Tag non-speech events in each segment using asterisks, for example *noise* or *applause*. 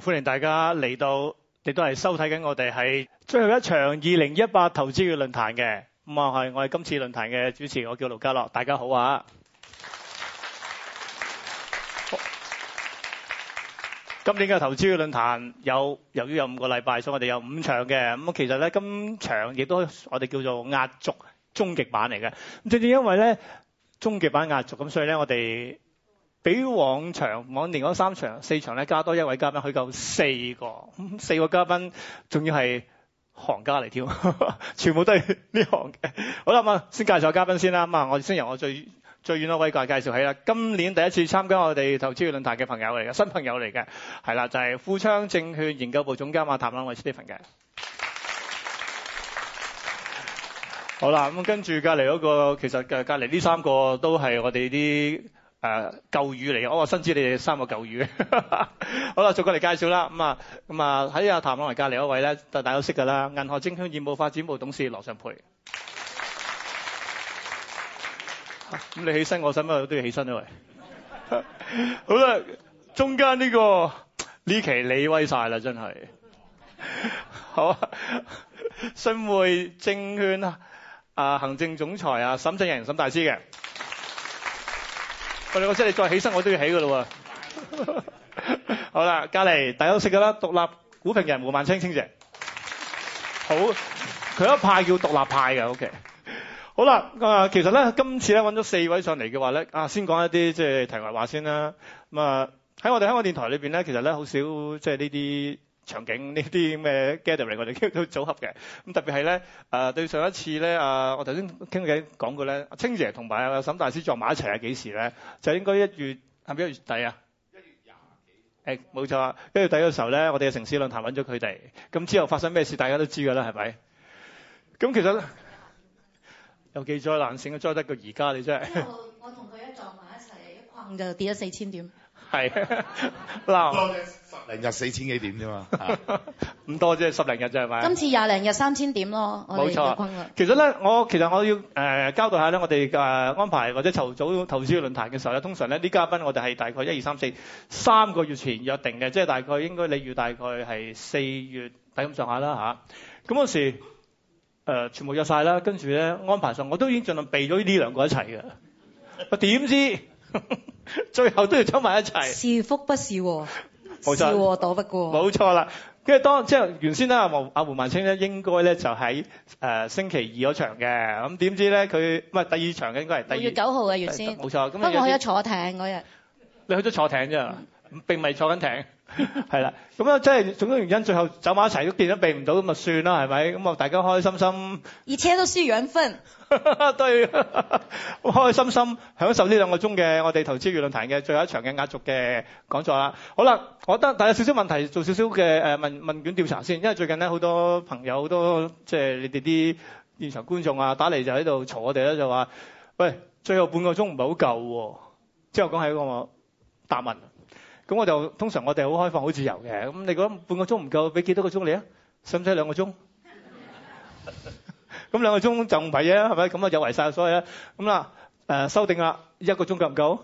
歡迎大家嚟到，亦都係收睇緊我哋係最後一場二零一八投資月論壇嘅。咁啊係，我係今次論壇嘅主持，我叫盧嘉樂，大家好啊！今年嘅投資月論壇有由於有五個禮拜，所以我哋有五場嘅。咁其實咧今場亦都我哋叫做壓軸終極版嚟嘅。正正因為咧終極版壓軸咁，所以咧我哋，比往場往年嗰三場四場咧加多一位嘉賓，佢夠四個，四個嘉賓仲要係行家嚟添，全部都係呢行嘅。好啦，咁啊先介紹下嘉賓先啦。咁啊，我先由我最最遠一位啊介紹起啦。今年第一次參加我哋投資論壇嘅朋友嚟嘅，新朋友嚟嘅，係啦，就係富昌證券研究部總監阿、啊、譚朗蔚 Stefan 嘅。好啦，咁跟住隔離嗰個，其實嘅隔離呢三個都係我哋啲。誒、啊、舊雨嚟嘅，我話新知你哋三個舊雨。 *laughs* 好啦，逐個嚟介紹啦。咁啊，咁啊，喺阿譚朗蔚隔離嗰位咧，就大家都識㗎啦。銀河證券業務發展部董事羅尚沛。咁、 *laughs* 啊、你起身，我使唔使都要起身呢位？喂 *laughs* 好啦，中間呢、這個呢期你威晒啦，真係。好，訊匯啊，訊匯證券啊行政總裁啊沈振盈沈大師嘅。我知你再起身，我都要起噶喇喎。 *laughs* 好啦，隔籬，大家識噶啦，獨立股評人胡孟青，青姐。好，佢一派叫獨立派嘅，OK。好啦，啊、呃，其實咧，今次咧揾咗四位上嚟嘅話咧，啊，先講一啲即係題外話先啦。咁啊，喺我哋香港電台裏面咧，其實咧好少即係呢啲。就是場景呢啲咩 gathering 我哋都組合嘅，咁特別係咧、呃，對上一次咧，啊、呃、我頭先傾偈講過咧，青姐同埋啊沈大師撞埋一齊係幾時咧？就應該一月係咪一月底啊？一月廿幾誒，冇、欸、錯，一月底嘅時候咧，我哋嘅城市論壇揾咗佢哋，咁之後發生咩事大家都知㗎啦，係咪？咁其實有幾災難性，災得過而家你真係。我同佢一撞埋一齊，一困就跌咗四千點。係 *laughs* 多了，嗱 *laughs* 十零日 *laughs* 四千幾點啫嘛，咁 *laughs* 多啫，十零日啫係咪？今次廿零日三千點咯，冇錯。其實咧，我其實我要誒、呃、交代下咧，我哋誒安排或者籌組投資論壇嘅時候咧，通常咧啲嘉賓我哋係大概一二三四三個月前約定嘅，即係大概應該你要大概係四月底咁上下啦吓。咁嗰時、呃、全部約晒啦，跟住咧安排上我都已經盡量避咗呢兩個一齊嘅，點知？ *laughs* 最後都要出埋一齊，是福不是禍，是禍躲不過。冇錯啦，跟住當即係原先咧阿阿胡孟青咧，青應該咧就喺誒、呃、星期二嗰場嘅。咁點知咧佢唔係第二場應該係五月九號嘅、啊、原先，冇錯。不過我去咗坐艇嗰日，你去咗坐艇啫、嗯，並唔係坐緊艇。係 *laughs* 啦，咁樣即係種種原因，最後走埋一齊都避得避唔到，咁咪算啦，係咪？咁啊，大家開心心，而且都是緣分，都 *laughs* 對 *laughs* 開心心享受呢兩個鐘嘅我哋投資月論壇嘅最後一場嘅壓軸嘅講座啦。好啦，我覺得大家有少少問題，做少少嘅誒問問卷調查先，因為最近咧好多朋友，好多即係你哋啲現場觀眾啊打嚟就喺度嘈我哋啦，就話喂最後半個鐘唔係好夠，之後講下一個答問。咁我就通常我哋係好開放、好自由嘅。咁你講半個鐘唔夠，俾幾多個鐘你啊？使唔使兩個鐘？咁兩個鐘就唔係嘢啦，係咪？咁啊有為曬所謂啦。咁啦，誒收定啦，一個鐘夠唔夠？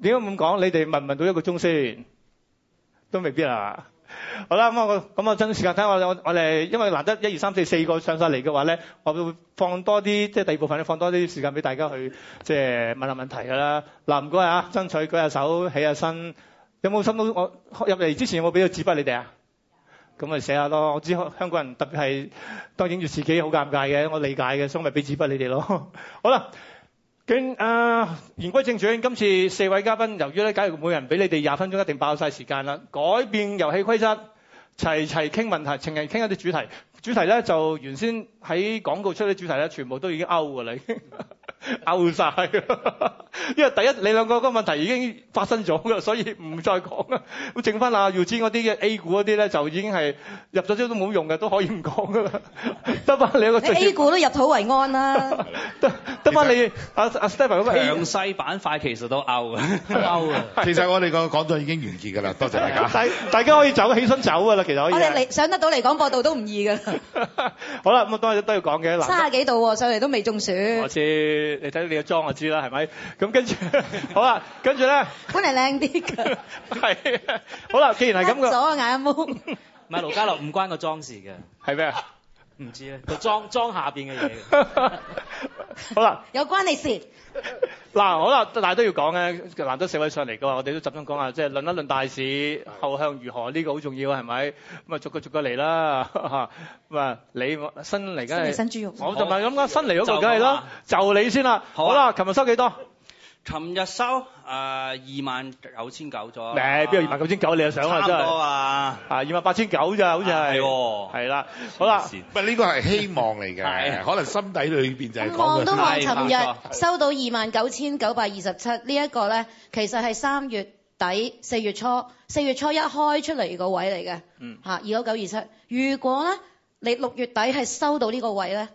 點解咁講？你哋問唔問到一個鐘先？都未必啦。好啦，咁我咁我爭啲時間睇下我我哋，因為難得一二三四四個上晒嚟嘅話咧，我會放多啲，即係第二部分放多啲時間俾大家去即係問下問，問題㗎啦。嗱，唔該啊，爭取舉下手、起下身。有冇心到我入嚟之前有冇俾個紙筆你哋啊？咁咪寫下咯。我知香港人特別係當影住自己好尷尬嘅，我理解嘅，所以咪俾紙筆你哋咯。好啦。啊，言歸正傳，今次四位嘉賓由於咧，假如每人俾你哋廿分鐘，一定爆晒時間啦。改變遊戲規則，齊齊傾問題，情人傾一啲主題。主題咧就原先喺廣告出啲主題咧，全部都已經 out 㗎啦。 *laughs* 拗晒，因為第一你兩個個問題已經發生咗噶，所以唔再講啦。咁剩翻阿 r u 嗰啲嘅 A 股嗰啲咧，就已經係入咗招都冇用嘅，都可以唔講噶啦。得翻你一個。你 A 股都入土為安啦。得得翻你阿阿 Stephen 嗰個強勢板塊，其實都拗啊，拗啊 Stephen，其。其實我哋個講座已經完結噶啦，多謝，謝大家。 *laughs* 大家可以走，起身走噶啦，其實可以。我哋嚟上得到嚟廣播道都唔易噶。 *laughs* 好啦，咁都都要講嘅。三十幾度上嚟都未中暑。我知。你睇你嘅妝就知啦，係咪？咁跟住，好啦，跟住咧，本嚟靚啲嘅，係啊，好啦，既然係咁嘅，鎖眼毛，唔係盧家樂，唔關個妝事嘅，係咩？唔知咧，就裝 *laughs* 裝下面嘅嘢。 *laughs* 好啦， *laughs* 有關你事。嗱， *laughs* 好啦，但係都要講嘅。難得四位上嚟嘅話，我哋都集中講下，即係論一論大市，後向如何呢個好重要係咪？咁啊，逐個逐個嚟啦。咁 *laughs* 啊，你新嚟緊係新豬肉，我就唔係咁講，新嚟嗰個梗係咯，就你先啦。好啦，琴日收幾多？尋日收誒二萬九千九咗，誒邊有二萬九千九，你就想啊？不不多真多啊！二萬八千九咋，好似係係啦。好啦，唔係呢、這個係希望嚟嘅， *laughs* 可能心底裏面就係望、嗯嗯、都望尋日收到二萬九千九百二十七呢一個咧，其實係三月底、四月初、四月初一開出嚟個位嚟嘅。嗯，二九九二七。如果咧你六月底係收到呢個位咧，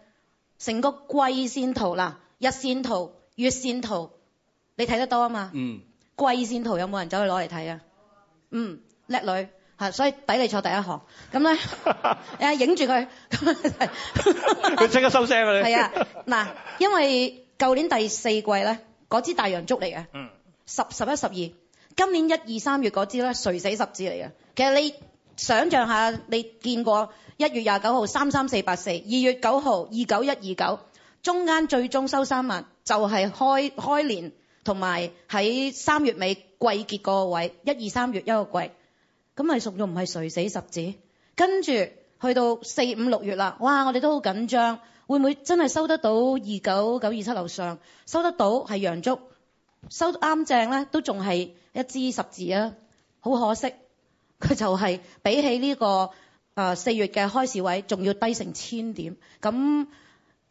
成個季線圖啦、日線圖、月線圖。你睇得多啊嘛，嗯，季線圖有冇人走去攞嚟睇啊？嗯，叻女嚇，所以抵你坐第一行咁咧，影住佢，佢即刻收聲啊！你係啊嗱，因為舊年第四季咧，嗰支大陽燭嚟嘅，十十一十二，今年一二三月嗰支咧，垂死十字嚟嘅。其實你想像下，你見過一月廿九號三三四八四，二月九號二九一二九，29129，中間最終收三萬，就係、是、開，開年。同埋喺三月尾季結個位，一二三月一個季，咁咪屬於唔係垂死十字。跟住去到四五六月啦，哇！我哋都好緊張，會唔會真係收得到二九九二七樓上？收得到係陽燭，收啱正咧，都仲係一支十字啊！好可惜，佢就係比起呢個、呃、四月嘅開市位，仲要低成千點咁。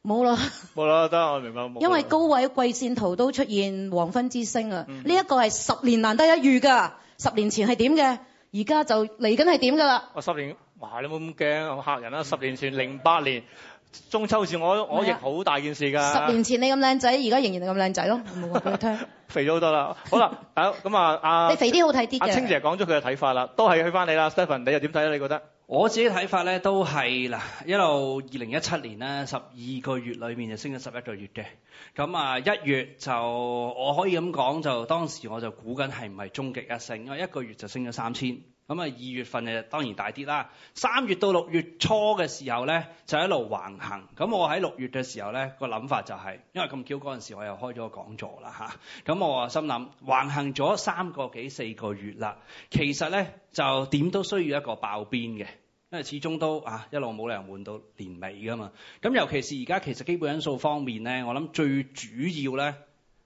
冇啦，冇 *laughs* 啦，得我明白冇。因為高位貴線圖都出現黃昏之星啊，呢、嗯、一、這個係十年難得一遇㗎。十年前係點嘅，而家就嚟緊係點㗎啦。我十年，哇！你冇咁驚嚇人啦。十年前零八年中秋節、啊，我我亦好大件事㗎。十年前你咁靚仔，而家仍然係咁靚仔咯，冇話俾你聽。 *laughs* 肥咗好多啦。好啦，咁 *laughs* 啊，阿你肥啲好睇啲嘅。阿、啊、清姐講咗佢嘅睇法啦，都係去翻你啦，Stephen，你又點睇咧？你覺得？我自己睇法呢都係嗱一路二零一七年呢十二個月裏面就升咗十一個月嘅，咁啊一月就我可以咁講就當時我就估緊係唔係終極一升，因為一個月就升咗三千。咁咪二月份嘅當然大啲啦。三月到六月初嘅時候呢，就一路橫行。咁我喺六月嘅時候呢，那個諗法就係、是，因為咁巧嗰陣時我又開咗個講座啦。咁我啊心諗，橫行咗三個幾四個月啦，其實呢，就點都需要一個爆邊嘅，因為始終都、啊、一路冇理由換到年尾㗎嘛。咁尤其是而家，其實基本因素方面呢，我諗最主要呢，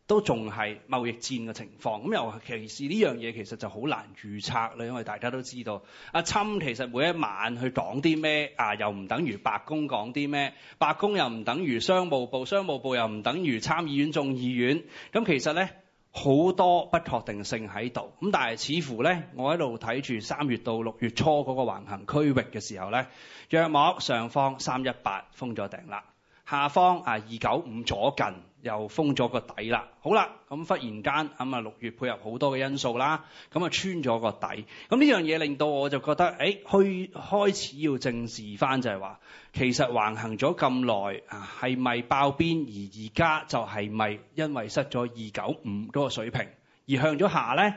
都仲係貿易戰嘅情況，咁尤其是呢樣嘢其實就好難預測啦，因為大家都知道，阿、啊、侵其實每一晚去講啲咩啊，又唔等於白宮講啲咩，白宮又唔等於商務部，商務部又唔等於參議院、眾議院。咁其實呢，好多不確定性喺度。咁但係似乎呢，我喺度睇住三月到六月初嗰個橫行區域嘅時候呢，約莫上方三一八封咗頂啦，下方啊二九五左近，又封咗個底啦，好啦，咁忽然間咁，啊六月配合好多嘅因素啦，咁啊穿咗個底，咁呢樣嘢令到我就覺得，誒、欸、開開始要正視翻就係話，其實橫行咗咁耐，係咪爆邊？而而家就係咪因為失咗二九五嗰個水平而向咗下呢？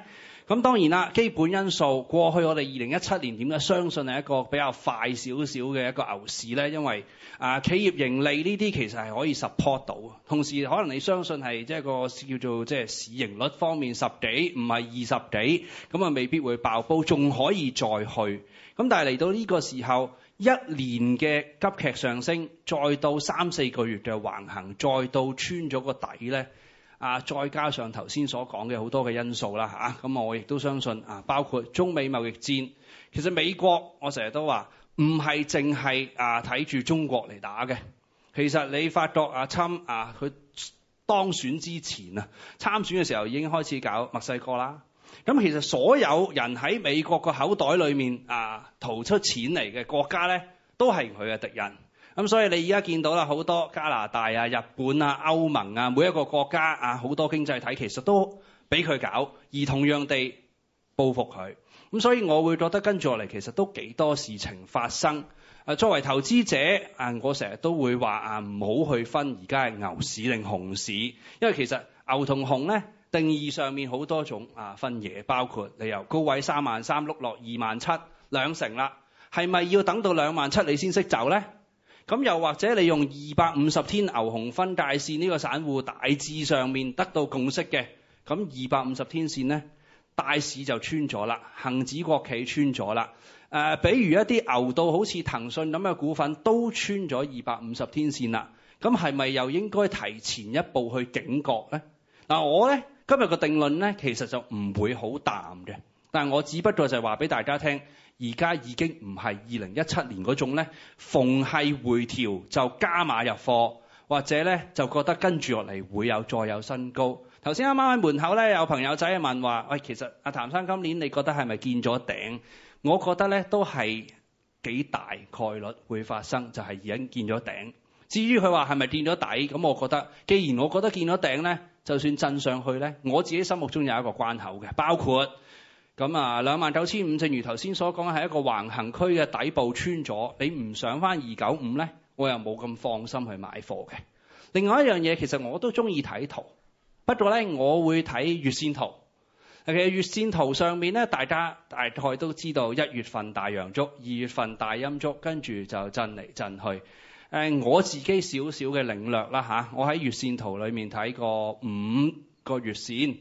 咁當然啦，基本因素過去我哋二零一七年點解相信係一個比較快少少嘅一個牛市呢？因為、啊、企業盈利呢啲其實係可以 support 到嘅，同時可能你相信係即係個叫做即係、即係、市盈率方面十幾唔係二十幾，咁未必會爆煲，仲可以再去。咁但係嚟到呢個時候，一年嘅急劇上升，再到三四個月嘅橫行，再到穿咗個底呢。啊，再加上頭先所講嘅好多嘅因素啦嚇，咁我亦都相信啊，包括中美貿易戰。其實美國我成日都話，唔係淨係啊睇住中國嚟打嘅。其實你發覺啊，參啊佢當選之前啊，參選嘅時候已經開始搞墨西哥啦。咁其實所有人喺美國個口袋裏面啊，掏出錢嚟嘅國家咧，都係佢嘅敵人。咁所以你而家見到啦，好多加拿大啊、日本啊、歐盟啊，每一個國家啊，好多經濟體其實都俾佢搞，而同樣地報復佢。咁所以我會覺得跟住落嚟其實都幾多事情發生。啊，作為投資者，我成日都會話啊，唔好去分而家係牛市定熊市，因為其實牛同熊咧定義上面好多種啊，分野包括你由高位三萬三碌落二萬七兩成啦，係咪要等到兩萬七你先識走咧？咁又或者你用二百五十天牛熊分界線，呢個散戶大致上面得到共識嘅，咁二百五十天線呢，大市就穿咗啦，恒指國企穿咗啦，誒、呃，比如一啲牛到好似騰訊咁嘅股份都穿咗二百五十天線啦，咁係咪又應該提前一步去警覺呢？嗱、啊，我咧今日個定論咧其實就唔會好淡嘅，但係我只不過就話俾大家聽。而家已經唔係二零一七年嗰種呢，逢係回調就加碼入貨，或者呢就覺得跟住落嚟會有再有新高。頭先啱啱喺門口呢，有朋友仔問話，喂、哎，其實阿譚生今年你覺得係咪見咗頂？我覺得呢都係幾大概率會發生，就係已經見咗頂。至於佢話係咪見咗底，咁我覺得，既然我覺得見咗頂呢，就算震上去呢，我自己心目中有一個關口嘅，包括。咁啊，兩萬九千五，正如頭先所講，係一個橫行區嘅底部穿咗，你唔上翻二九五咧，我又冇咁放心去買貨嘅。另外一樣嘢，其實我都中意睇圖，不過咧，我會睇月線圖。其實月線圖上面咧，大家大概都知道，一月份大陽燭，二月份大陰燭，跟住就震嚟震去。誒，我自己少少嘅領略啦嚇，我喺月線圖裏面睇過五個月線。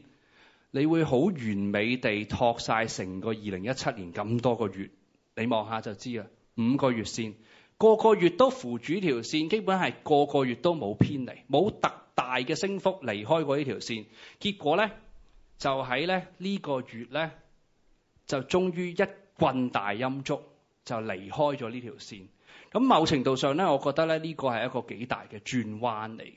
你會好完美地托晒成個二零一七年咁多個月，你望下就知啦。五個月線，個個月都扶住條線，基本係個個月都冇偏離，冇特大嘅升幅離開過呢條線。結果呢，就喺呢個月呢，就終於一棍大陰燭就離開咗呢條線。咁某程度上呢，我覺得呢個係一個幾大嘅轉彎嚟嘅。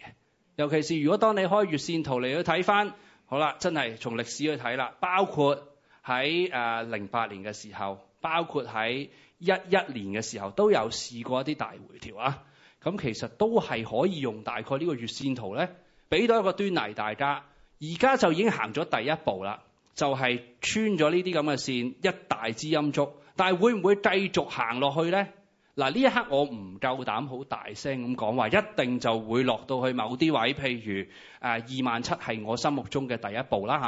尤其是如果當你開月線圖嚟去睇翻。好啦，真係從歷史去睇啦，包括喺誒零八年嘅時候，包括喺一一年嘅時候，都有試過一啲大回調啊。咁其實都係可以用大概呢個月線圖咧，俾到一個端倪，大家而家就已經行咗第一步啦，就係、是、穿咗呢啲咁嘅線，一大支陰燭。但係會唔會繼續行落去咧？嗱呢一刻我唔夠膽好大聲咁講話，一定就會落到去某啲位，譬如誒二萬七係我心目中嘅第一步啦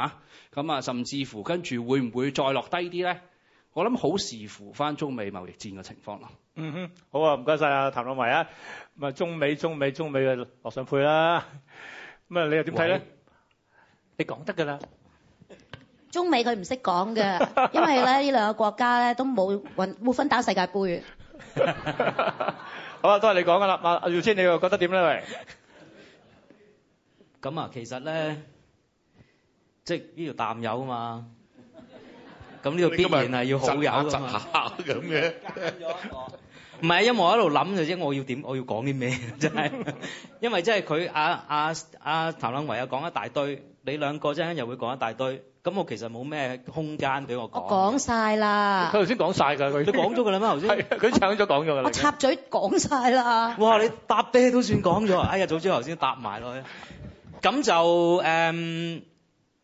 吓，咁啊，啊，甚至乎跟住會唔會再落低啲咧？我諗好視乎翻中美貿易戰嘅情況咯。嗯哼，好啊，唔該晒啊，譚朗蔚啊，咪中美中美中美嘅羅尚沛啦。咁啊，你又點睇咧？你講得㗎啦，中美佢唔識講嘅， *laughs* *laughs* 因為咧呢兩個國家咧都冇揾冇分打世界盃。好啊，都係你講噶啦，阿阿孟青，你又覺得點咧？喂，咁啊，其實咧，即係呢條淡友啊嘛，咁呢度必然係要好友啊嘛。咁嘅，唔係，因為我喺度諗就知，我要點，我要講啲咩？真係，因為即係佢阿阿阿譚朗蔚啊講一大堆，你兩個真係又會講一大堆。咁我其實冇咩空間俾我講。我講曬啦。佢頭先講曬㗎，佢你講咗㗎啦咩？頭先佢搶咗講咗㗎啦。我插嘴講曬啦。哇！你搭啤都算講咗。哎呀，早知頭先搭埋咯。咁就誒，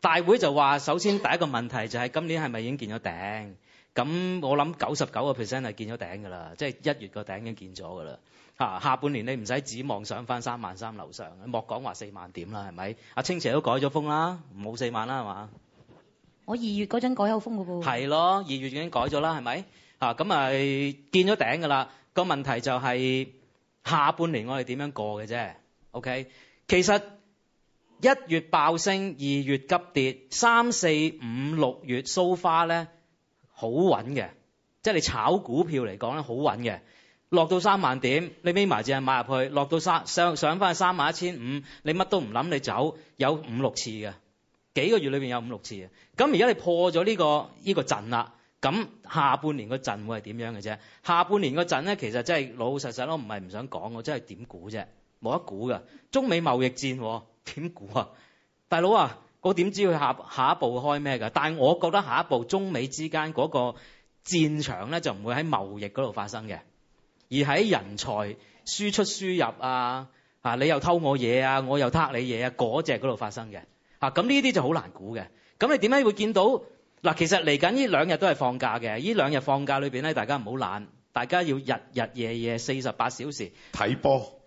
大會就話首先第一個問題就係今年係咪已經見咗頂？咁我諗九十九個 percent 係見咗頂㗎啦，即係一月個頂已經見咗㗎啦。啊，下半年你唔使指望上翻三萬三樓上，莫講話四萬點啦，係咪？阿青池都改咗風啦，冇四萬啦，係嘛？我二月嗰陣改口風，嘅部係咯，二月已經改咗啦，係咪？咁咪見咗頂㗎啦。個問題就係下半年我哋點樣過嘅啫？OK，其實一月爆升，二月急跌，三四五六月蘇花咧好穩嘅，即係你炒股票嚟講咧好穩嘅。落到三萬點，你咪埋隻眼買入去，落到三上上返去三萬一千五，你乜都唔諗你走，有五六次嘅。幾個月裏面有五六次嘅，咁而家你破咗呢個呢個陣啦，咁下半年個陣會係點樣嘅啫？下半年個陣咧，其實真係老老實實咯，唔係唔想講，我不不真係點估啫，冇得估㗎。中美貿易戰點估啊？大佬啊，我點知佢下下一步開咩㗎？但係我覺得下一步中美之間嗰個戰場咧，就唔會喺貿易嗰度發生嘅，而喺人才輸出輸入啊，啊你又偷我嘢啊，我又㩈你嘢啊嗰隻嗰度發生嘅。嗱、啊，咁呢啲就好難估嘅。咁、啊、你點解會見到？嗱、啊，其實嚟緊呢兩日都係放假嘅。呢兩日放假裏面咧，大家唔好懶，大家要日日夜夜四十八小時睇波。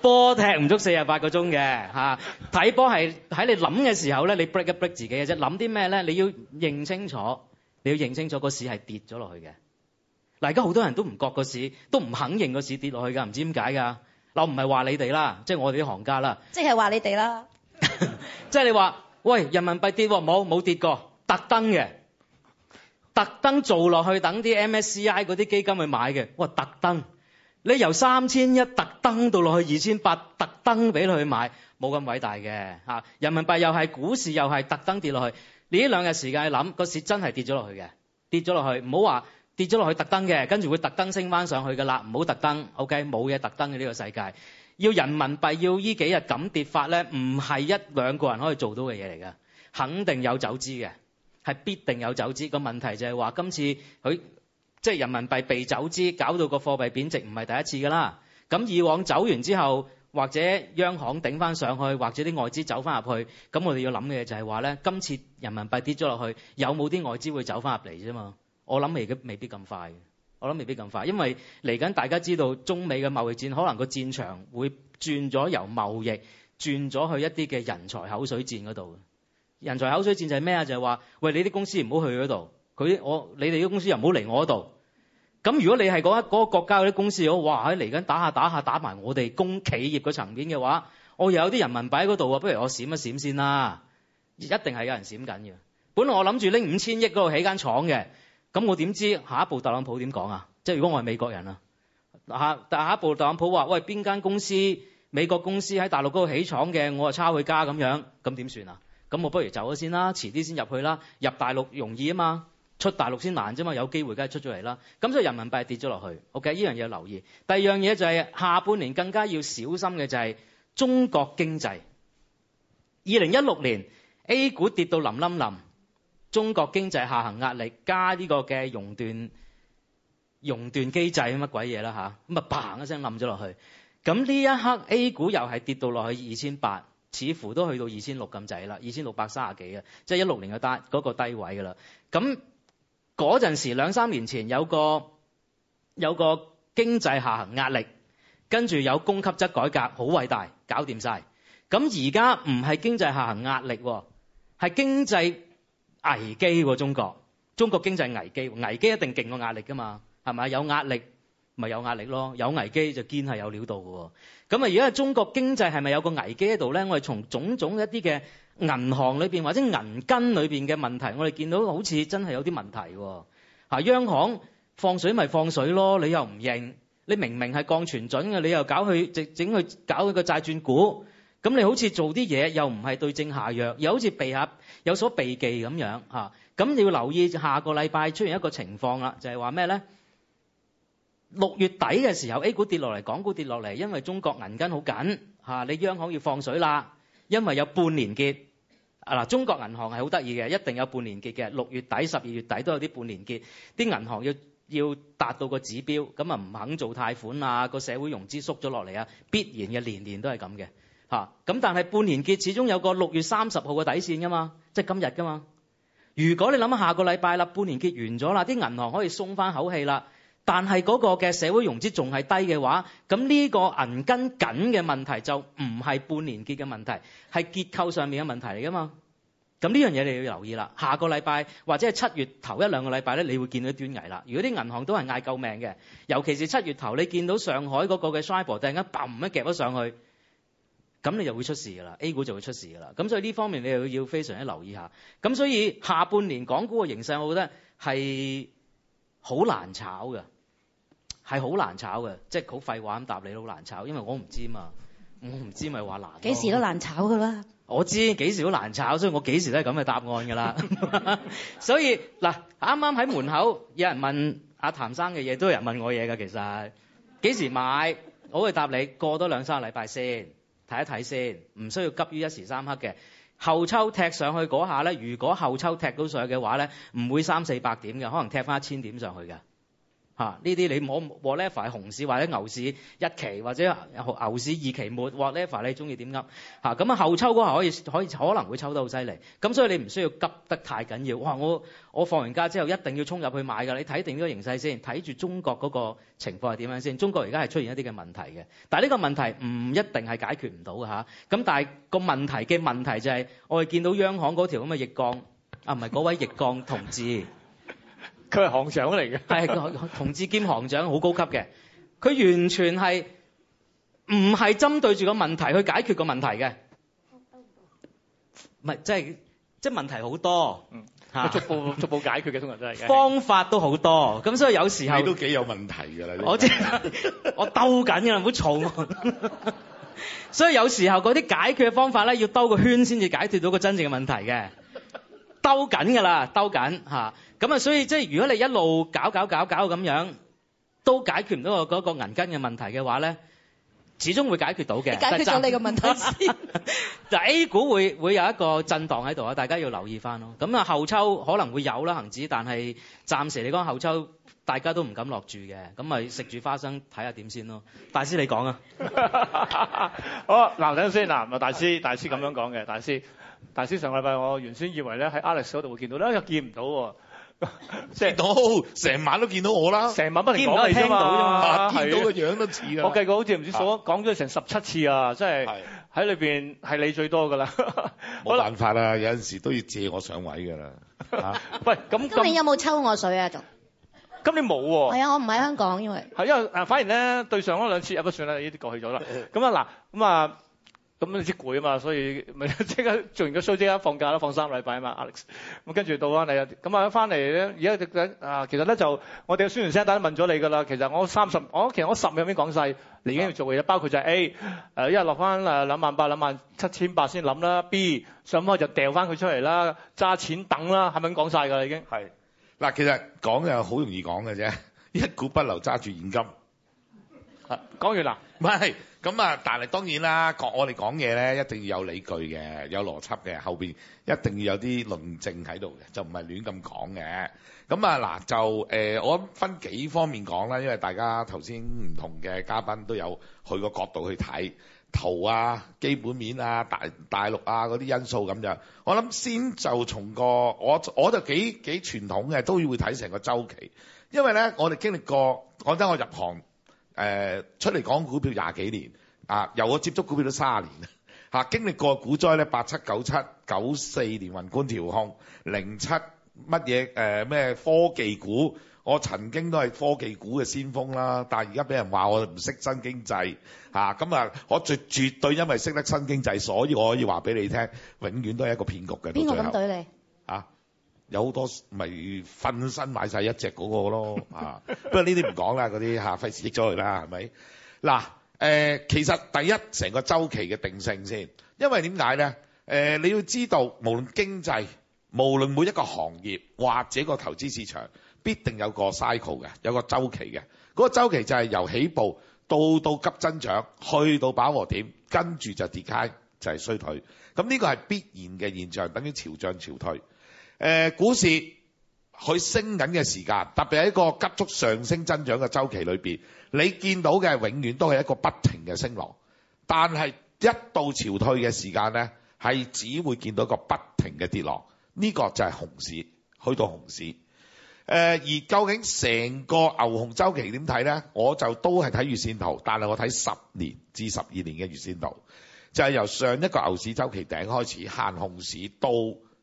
波 *laughs* 踢唔足四十八個鐘嘅吓，睇波係喺你諗嘅時候咧，你 break 一 break 自己嘅啫。諗啲咩咧？你要認清楚，你要認清楚個市係跌咗落去嘅。嗱、啊，而家好多人都唔覺個市，都唔肯認個市跌落去㗎，唔知點解㗎。我唔係話你哋啦，即係我哋啲行家啦。即係話你哋啦，即係你話，喂，人民幣跌喎，冇冇跌過？特登嘅，特登做落去，等啲 MSCI 嗰啲基金去買嘅，哇，特登！你由三千一特登到落去二千八，特登俾佢買，冇咁偉大嘅嚇。人民幣又係股市又係特登跌落去，呢兩日時間去諗，個市真係跌咗落去嘅，跌咗落去，唔好話。跌咗落去特登嘅，跟住會特登升返上去噶啦，唔好特登，OK？冇嘢特登嘅呢個世界，要人民幣要呢幾日咁跌法呢，唔係一兩個人可以做到嘅嘢嚟㗎。肯定有走資嘅，係必定有走資嘅。個問題就係話今次佢即係人民幣被走資搞到個貨幣貶值，唔係第一次㗎啦。咁以往走完之後，或者央行頂返上去，或者啲外資走返入去，咁我哋要諗嘅嘢就係話呢今次人民幣跌咗落去，有冇啲外資會走返入嚟啫嘛？我諗未必未必咁快。我諗未必咁快，因為嚟緊大家知道中美嘅貿易戰，可能個戰場會轉咗由貿易轉咗去一啲嘅人才口水戰嗰度。人才口水戰就係咩啊？就係、是、話喂，你啲公司唔好去嗰度，佢我你哋啲公司又唔好嚟我嗰度。咁如果你係嗰一嗰個國家嗰啲公司，我哇喺嚟緊打下打下打埋我哋工企業嗰層面嘅話，我又有啲人民幣喺嗰度啊，不如我閃一閃先啦。一定係有人閃緊嘅。本來我諗住拎五千億嗰度起間廠嘅。咁我點知下一步特朗普點講啊？即係如果我係美國人啊，下一步特朗普話：喂，邊間公司美國公司喺大陸嗰度起廠嘅，我就抄佢家咁樣，咁點算啊？咁我不如走咗先啦，遲啲先入去啦。入大陸容易啊嘛，出大陸先難啫嘛。有機會梗係出咗嚟啦。咁所以人民幣跌咗落去，OK？呢樣嘢留意。第二樣嘢就係、是、下半年更加要小心嘅就係、是、中國經濟。二零一六年 A 股跌到冧冧冧。中國經濟下行壓力加呢個嘅熔斷熔斷機制乜鬼嘢啦吓，咁啊嘭一聲冧咗落去。咁呢一刻 A 股又係跌到落去二千八，似乎都去到二千六咁滯啦，二千六百三十幾嘅，即係一六年嘅低嗰個低位噶啦。咁嗰陣時兩三年前有個有個經濟下行壓力，跟住有供給側改革，好偉大，搞掂晒。咁而家唔係經濟下行壓力，係經濟。危機喎、啊、中國，中國經濟危機，危機一定勁過壓力噶嘛，係咪？有壓力咪有壓力咯，有危機就堅係有料到噶喎。咁啊，如果係中國經濟係咪有個危機喺度咧？我哋從種種一啲嘅銀行裏邊或者銀根裏邊嘅問題，我哋見到好似真係有啲問題喎。央行放水咪放水咯，你又唔認，你明明係降存準嘅，你又搞去整去搞佢個債轉股。咁你好似做啲嘢又唔係對症下藥，又好似避下有所避忌咁樣嚇。咁你要留意下個禮拜出現一個情況啦，就係話咩咧？六月底嘅時候，A 股跌落嚟，港股跌落嚟，因為中國銀根好緊嚇，你央行要放水啦，因為有半年結啊嗱，中國銀行係好得意嘅，一定有半年結嘅。六月底、十二月底都有啲半年結，啲銀行要要達到個指標，咁啊唔肯做貸款啊，個社會融資縮咗落嚟啊，必然嘅年年都係咁嘅。嚇、啊、咁，但係半年結始終有個六月三十號嘅底線㗎嘛，即係今日㗎嘛。如果你諗下個禮拜啦，半年結，結完咗啦，啲銀行可以鬆翻口氣啦。但係嗰個嘅社會融資仲係低嘅話，咁呢個銀根緊嘅問題就唔係半年結嘅問題，係結構上面嘅問題嚟㗎嘛。咁呢樣嘢你要留意啦。下個禮拜或者係七月頭一兩個禮拜咧，你會見到端倪啦。如果啲銀行都係嗌救命嘅，尤其是七月頭，你見到上海嗰個嘅 Shibor 突然間砰一夾咗上去。咁你就會出事噶啦，A 股就會出事噶啦。咁所以呢方面你又要非常之留意下。咁所以下半年港股嘅形勢，我覺得係好難炒㗎，係好難炒嘅，即係好廢話咁答你都好難炒，因為我唔知啊嘛，我唔知咪話難。幾時都難炒噶啦。我知幾時都難炒，所以我幾時都係咁嘅答案噶啦。 *laughs* 所以嗱，啱啱喺門口有人問阿譚生嘅嘢，都有人問我嘢㗎。其實幾時買，我會答你過多兩三個禮拜先。睇一睇先，唔需要急於一時三刻嘅。後抽踢上去嗰下咧，如果後抽踢到上去嘅話咧，唔會三四百點嘅，可能踢翻一千點上去嘅。嚇、啊，呢啲你唔好 whatever 熊市或者牛市一期或者牛市二期末 whatever，或你中意點噏？嚇、啊，咁啊後抽嗰下可以可以可能會抽得好犀利，咁、啊、所以你唔需要急得太緊要。哇，我我放完假之後一定要衝入去買㗎，你睇定呢個形勢先，睇住中國嗰個情況係點樣先。中國而家係出現一啲嘅問題嘅，但呢個問題唔一定係解決唔到㗎。咁、啊、但係個問題嘅問題就係、是、我哋見到央行嗰條咁嘅逆降，啊唔係嗰位逆降同志。 *laughs* 佢係行長嚟嘅， *laughs* 係同志兼行長，好高級嘅。佢完全係唔係針對住個問題去解決個問題嘅，唔係即係即係問題好多。嗯，嚇、啊、逐步逐步解決嘅，通常都係。方法都好多，咁 *laughs* 所以有時候你都幾有問題㗎啦。我即 *laughs* 我兜緊㗎啦，唔好嘈。 *laughs* 所以有時候嗰啲解決嘅方法咧，要兜個圈先至解決到個真正嘅問題嘅，兜緊㗎啦，兜緊嚇。啊咁啊，所以即係如果你一路搞搞搞搞咁樣，都解決唔到個嗰個銀根嘅問題嘅話咧，始終會解決到嘅。解決到你個問題先。就 *laughs* A 股會會有一個震盪喺度啊，大家要留意翻咯。咁啊，後抽可能會有啦，恒指，但係暫時你講後抽，大家都唔敢落注嘅。咁咪食住花生睇下點先咯。大師你講啊。 *laughs* 好，等陣先，嗱，大師大師咁樣講嘅，大師大師上禮拜我原先以為咧喺 Alex 嗰度會見到咧，見唔到。到、就、成、是、晚都見到我啦，成晚不停講你、啊啊、見到個樣都似啦。我計過好似唔知所講咗成十七次啊，真係喺裏邊係你最多噶啦，冇辦法啦， *laughs* 有陣時都要借我上位噶啦、 *laughs* 啊。喂，咁今年有冇抽我水啊？今年冇喎。係啊，我唔喺香港，因為係因為反而咧對上嗰兩次入咗算啦，呢啲過去咗啦。咁啊嗱，咁啊。咁都知攰啊嘛，所以即刻做完個 show，即刻放假啦，放三個禮拜啊嘛，Alex。咁跟住到翻嚟，咁啊翻嚟咧，而家就啊，其實咧就我哋嘅宣傳聲帶都問咗你噶啦。其實我三十、哦，我其實我十秒邊講曬，你已經要做嘅嘢，包括就係 A，一係落翻誒兩萬八、兩萬七千八先諗啦；B，上開就掉翻佢出嚟啦，揸錢等啦，係咪咁講曬㗎啦已經，已經？係嗱，其實講又好容易講嘅啫，一股不留揸住現金。講、啊、完啦，唔係咁啊，但係當然啦，講我哋講嘢呢，一定要有理據嘅，有邏輯嘅，後邊一定要有啲論證喺度嘅，就唔係亂咁講嘅。咁啊嗱，就誒、呃，我分幾方面講啦，因為大家頭先唔同嘅嘉賓都有去個角度去睇圖啊、基本面啊、大大陸啊嗰啲因素咁樣。我諗先就從個我我就幾幾傳統嘅，都要會睇成個週期，因為呢，我哋經歷過講真，我入行。誒、呃，出嚟講股票廿幾年啊，由我接觸股票都卅年吓、啊，經歷過股災咧，八七九七九四年宏觀調控，零七乜嘢誒咩科技股，我曾經都係科技股嘅先鋒啦、啊。但係而家俾人話我唔識新經濟吓，咁啊,啊，我絕絕對因為識得新經濟，所以我可以話俾你聽，永遠都係一個騙局嘅。邊個咁對你啊？有好多咪瞓身買曬一隻嗰個咯、 *laughs* 啊、不過呢啲唔講啦，嗰啲嚇費事益咗佢啦，係、啊、咪？嗱、啊呃、其實第一成個周期嘅定性先，因為點解咧？你要知道，無論經濟，無論每一個行業或者個投資市場，必定有個 cycle 嘅，有個周期嘅。嗰、那個周期就係由起步到到急增長，去到飽和點，跟住就跌開，就係、是、衰退。咁呢個係必然嘅現象，等於潮漲潮退。誒、呃，股市佢升緊嘅時間，特別係一個急速上升增長嘅周期裏邊，你見到嘅永遠都係一個不停嘅升浪。但係一到潮退嘅時間呢，係只會見到一個不停嘅跌落。呢、這個就係熊市，去到熊市。誒、呃，而究竟成個牛熊周期點睇呢？我就都係睇月線圖，但係我睇十年至十二年嘅月線圖，就係、是、由上一個牛市周期頂開始行熊市到。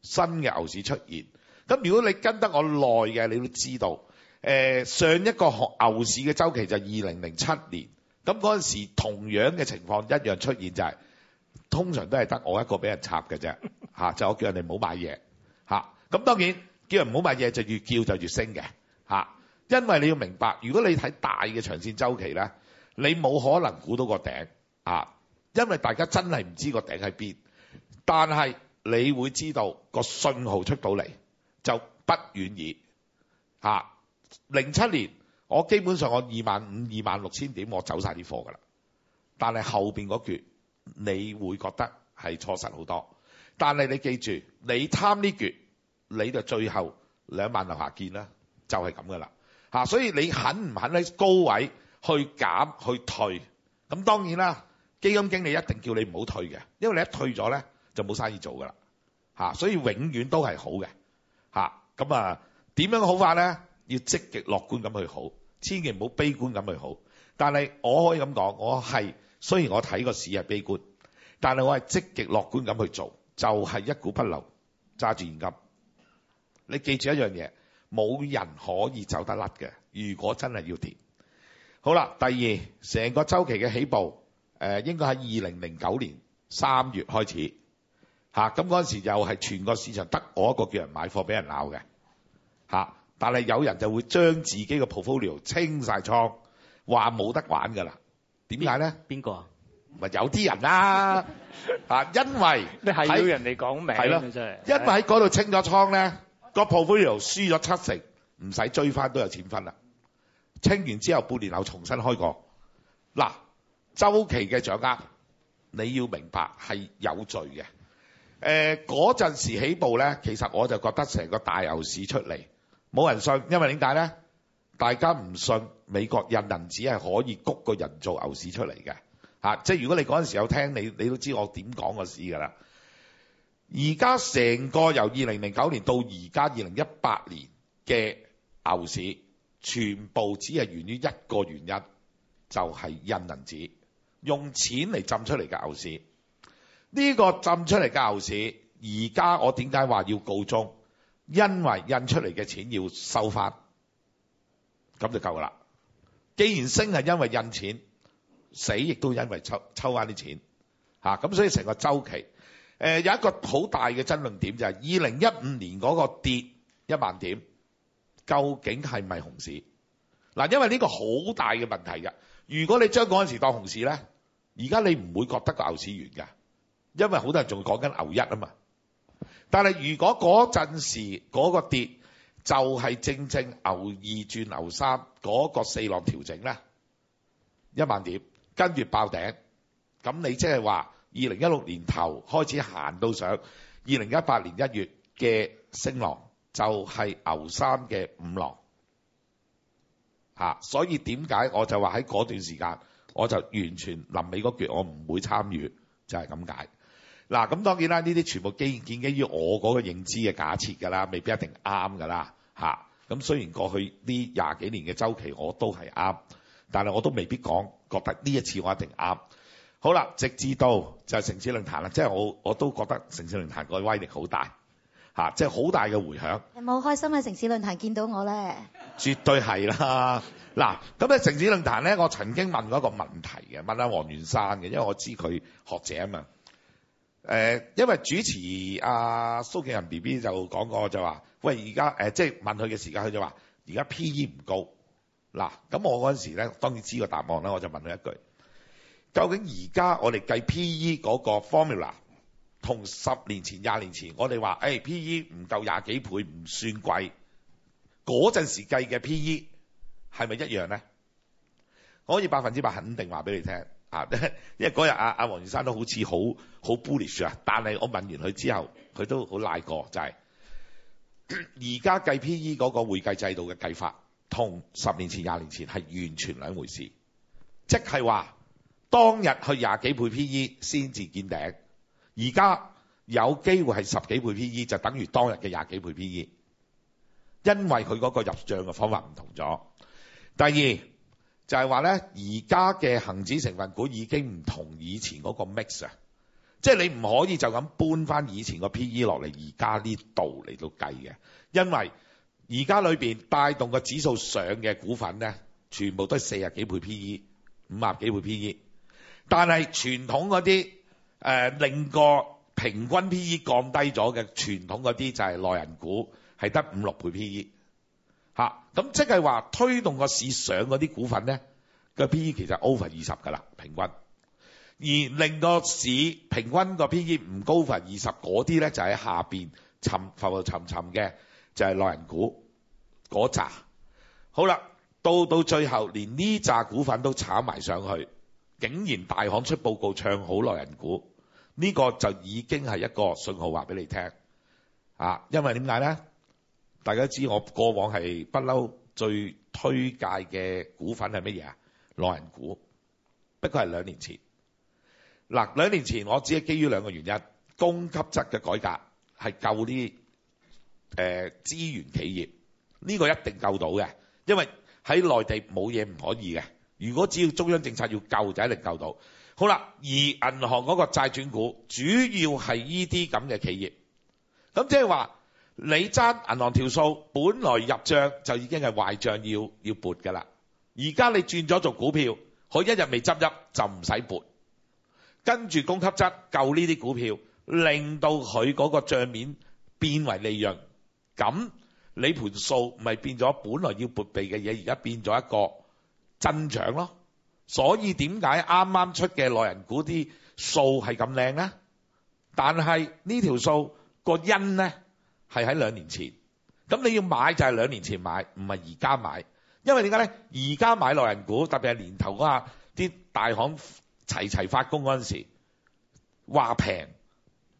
新嘅牛市出現，咁如果你跟得我耐嘅，你都知道，呃、上一個學牛市嘅周期就二零零七年，咁嗰陣時同樣嘅情況一樣出現，就係，就係通常都係得我一個俾人插嘅啫、 *laughs* 啊，就我叫人哋唔好買嘢，嚇、啊、咁當然叫人唔好買嘢就越叫就越升嘅、啊，因為你要明白，如果你睇大嘅長線周期咧，你冇可能估到個頂啊，因為大家真係唔知個頂喺邊，但係。你會知道個信號出到嚟就不遠矣。吓、啊，零七年我基本上我二萬五、二萬六千點我走晒啲貨噶啦。但係後邊嗰撅你會覺得係錯失好多。但係你記住，你貪呢撅，你就最後兩萬樓下見啦，就係咁噶啦。吓、啊，所以你肯唔肯喺高位去減去退？咁當然啦，基金經理一定叫你唔好退嘅，因為你一退咗呢。就冇生意做噶啦、啊、所以永遠都係好嘅。咁啊，點、啊、樣好法呢？要積極樂觀咁去好，千祈唔好悲觀咁去好。但係我可以咁講，我係雖然我睇個市係悲觀，但係我係積極樂觀咁去做，就係、是、一股不留。揸住現金。你記住一樣嘢，冇人可以走得甩嘅。如果真係要跌，好啦。第二，成個週期嘅起步，呃、應該喺二零零九年三月開始。嚇，咁嗰時又係全個市場得我一個叫人買貨俾人鬧嘅、啊、但係有人就會將自己嘅 portfolio 清晒倉，話冇得玩㗎啦。點解咧？邊個、啊？咪有啲人啦，因為係要人哋講明係咯，因為喺嗰度清咗倉咧，個 *laughs* portfolio 輸咗七成，唔使追翻都有錢分啦。清完之後半年後重新開過嗱、啊，週期嘅掌握你要明白係有罪嘅。誒嗰陣時起步呢，其實我就覺得成個大牛市出嚟冇人信，因為點解呢？大家唔信美國印銀紙係可以谷個人造牛市出嚟嘅、啊、即係如果你嗰陣時有聽你，你都知我點講個市㗎喇。而家成個由二零零九年到而家二零一八年嘅牛市，全部只係源於一個原因，就係、是、印銀紙用錢嚟浸出嚟嘅牛市。呢、這個浸出嚟嘅牛市，而家我點解話要告終？因為印出嚟嘅錢要收翻，咁就夠噶啦。既然升係因為印錢，死亦都因為抽抽翻啲錢嚇咁、啊，所以成個周期誒、呃、有一個好大嘅爭論點就係二零一五年嗰個跌一萬點，究竟係咪熊市嗱、啊？因為呢個好大嘅問題噶。如果你將嗰陣時當熊市咧，而家你唔會覺得個牛市完噶。因為好多人仲講緊牛一啊嘛，但係如果嗰陣時嗰個跌就係正正牛二轉牛三嗰個四浪調整咧，一萬點跟住爆頂，咁你即係話二零一六年頭開始行到上二零一八年一月嘅升浪，就係牛三嘅五浪，吓，所以點解我就話喺嗰段時間，我就完全臨尾嗰橛我唔會參與，就係咁解。嗱，咁當然啦，呢啲全部既然建基於我嗰個認知嘅假設㗎啦，未必一定啱㗎啦吓。咁雖然過去呢廿幾年嘅周期我都係啱，但係我都未必講覺得呢一次我一定啱。好啦，直至到就係城市論壇啦，即係我我都覺得城市論壇個威力好大吓，即係好大嘅回響。有冇開心喺城市論壇見到我咧？絕對係啦。嗱咁咧，城市論壇咧，我曾經問過一個問題嘅，問阿黃元山嘅，因為我知佢學者啊嘛。誒、呃，因為主持阿蘇、啊、敬仁 B B 就講過就話，喂而家、呃、即係問佢嘅時間，佢就話而家 P E 唔高嗱，咁我嗰時咧，當然知個答案啦，我就問佢一句，究竟而家我哋計 P E 嗰個 formula 同十年前、廿年前，我哋話誒 P E 唔夠廿幾倍唔算貴，嗰陣時計嘅 P E 係咪一樣咧？我可以百分之百肯定話俾你聽。 *laughs* 因為嗰日阿阿黃元山都好似好好 bullish 啊，但係我問完佢之後，佢都好拉過。就係而家計 PE 嗰個會計制度嘅計法，同十年前、廿年前係完全兩回事。即係話當日去廿幾倍 PE 先至見頂，而家有機會係十幾倍 PE 就等於當日嘅廿幾倍 PE，因為佢嗰個入帳嘅方法唔同咗。第二。就係話咧，而家嘅恒指成分股已經唔同以前嗰個 mix 啊，即係你唔可以就咁搬翻以前個 P/E 落嚟而家呢度嚟到計嘅，因為而家裏邊帶動個指數上嘅股份咧，全部都係四十幾倍 P/E、五十幾倍 P/E，但係傳統嗰啲誒令個平均 P/E 降低咗嘅傳統嗰啲就係內人股係得五六倍 P/E。吓、啊，咁即係話推動個市上嗰啲股份咧，個 P/E 其實 over 二十噶啦，平均。而令個市平均個 P/E 唔 over 二十嗰啲咧，就喺下面沉浮浮沉沉嘅，就係、是、內人股嗰扎。好啦，到到最後連呢扎股份都炒埋上去，竟然大行出報告唱好內人股，呢、這個就已經係一個信號話俾你聽啊！因為點解咧？大家知我過往係不嬲最推介嘅股份係乜嘢啊？內銀股，不過係兩年前。嗱，兩年前我只係基於兩個原因，供給側嘅改革係救呢啲誒資源企業，呢個一定救到嘅，因為喺內地冇嘢唔可以嘅。如果只要中央政策要救，就一定救到。好啦，而銀行嗰個債轉股主要係依啲咁嘅企業，咁即係話。你揸銀行條數本來入賬就已經係壞賬，要要撥㗎喇。而家你轉咗做股票，佢一日未執入就唔使撥，跟住供給質夠呢啲股票，令到佢嗰個賬面變為利潤咁，你盤數咪變咗本來要撥備嘅嘢，而家變咗一個增長咯。所以點解啱啱出嘅內人股啲數係咁靚咧？但係呢條數個因呢。係喺兩年前，咁你要買就係兩年前買，唔係而家買。因為點解咧？而家買內銀股，特別係年頭嗰下啲大行齊齊發工嗰陣時，話平。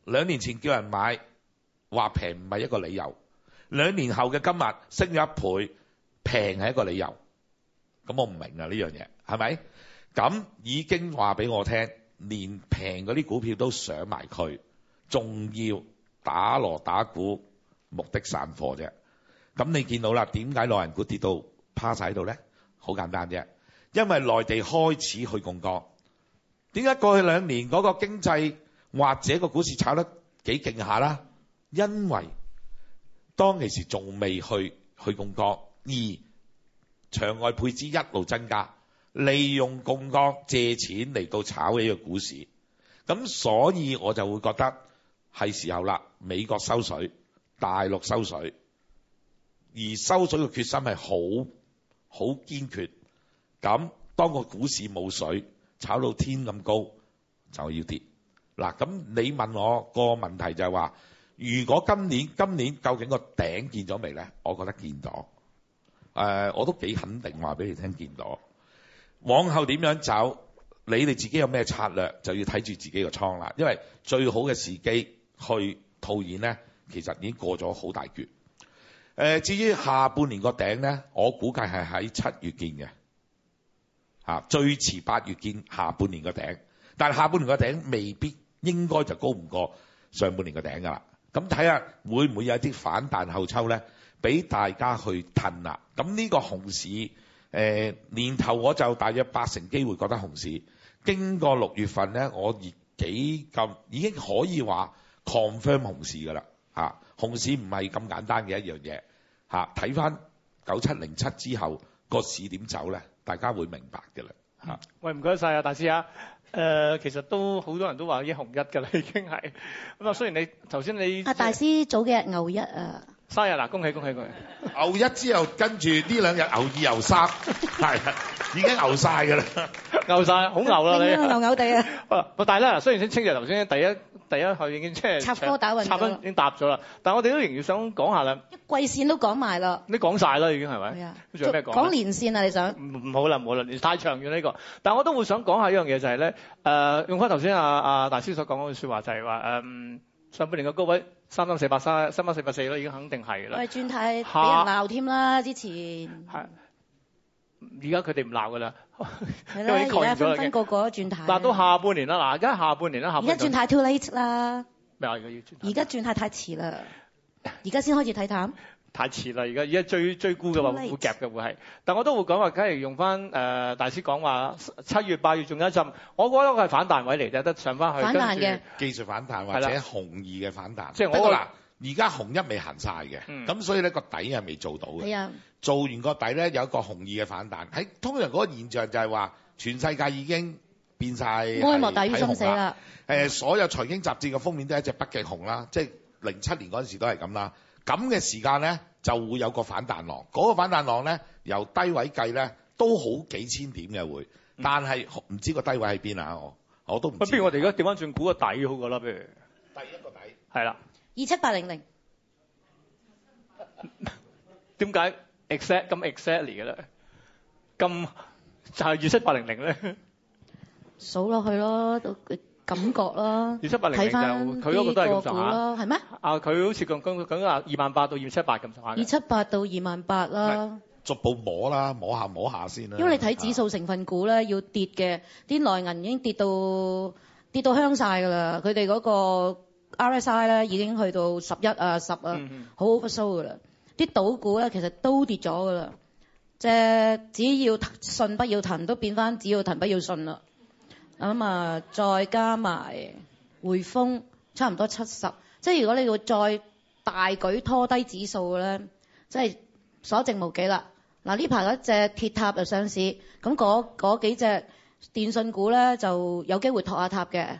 兩年前叫人買話平唔係一個理由，兩年後嘅今日升咗一倍，平係一個理由。咁我唔明啊呢樣嘢，係咪？咁已經話俾我聽，連平嗰啲股票都上埋佢，仲要打鑼打鼓。目的散貨啫。咁你見到啦，點解內人股跌到趴晒喺度咧？好簡單啫，因為內地開始去槓桿。點解過去兩年嗰個經濟或者個股市炒得幾勁下啦？因為當其時仲未去去槓桿，而場外配資一路增加，利用槓桿借錢嚟到炒呢個股市。咁所以我就會覺得係時候啦，美國收水。大陸收水，而收水嘅決心係好好堅決。咁當個股市冇水，炒到天咁高就要跌嗱。咁你問我個問題就係話：如果今年今年究竟個頂見咗未咧？我覺得見咗，呃，我都幾肯定話俾你聽見咗。往後點樣走，你哋自己有咩策略就要睇住自己個倉啦。因為最好嘅時機去套現咧。其實已經過咗好大月。至於下半年個頂咧，我估計係喺七月見嘅，最遲八月見下半年個頂。但係下半年個頂未必應該就高唔過上半年個頂㗎啦。咁睇下會唔會有啲反彈後抽咧，俾大家去吞啊。咁、這、呢個熊市、呃、年頭我就大約八成機會覺得熊市。經過六月份咧，我已幾咁已經可以話 confirm 熊市㗎啦。吓、啊，熊市唔係咁簡單嘅一樣嘢。吓、啊，睇翻九七零七之後個市點走咧，大家會明白嘅啦。嚇、嗯，喂，唔該晒啊，大師啊。誒、呃，其實都好多人都話已經紅一嘅啦，已經係。咁啊，雖然你頭先你，啊，大師早幾日牛一誒、啊。生日嗱，恭喜恭喜恭喜！牛一之後跟住呢兩日牛二牛三，係 *laughs* 已經牛晒㗎啦， *laughs* 牛晒！好牛啦你！牛牛地啊！啊， *laughs* 但係咧，雖然先清日頭先第一第一佢已經即係插科打諢，插分已經答咗啦。但係我哋都仍然想講下啦。一季線都講埋啦，你講晒啦已經係咪？啊。仲有咩講？講連線啊！你想？唔好啦唔好啦，太長咗呢、這個。但係我都會想講下一樣嘢就係、是、咧，誒、呃，用翻頭先阿阿大師所講嗰句説話就係話誒，上半年嘅高位。三四百三,三四八三三八四八四咯，已經肯定係啦。喂，轉軚俾人鬧添啦，之前。係。而家佢哋唔鬧噶啦，因為已經 control 咗啦。而家紛紛個個都轉軚。但都下半年啦，嗱，而家下半年啦。而家轉軚 too late 啦。咩啊？而家要轉。而家轉軚太遲啦，而家先開始睇淡。 *laughs* 太遲啦！而家而家最最沽嘅話會夾嘅會係，但我都會講、呃、話，梗係用翻誒大師講話，七月八月仲有一浸。我覺得佢係反彈位嚟，就得上翻去反彈嘅技術反彈或者紅二嘅反彈。即係、就是、我嗱，而家紅一未行晒嘅，咁、嗯、所以咧個底係未做到嘅。係啊，做完個底咧有一個紅二嘅反彈喺。通常嗰個現象就係話，全世界已經變晒哀莫大於心死啦。誒、嗯，所有財經雜誌嘅封面都係一隻北極熊啦，即係零七年嗰陣時都係咁啦。咁嘅時間咧，就會有個反彈浪，嗰、那個反彈浪咧，由低位計咧，都好幾千點嘅會，但係唔、嗯、知個低位喺邊啊我，我都唔。不如我哋而家掉翻轉估個底好過啦，譬如低一個底，係啦，二七八零零，點解 exact 咁 exactly 嘅咧？咁就係、是、二七八零零咧？數落去咯，都。感覺啦，睇翻嗰個股咯，係咩？啊，佢好似講講講話二萬八到二七八咁上下，二七八到二萬八啦，逐步摸啦，摸下摸下先啦、啊。因為你睇指數成分股咧，要跌嘅，啲、啊、內銀已經跌到跌到香曬㗎啦，佢哋嗰個 RSI 咧已經去到十一啊十啊，好 oversold 㗎啦。啲、嗯、賭股咧其實都跌咗㗎啦，即、就、係、是、只要信不要騰都變翻只要騰不要信啦。咁、嗯、啊，再加埋匯豐，差唔多七十。即係如果你要再大舉拖低指數咧，即係所剩無幾啦。嗱呢排有一隻鐵塔就上市，咁嗰嗰幾隻電信股咧就有機會托下塔嘅。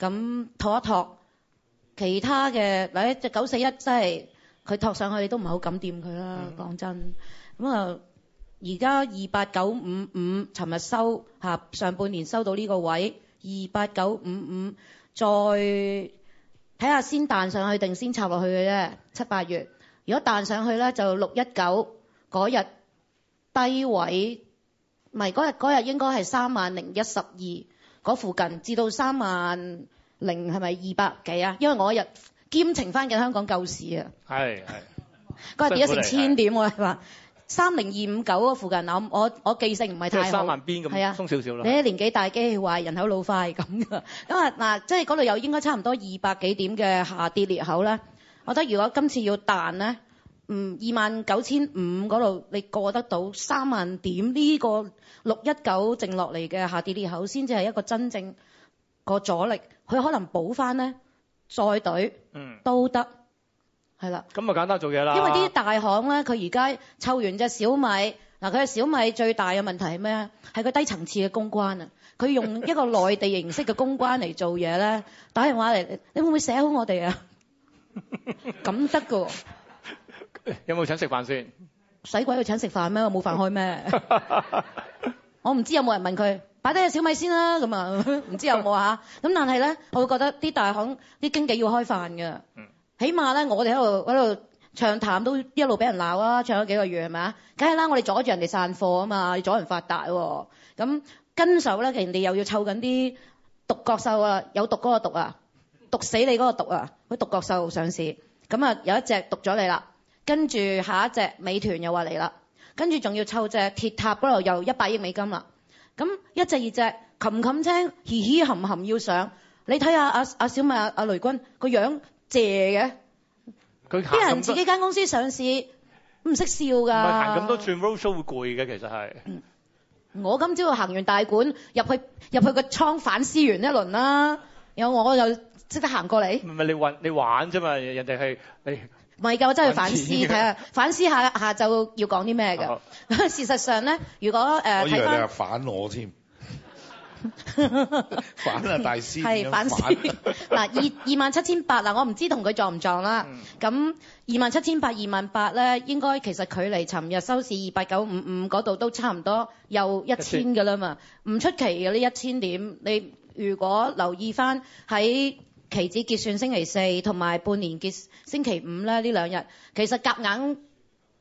咁托一托，其他嘅嗱一隻九四一真係佢托上去都唔係好敢掂佢啦。講、嗯、真，咁、嗯、啊。嗯而家二八九五五，尋日收吓上半年收到呢個位二八九五五，28955，再睇下先彈上去定先插落去嘅啫。七八月如果彈上去咧，就六一九嗰日低位，唔係嗰日嗰日應該係三萬零一十二嗰附近，至到三萬零係咪二百幾啊？因為我嗰日兼程返緊香港舊市啊，係係嗰日跌成千點喎，係嘛？三零二五九附近，我我我記性唔係太好，即係三萬邊咁，係啊，鬆少少。你年紀大機器壞，人口老化係咁嘅。因為嗱，即係嗰度有應該差唔多二百幾點嘅下跌裂口咧。我覺得如果今次要彈咧，嗯，二萬九千五嗰度你過得到三萬點呢個六一九剩落嚟嘅下跌裂口，先至係一個真正個阻力。佢可能補翻咧，再懟，嗯，都得。係啦，咁就簡單做嘢啦。因為啲大行咧，佢而家湊完隻小米，嗱，佢係小米最大嘅問題係咩？係個低層次嘅公關啊！佢用一個內地形式嘅公關嚟做嘢咧， *laughs* 打電話嚟，你會唔會寫好我哋啊？咁得嘅。有冇請食飯先？使鬼要請食飯咩？冇飯開咩？ *laughs* 我唔知有冇人問佢，擺低隻小米先啦。咁啊，唔知有冇嚇？咁但係咧，我會覺得啲大行啲經紀要開飯嘅。嗯起碼咧，我哋喺度喺度唱淡都一路俾人鬧啊，唱咗幾個月係咪啊？梗係啦，我哋阻住人哋散貨啊嘛，阻人發達喎。咁跟手咧，人哋又要湊緊啲獨角獸啊，有毒嗰個毒啊，毒死你嗰個毒啊，佢獨角獸上市。咁啊，有一隻毒咗你啦，跟住下一隻美團又話嚟啦，跟住仲要湊隻鐵塔嗰度又一百億美金啦。咁一隻二隻，冚冚聲，嘻嘻冚冚要上。你睇下阿阿小米阿雷軍個樣。借嘅，佢啲人自己間公司上市唔識笑㗎。唔係行咁多轉 roadshow 會攰嘅，其實係、嗯。我今朝行完大館，入去入去個倉反思完一輪啦，有我就即刻行過嚟。唔係你玩，你玩啫嘛，人哋係你。唔係㗎，我真係反思睇下，反思下下晝要講啲咩㗎？ *laughs* 事實上咧，如果誒睇翻。我以為看看你話反我添。 *laughs* 反啊，大師係反師、啊、嗱、 *laughs* 啊，二二萬七千八嗱，我唔知同佢撞唔撞啦。咁 *laughs* 二萬七千八、二萬八咧，應該其實距離尋日收市二八九五五嗰度都差唔多，有一千㗎啦嘛。唔出奇嘅呢一千點，你如果留意翻喺期指結算星期四同埋半年結星期五咧呢兩日，其實夾硬。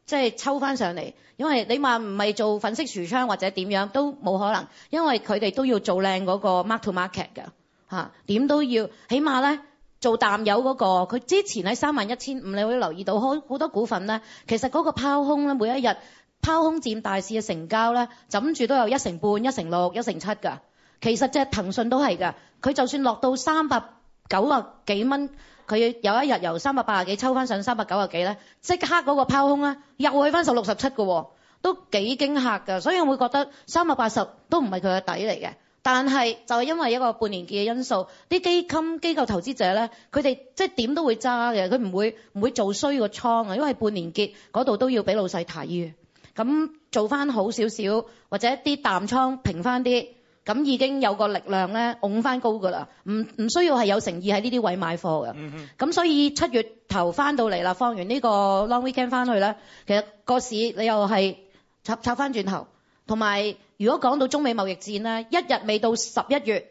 即係抽翻上嚟，因為你話唔係做粉飾櫥窗或者點樣都冇可能，因為佢哋都要做靚嗰個 market market 㗎嚇，點都要。起碼咧做淡友嗰個，佢之前喺三萬一千五，你會留意到好好多股份咧，其實嗰個拋空咧，每一日拋空佔大市嘅成交咧，枕住都有一成半、一成六、一成七㗎。其實即係騰訊都係㗎，佢就算落到三百九啊幾蚊。佢有一日由三百八廿幾抽翻上三百九廿幾呢，即刻嗰個拋空呢，入去翻十六十七嘅喎，都幾驚嚇㗎。所以我會覺得三百八十都唔係佢嘅底嚟嘅。但係就係因為一個半年結嘅因素，啲基金機構投資者咧，佢哋即係點都會揸嘅，佢唔會唔會做衰個倉啊，因為半年結嗰度都要俾老細睇嘅。咁做翻好少少，或者一啲淡倉平翻啲。咁已經有個力量咧，拱翻高噶啦，唔唔需要係有誠意喺呢啲位買貨嘅。咁、嗯、所以七月頭翻到嚟啦，放完個呢個 long weekend 翻去咧，其實個市你又係插返翻轉頭。同埋如果講到中美貿易戰咧，一日未到十一月，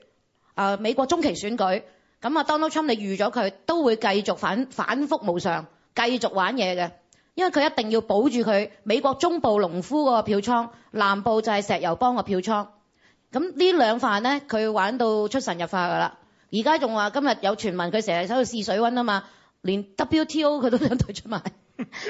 啊、呃、美國中期選舉，咁啊 Donald Trump 你預咗佢都會繼續反反覆無常，繼續玩嘢嘅，因為佢一定要保住佢美國中部農夫嗰個票倉，南部就係石油幫個票倉。咁呢兩飯咧，佢玩到出神入化噶啦，而家仲話今日有傳聞佢成日喺度試水溫啊嘛，連 WTO 佢都想退出埋，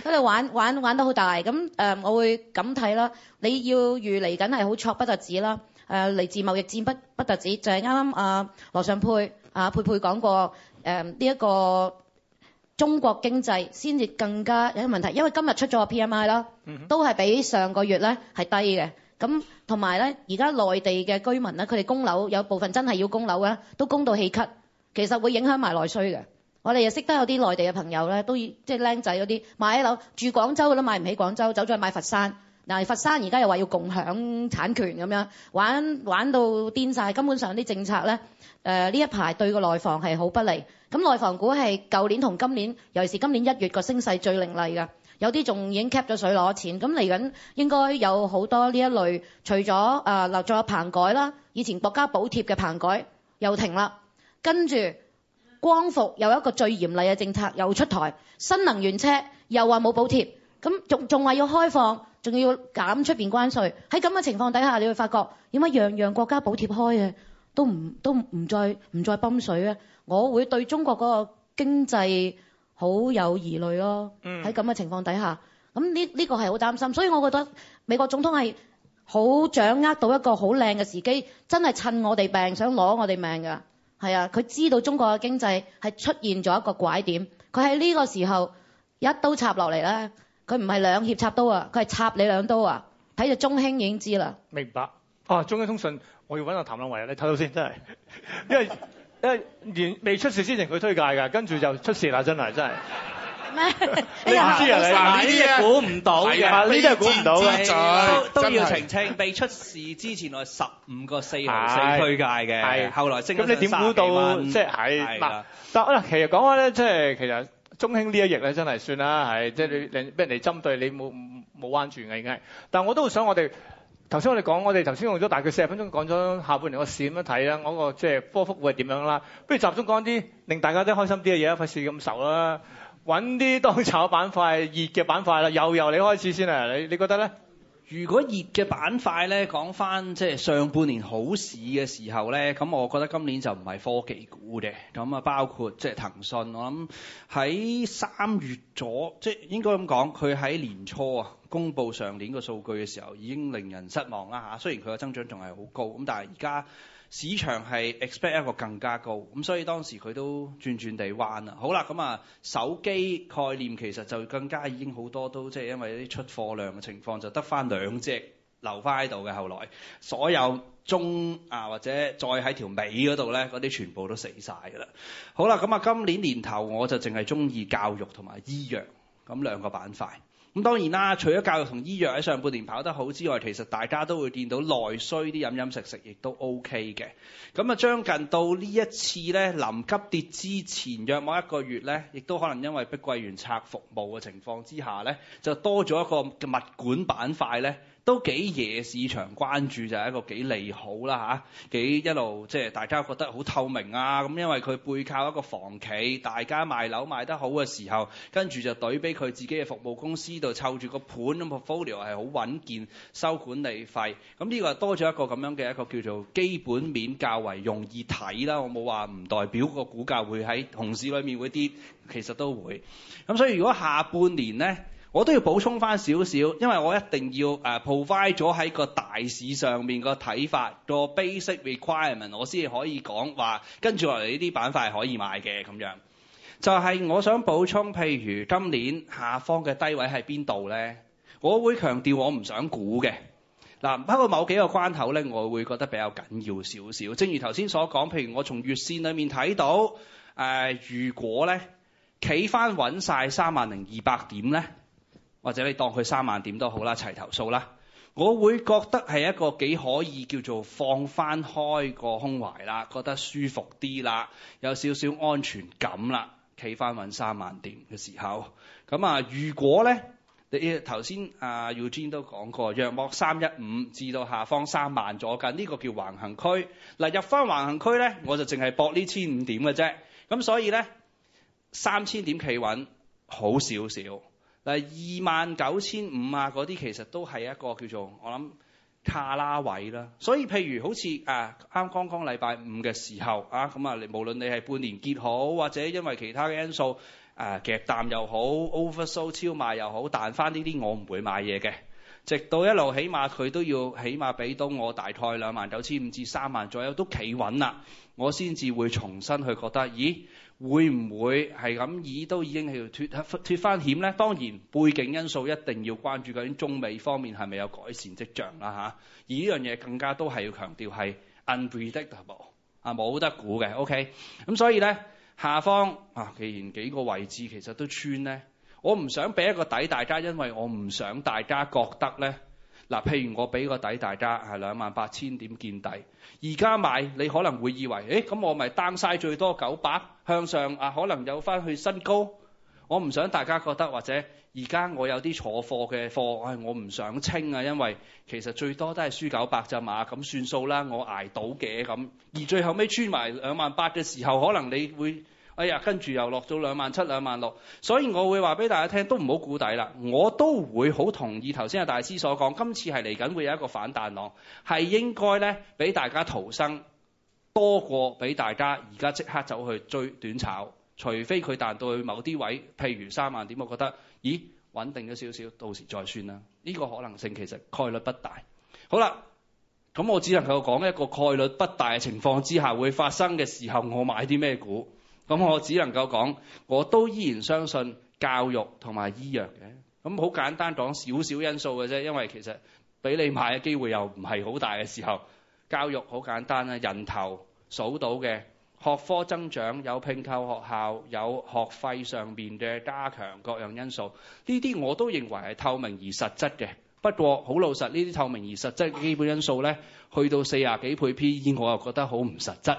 喺 *laughs* 度玩玩玩得好大。咁、呃、我會咁睇啦。你要預嚟緊係好挫不特止啦，誒、呃，嚟自貿易戰不不特止，就係啱啱羅尚沛，、呃、沛沛沛講過，呢、呃、一、這個中國經濟先至更加有問題，因為今日出咗個 PMI 啦，都係比上個月咧係低嘅。咁同埋咧，而家內地嘅居民咧，佢哋供樓有部分真係要供樓咧，都供到氣咳，其實會影響埋內需嘅。我哋又識得有啲內地嘅朋友咧，都即係僆仔嗰啲買樓住廣州嘅都買唔起廣州，走咗去買佛山。嗱，佛山而家又話要共享產權咁樣，玩玩到癲晒。根本上啲政策咧，誒、呃、呢一排對個內房係好不利。咁內房股係舊年同今年，尤其是今年一月個升勢最凌厲嘅，有啲仲已經 cap 咗水攞錢，咁嚟緊應該有好多呢一類，除咗啊，立、呃、咗棚改啦，以前國家補貼嘅棚改又停啦，跟住光伏有一個最嚴厲嘅政策又出台，新能源車又話冇補貼，咁仲仲話要開放，仲要減出面關稅，喺咁嘅情況底下，你會發覺點解樣樣國家補貼開嘅都唔都唔再唔再泵水咧？我會對中國嗰個經濟。好有疑慮咯，哦，喺咁嘅情況底下，咁呢，呢個係好擔心，所以我覺得美國總統係好掌握到一個好靚嘅時機，真係趁我哋病想攞我哋命噶係啊，佢知道中國嘅經濟係出現咗一個拐點，佢喺呢個時候一刀插落嚟咧，佢唔係兩脅插刀啊，佢係插你兩刀啊，睇住中興已經知啦。明白，啊中興通訊，我要搵個譚朗蔚啊，你睇到先看看，真係，因為。 *laughs* 即係未出事之前佢推介嘅，跟住就出事啦！真係真係。咩？你唔知啊？你呢啲估唔到嘅，呢啲係估唔到嘅。都都要澄清，未出事之前係十五個四毫四推介嘅，後來升咗三萬。咁你點估到？即係係啦。但係嗱，其實講開咧，即係其實中興呢一役咧，真係算啦，係即係你令俾人哋針對你冇冇彎轉嘅已經係。但係我都想我哋。頭先我哋講，我哋頭先用咗大概四十分鐘講咗下半年個市點樣睇啦，嗰個即係波幅會係點樣啦。不如集中講啲令大家都開心啲嘅嘢啦，費事咁愁啦。揾啲當炒板塊熱嘅板塊啦，又由你開始先啦。你你覺得咧？如果熱嘅板塊咧，講返即係上半年好市嘅時候咧，咁我覺得今年就唔係科技股嘅，咁啊包括即係騰訊，我諗喺三月左，即係應該咁講，佢喺年初啊。公布上年個數據嘅時候已經令人失望啦嚇，雖然佢嘅增長仲係好高，咁但係而家市場係 expect 一個更加高，咁所以當時佢都轉轉地彎啦。好啦，咁啊手機概念其實就更加已經好多都即係因為啲出貨量嘅情況就得翻兩隻留翻喺度嘅，後來所有中啊或者再喺條尾嗰度呢，嗰啲全部都死晒㗎啦。好啦，咁啊今年年頭我就淨係鍾意教育同埋醫藥咁兩個板塊。咁當然啦，除咗教育同醫藥喺上半年跑得好之外，其實大家都會見到內需啲飲飲食食亦都 OK 嘅。咁啊，將近到呢一次咧臨急跌之前約莫一個月呢，亦都可能因為碧桂園拆服務嘅情況之下呢，就多咗一個物管板塊呢。都幾夜市場關注，就係一個幾利好啦嚇，幾一路即係大家覺得好透明啊咁，因為佢背靠一個房企，大家賣樓賣得好嘅時候，跟住就攤俾佢自己嘅服務公司度湊住個盤咁 portfolio 係好穩健收管理費，咁呢個多咗一個咁樣嘅一個叫做基本面較為容易睇啦。我冇話唔代表個股價會喺熊市裏面會跌，其實都會。咁所以如果下半年呢。我都要補充翻少少，因為我一定要 provide 咗喺個大市上面個睇法、個 basic requirement，我先可以講話跟住落嚟呢啲板塊可以買嘅咁樣。就係、是、我想補充，譬如今年下方嘅低位喺邊度呢？我會強調我唔想估嘅嗱，不過某幾個關口呢，我會覺得比較緊要少少。正如頭先所講，譬如我從月線裏面睇到、呃、如果呢企翻穩晒三萬零二百點呢。或者你當佢三萬點都好啦，齊頭數啦。我會覺得係一個幾可以叫做放翻開個胸懷啦，覺得舒服啲啦，有少少安全感啦，企翻穩三萬點嘅時候。咁啊，如果呢，頭先啊 U 君都講過，約莫三一五至到下方三萬左近，呢個叫橫行區。嗱，入翻橫行區呢，我就淨係搏呢千五點嘅啫。咁所以呢，三千點企穩好少少。二萬九千五啊，嗰啲其實都係一個叫做我諗卡拉位啦。所以譬如好似誒啱剛剛禮拜五嘅時候啊，咁啊，無論你係半年結好或者因為其他嘅因素誒劇、啊、淡又好，over sell 超賣又好，彈翻呢啲我唔會買嘢嘅。直到一路起碼佢都要起碼俾到我大概兩萬九千五至三萬左右都企穩啦，我先至會重新去覺得，咦？會唔會係咁？已都已經係要脫脫翻險呢？當然背景因素一定要關注，究竟中美方面係咪有改善跡象啦吓、啊、而呢樣嘢更加都係要強調係 unpredictable 啊，冇得估嘅。OK，咁所以咧下方啊，既然前幾個位置其實都穿咧。我唔想俾一個底大家，因為我唔想大家覺得咧。嗱，譬如我俾個底大家係兩萬八千點見底，而家買你可能會以為，誒咁我咪 down 曬最多九百向上啊，可能有返去新高。我唔想大家覺得或者而家我有啲坐貨嘅貨，唉、哎、我唔想清啊，因為其實最多都係輸九百咋嘛，咁算數啦，我捱到嘅咁。而最後尾穿埋兩萬八嘅時候，可能你會。哎呀，跟住又落咗兩萬七、兩萬六，所以我會話俾大家聽，都唔好估底啦。我都會好同意頭先阿大師所講，今次係嚟緊會有一個反彈浪，係應該咧俾大家逃生多過俾大家而家即刻走去追短炒，除非佢彈到去某啲位，譬如三萬點，我覺得咦穩定咗少少，到時再算啦。呢個可能性其實概率不大。好啦，咁我只能夠講一個概率不大嘅情況之下會發生嘅時候，我買啲咩股？咁我只能夠講，我都依然相信教育同埋醫藥嘅。咁好簡單講少少因素嘅啫，因為其實俾你買嘅機會又唔係好大嘅時候。教育好簡單啦，人頭數到嘅，學科增長有拼購學校，有學費上面嘅加強各樣因素。呢啲我都認為係透明而實質嘅。不過好老實，呢啲透明而實質嘅基本因素呢，去到四十幾倍 PE，我又覺得好唔實質。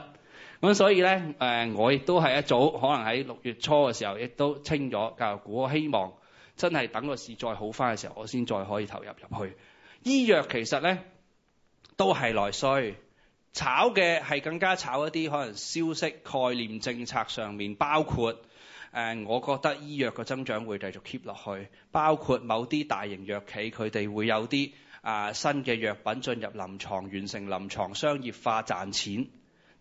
咁所以咧，誒、呃、我亦都係一早可能喺六月初嘅時候，亦都清咗教育股。我希望真係等個市再好翻嘅時候，我先再可以再投入入去。醫藥其實咧都係內需，炒嘅係更加炒一啲可能消息概念政策上面，包括誒、呃、我覺得醫藥個增長會繼續 keep 落去，包括某啲大型藥企佢哋會有啲啊、呃、新嘅藥品進入臨床，完成臨床商業化賺錢。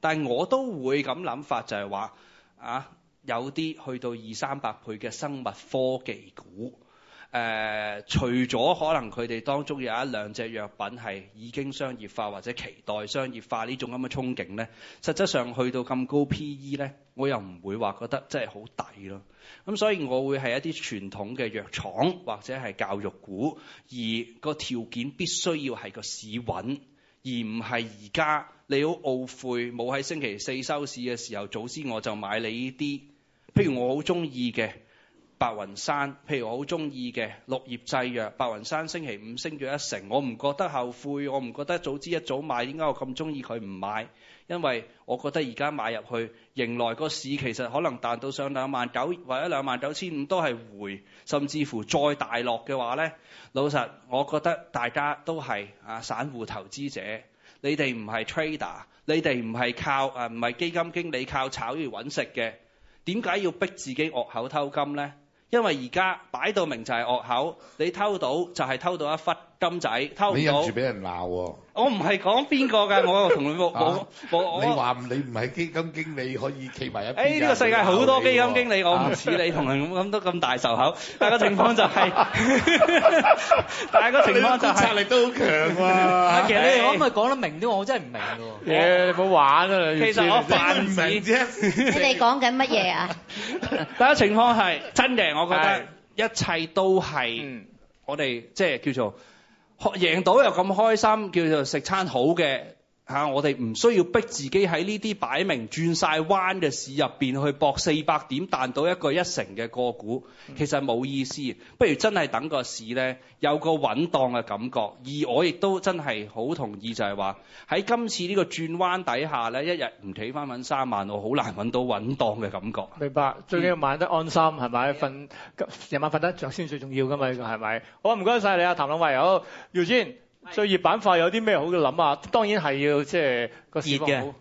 但我都會咁諗法就是說，就係話有啲去到二三百倍嘅生物科技股，呃，除咗可能佢哋當中有一兩隻藥品係已經商業化或者期待商業化呢種咁嘅憧憬呢，實質上去到咁高 PE 呢，我又唔會話覺得真係好抵咯。咁所以我會係一啲傳統嘅藥廠或者係教育股，而個條件必須要係個市穩，而唔係而家。你好懊悔冇喺星期四收市嘅時候，早知我就買你呢啲。譬如我好中意嘅白雲山，譬如我好中意嘅綠葉製藥、白雲山星期五升咗一成，我唔覺得後悔，我唔覺得早知一早買，點解我咁中意佢唔買？因為我覺得而家買入去，迎來個市其實可能彈到上兩萬九或者兩萬九千五都係回，甚至乎再大落嘅話咧，老實，我覺得大家都係散戶投資者。你哋唔係 trader，你哋唔係靠誒唔係基金經理靠炒嚟揾食嘅，點解要逼自己惡口偷金咧？因為而家擺到明就係惡口，你偷到就係偷到一忽。金仔偷到，你忍住俾人鬧喎！我唔係講邊個㗎，我同你冇冇我。你話你唔係基金經理可以企埋一邊嘅？誒呢個世界好多基金經理，我唔似你同人咁都咁大仇口。但係個情況就係，但係個情況就係。你觀察力都好強喎。其實你可唔可以講得明啲？我真係唔明嘅喎。誒，你唔好玩啦！其實我反唔明啫。你哋講緊乜嘢啊？大家情況係真嘅，我覺得一切都係我哋即係叫做。贏到又咁開心，叫做食餐好嘅。啊、我哋唔需要逼自己喺呢啲擺明轉曬彎嘅市入面去搏四百點彈到一個一成嘅個股，其實冇意思。不如真係等個市咧有個穩當嘅感覺。而我亦都真係好同意就，就係話喺今次呢個轉彎底下咧，一日唔企翻揾三萬，我好難揾到穩當嘅感覺。明白，最緊要買得安心係咪？瞓、嗯、夜晚瞓得着先最重要噶嘛？係、嗯、咪？好，唔該曬你啊，譚朗蔚。好，姚堅。最熱板塊有啲咩好嘅諗啊？當然係要即係、就是、個市況好，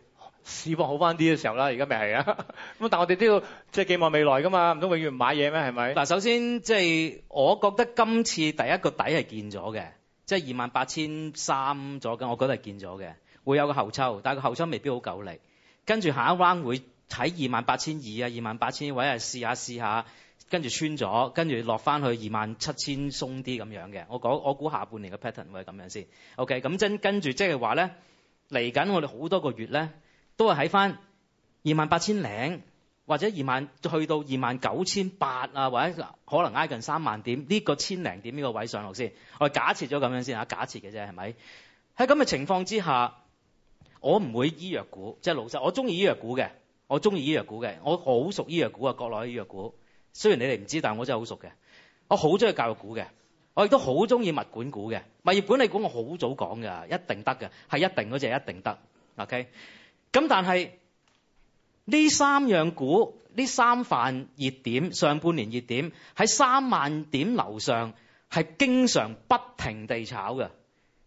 市況好翻啲嘅時候啦。而家咪係啊。咁 *laughs* 但係我哋都要即係寄望未來㗎嘛，唔通永遠唔買嘢咩？係咪？嗱，首先即係、就是、我覺得今次第一個底係見咗嘅，即係二萬八千三咗㗎，我覺得係見咗嘅，會有個後抽，但係個後抽未必好夠力。跟住下一彎會睇二萬八千二啊，二萬八千位啊，試下試下。跟住穿咗，跟住落翻去二萬七千鬆啲咁樣嘅。我講我估下半年嘅 pattern 會係咁樣先。OK，咁真跟住即係話咧，嚟緊我哋好多個月咧，都係喺翻二萬八千零或者二萬去到二萬九千八啊，或者可能挨近三萬點呢個千零點呢個位上落先。我假設咗咁樣先，假設嘅啫，係咪？喺咁嘅情況之下，我唔會醫藥股，即係老實，我中意醫藥股嘅，我中意醫藥股嘅，我好熟醫藥股啊，國內嘅醫藥股。雖然你哋唔知，但我真係好熟嘅。我好中意教育股嘅，我亦都好中意物管股嘅。物業管理股我好早講㗎，一定得嘅，係一定嗰隻一,一定得。OK，咁但係呢三樣股，呢三範熱點，上半年熱點喺三萬點樓上係經常不停地炒嘅。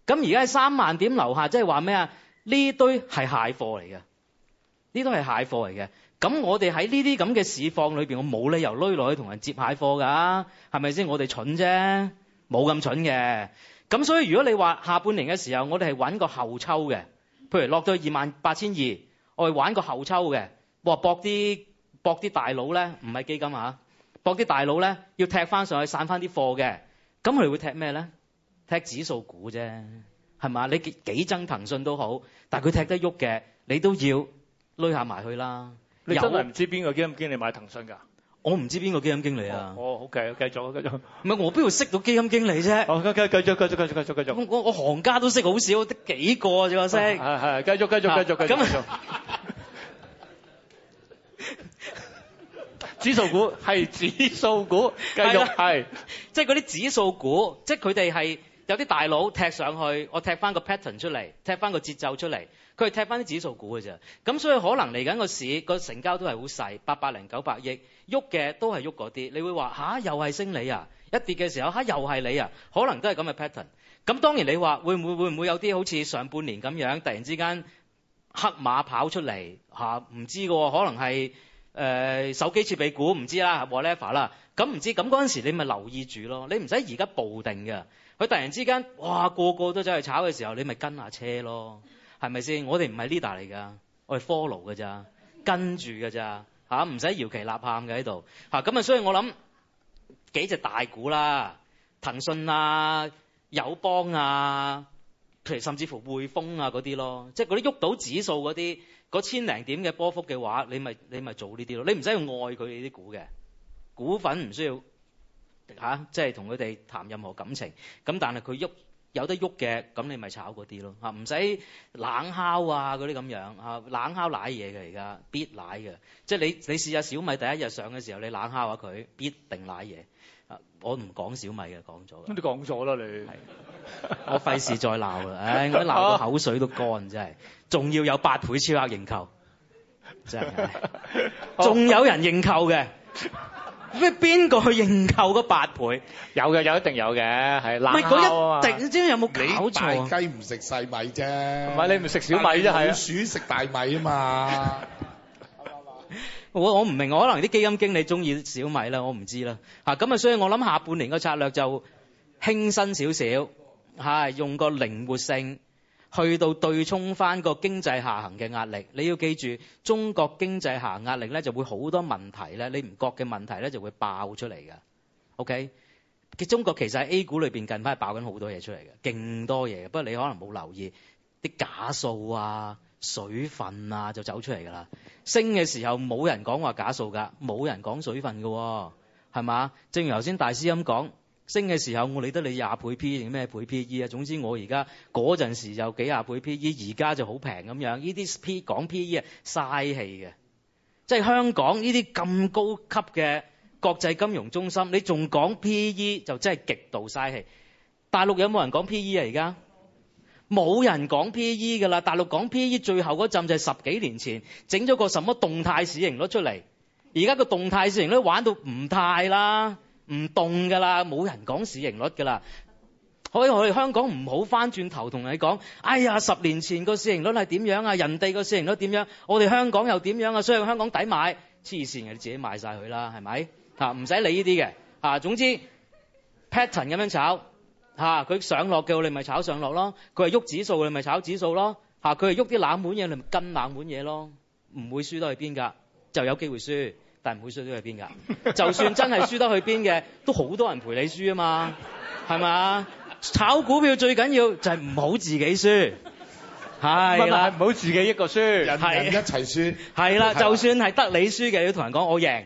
咁而家喺三萬點樓下，即係話咩啊？呢堆係蟹貨嚟嘅，呢堆係蟹貨嚟嘅。咁我哋喺呢啲咁嘅市況裏面，我冇理由擂落去同人接蟹貨㗎，係咪先？我哋蠢啫，冇咁蠢嘅。咁所以如果你話下半年嘅時候，我哋係玩個後抽嘅，譬如落到二萬八千二，我哋玩個後抽嘅，搏搏啲搏啲大佬咧，唔係基金啊，搏啲大佬咧要踢翻上去散翻啲貨嘅，咁佢會踢咩咧？踢指數股啫，係嘛？你幾憎騰訊都好，但佢踢得喐嘅，你都要擂下埋去啦。你真係唔知邊個基金經理買騰訊㗎？我唔知邊個基金經理啊！哦，好嘅，繼續，繼續。唔係我邊度識到基金經理啫？哦，繼繼續，繼續，繼續，繼續，繼續。我我行家都識好少，得幾個啊？你話識？係、oh, 係、yeah, yeah,，繼續繼續繼續繼續繼我我行家都識好少得幾個啊你話識係係繼續繼續繼續繼續指數股係指數股，繼續係。 *laughs* *laughs* 即係嗰啲指數股，即係佢哋係。有啲大佬踢上去，我踢翻個 pattern 出嚟，踢翻個節奏出嚟，佢係踢翻啲指數股㗎啫。咁所以可能嚟緊個市個成交都係好細，八百零九百億，喐嘅都係喐嗰啲。你會話吓、啊，又係升你啊？一跌嘅時候吓、啊，又係你啊？可能都係咁嘅 pattern。咁當然你話會唔會會唔會有啲好似上半年咁樣，突然之間黑馬跑出嚟吓，唔、啊、知㗎，可能係誒、呃、手機設備股唔知啦，whatever 啦。咁唔知咁嗰陣時你咪留意住咯，你唔使而家抱定㗎。佢突然之間，哇個個都走去炒嘅時候，你咪跟下車咯，係咪先？我哋唔係 leader 嚟噶，我係 follow 嘅咋，跟住㗎咋吓，唔使搖旗吶喊嘅喺度吓。咁啊，所以我諗幾隻大股啦，騰訊啊、友邦啊，甚至乎匯豐啊嗰啲咯，即係嗰啲喐到指數嗰啲，嗰千零點嘅波幅嘅話，你咪你咪做呢啲咯。你唔使愛佢哋啲股嘅，股份唔需要。嚇，即係同佢哋談任何感情，咁但係佢喐有得喐嘅，咁你咪炒嗰啲咯嚇，唔使冷烤啊嗰啲咁樣嚇，冷烤瀨嘢嘅而家，必瀨嘅，即係你你試下小米第一日上嘅時候，你冷烤下佢，必定瀨嘢。我唔講小米嘅，講咗。咁你講咗啦你。我費事再鬧啦，唉，我鬧到口水都乾真係，仲要有八倍超額認購，真係，仲有人認購嘅。咁你邊個去認購個八倍？有嘅有，一定有嘅係。唔係嗰一定，你知唔知有冇搞錯？你大雞唔食細米啫，唔係你唔食小米啫，係老鼠食大米啊嘛。我我唔明，可能啲基金經理中意小米啦，我唔知啦。嚇咁啊，所以我諗下半年嘅策略就輕身少少，係用個靈活性。去到對沖翻個經濟下行嘅壓力，你要記住，中國經濟下行壓力咧就會好多問題咧，你唔覺嘅問題咧就會爆出嚟㗎。OK，中國其實喺 A 股裏面近排爆緊好多嘢出嚟嘅，勁多嘢嘅，不過你可能冇留意啲假數啊、水分啊就走出嚟噶啦。升嘅時候冇人講話假數㗎，冇人講水分㗎，哦，係嘛？正如頭先大師咁講。升嘅時候，我理得你廿倍 P E 定咩倍 P E 啊？總之我而家嗰陣時幾 PE，就幾廿倍 P E，而家就好平咁樣。呢啲 P 講 P E 啊，嘥氣嘅。即係香港呢啲咁高級嘅國際金融中心，你仲講 P E 就真係極度嘥氣。大陸有冇人講 P E 啊？而家冇人講 P E 㗎啦。大陸講 P E 最後嗰陣就係十幾年前整咗個什麼動態市盈率出嚟，而家個動態市盈率都玩到唔太啦。唔動㗎啦，冇人講市盈率㗎啦。所以我哋香港唔好返轉頭同你講，哎呀十年前個市盈率係點樣啊？人哋個市盈率點樣？我哋香港又點樣啊？所以香港抵買，黐線嘅，你自己賣晒佢啦，係咪？嚇唔使理呢啲嘅。嚇總之 pattern 咁樣炒嚇，佢上落嘅，你咪炒上落咯。佢係喐指數，你咪炒指數咯。嚇，佢係喐啲冷門嘢，你咪跟冷門嘢咯。唔會輸到去邊㗎？就有機會輸。但唔會輸都去邊㗎？就算真係輸得去邊嘅， *laughs* 都好多人陪你輸啊嘛，係咪啊？炒股票最緊要就係唔好自己輸，係啦，唔好自己一個輸，人人一齊輸，係啦，啦，啦。就算係得你輸嘅，要同人講我贏，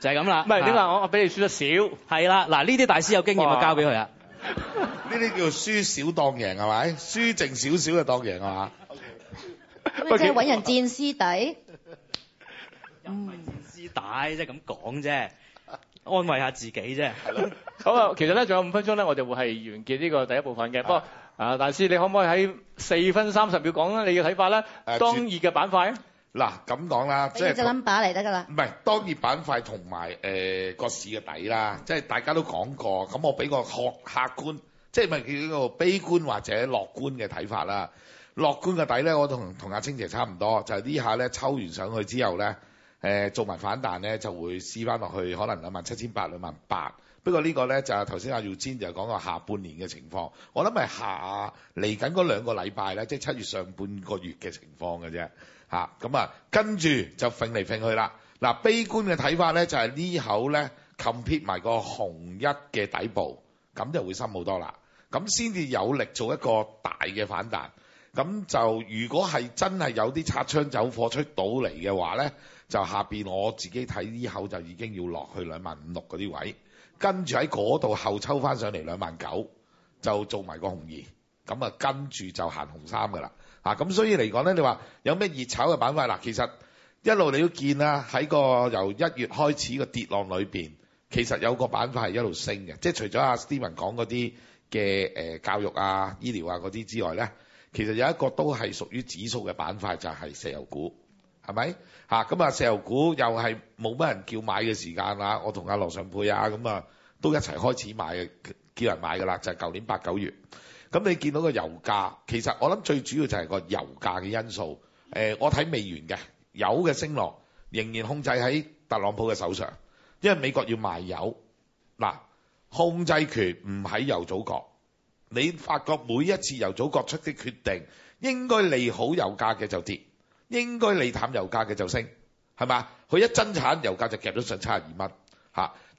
就係、係、咁啦。唔係點話？我我俾你輸得少，係啦。嗱，呢啲大師有經驗，就交俾佢啦。呢啲叫輸少當贏係咪？輸剩少少就當贏係嘛？即係揾人戰師底。 *laughs* 嗯大即係，咁講啫，安慰一下自己啫。係咯。好啊，其實咧仲有五分鐘咧，我就會係完結呢個第一部分嘅、啊。不過啊，大師你可唔可以喺四分三十秒講咧你嘅睇法咧、啊？當熱嘅板塊。嗱、啊，咁講啦，即係俾隻 number 嚟得㗎啦。唔係當熱板塊同埋誒個市嘅底啦，即係大家都講過。咁我俾個客客觀，即係咪叫個悲觀或者樂觀嘅睇法啦。樂觀嘅底咧，我同同阿青姐差唔多，就係、是、呢下咧抽完上去之後咧。誒、呃、做埋反彈咧，就會試翻落去可能兩萬七千八、兩萬八。不過個呢個咧就係頭先阿耀千就講過下半年嘅情況。我諗係下嚟緊嗰兩個禮拜咧，即係七月上半個月嘅情況嘅啫。咁啊，嗯、跟住就揈嚟揈去啦。嗱、啊，悲觀嘅睇法咧就係、是、呢口咧冚撇埋個紅一嘅底部，咁就會深好多啦。咁先至有力做一個大嘅反彈。咁就如果係真係有啲擦槍走火出到嚟嘅話咧，就下邊我自己睇，呢口就已經要落去兩萬五六嗰啲位，跟住喺嗰度後抽翻上嚟兩萬九，就做埋個紅二，咁啊跟住就行紅三㗎啦。啊，咁所以嚟講咧，你話有咩熱炒嘅板塊啦？其實一路你都見啦，喺個由一月開始個跌浪裏面，其實有個板塊係一路升嘅，即係除咗阿 Steven 講嗰啲嘅教育啊、醫療啊嗰啲之外咧，其實有一個都係屬於指數嘅板塊就係石油股。係咪嚇？咁啊，石油股又係冇乜人叫買嘅時間啦。我同阿羅尚沛啊，咁啊都一齊開始買，叫人買㗎啦。就係、是、舊年八九月。咁你見到個油價，其實我諗最主要就係個油價嘅因素。呃、我睇未完嘅油嘅升落，仍然控制喺特朗普嘅手上，因為美國要賣油。嗱，控制權唔喺油祖國。你發覺每一次油祖國出啲決定，應該利好油價嘅就跌。應該利淡油價嘅就升，係嘛？佢一增產，油價就夾咗上七十二蚊，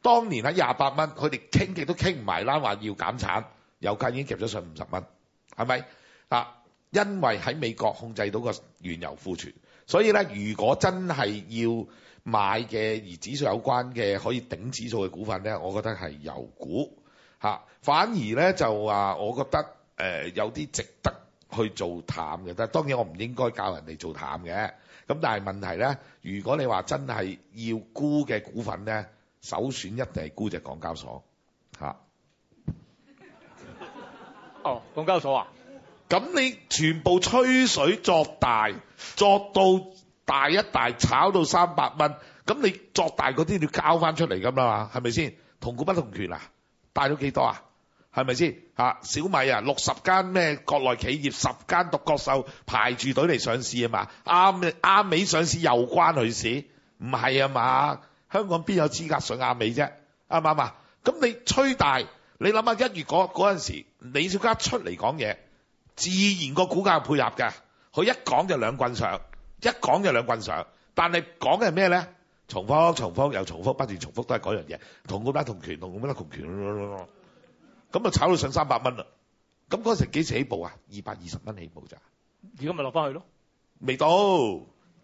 當年喺廿八蚊，佢哋傾極都傾唔埋，啦。話要減產，油價已經夾咗上五十蚊，係咪、啊？因為喺美國控制到個原油庫存，所以咧，如果真係要買嘅而指數有關嘅可以頂指數嘅股份咧，我覺得係油股、啊、反而咧就話我覺得、呃、有啲值得。去做淡嘅，但係當然我唔應該教人哋做淡嘅。咁但係問題咧，如果你話真係要沽嘅股份咧，首選一定係沽隻港交所、啊、哦，港交所啊？咁你全部吹水作大，作到大一大炒到三百蚊，咁你作大嗰啲要交翻出嚟噶啦嘛？係咪先？同股不同權啊？大咗幾多啊？係咪先嚇？小米啊，六十間咩國內企業，十間獨角獸排住隊嚟上市啊嘛。阿美亞美上市又關佢事，唔係啊嘛？香港邊有資格上阿美啫？啱唔啱啊？咁你吹大，你諗下一月嗰嗰陣時李小加出嚟講嘢，自然個股價配合嘅。佢一講就兩棍上，一講就兩棍上。但係講嘅係咩咧？重複重複又重複，不斷重複都係嗰樣嘢，同股不同權，同股不同權。咁就炒到上三百蚊啦！咁嗰時幾時起步啊？二百二十蚊起步咋？而家咪落翻去咯？未到。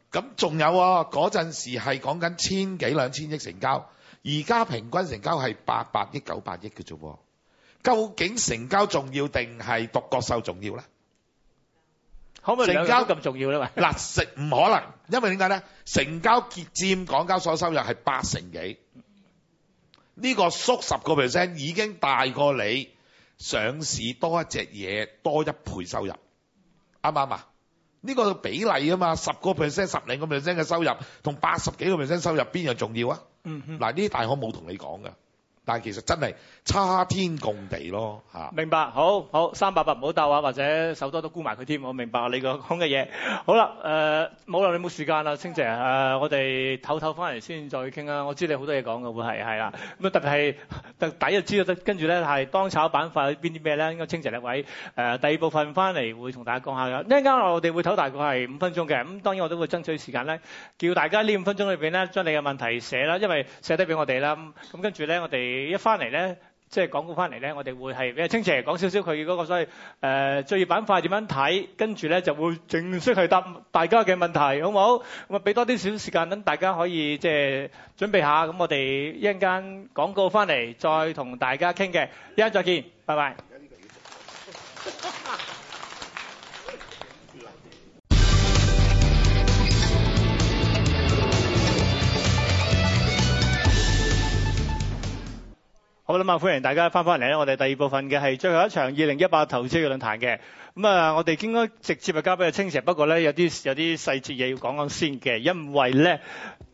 咁仲有啊？嗰陣時係講緊千幾兩千億成交，而家平均成交係八百億九百億嘅啫。究竟成交重要定係獨角獸重要咧？可唔可以成交咁重要啦嘛？嗱，成唔可能，因為點解咧？成交結佔港交所收入係八成幾。呢、這個縮十個 percent 已經大過你上市多一隻嘢多一倍收入，啱唔啱啊？呢、這個比例啊嘛，十個 percent 十零個 percent 嘅收入同八十幾個 percent 收入邊樣重要啊？嗯哼，嗱呢啲大行冇同你講㗎，但係其實真係。差天共地咯嚇，明白，好好三百八唔好鬥啊，或者手多都沽埋佢添，我明白你個講嘅嘢。好啦，誒冇啦，你冇時間啦，青姐誒、呃，我哋唞唞翻嚟先再傾啦。我知你好多嘢講噶，會係係啦，咁啊特別係底又知得，跟住咧係當炒板塊邊啲咩咧？應該青姐呢位誒、呃、第二部分翻嚟會同大家講下嘅。一陣間我哋會唞大概係五分鐘嘅，咁、嗯、當然我都會爭取時間咧，叫大家呢五分鐘裏邊咧將你嘅問題寫啦，因為寫得俾我哋啦。咁、嗯、跟住咧，我哋一翻嚟咧。即係廣告翻嚟咧，我哋會係比較清晰講少少佢嗰個所謂，誒、呃、專業板塊點樣睇，跟住咧就會正式係答大家嘅問題，好唔好？咁啊，俾多啲少時間，等大家可以即係準備下，咁我哋一陣間廣告翻嚟再同大家傾嘅，一陣再見，拜拜。 *laughs* 好啦嘛，歡迎大家翻返嚟咧，我哋第二部分嘅係最後一場二零一八投資月論壇嘅。咁啊，我哋應該直接就交俾阿青姐，不過咧有啲有啲細節嘢要講講先嘅。因為咧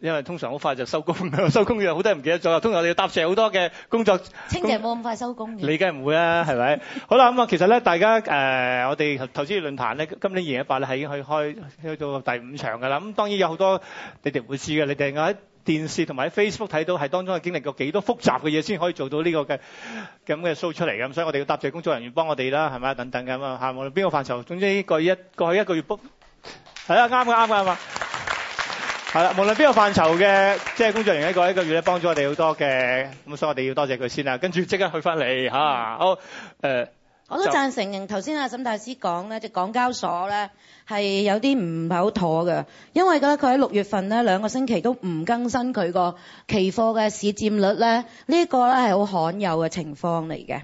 因為通常好快就收工啦，收工又好多人唔記得咗，通常我哋要搭謝好多嘅工作。青姐冇咁快收工嘅。你梗係唔會啦，係咪？好啦，咁啊，其實咧，大家誒，我哋投資月論壇咧，今年二零一八咧係已經去開去到第五場噶啦。咁當然有好多你哋唔會知嘅，你哋啊。電視同埋喺 Facebook 睇到，係當中係經歷過幾多複雜嘅嘢先可以做到呢個嘅咁嘅 show 出嚟嘅，咁所以我哋要答謝工作人員幫我哋啦，係咪等等咁啊，無論邊個範疇，總之過一過去一個月 book 係啊，啱嘅啱嘅啊嘛，係啦，無論邊個範疇嘅即係工作人員一個一個月咧幫咗我哋好多嘅，咁所以我哋要多謝佢先啦，跟住即刻去翻嚟嚇，好誒。呃我都贊成頭先阿沈大師講呢隻港交所呢係有啲唔係好妥㗎，因為佢喺六月份呢兩個星期都唔更新佢個期貨嘅市佔率咧，呢、呢個呢係好罕有嘅情況嚟嘅。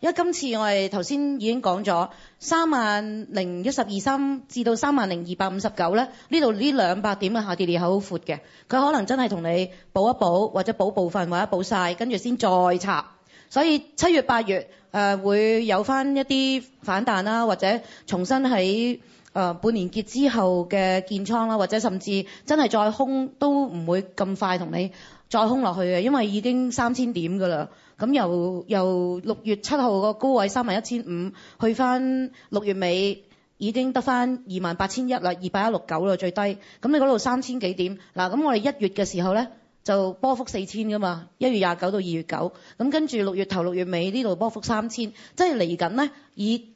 因為今次我哋頭先已經講咗三萬零一十二三至到三萬零二百五十九咧，呢度呢兩百點嘅下跌裂口好闊嘅，佢可能真係同你補一補，或者補部分，或者補晒，跟住先再插。所以七月、八月誒、呃、會有翻一啲反彈啦，或者重新喺誒、呃、半年結之後嘅建倉啦，或者甚至真係再空都唔會咁快同你再空落去嘅，因為已經三千點㗎啦。咁由由六月七號個高位三萬一千五，去返六月尾已經得返二萬八千一啦，二百一六九啦最低。咁你嗰度三千幾點？嗱，咁我哋一月嘅時候咧就波幅四千㗎嘛，一月廿九到二月九。咁跟住六月頭、六月尾呢度波幅三千，即係嚟緊咧，以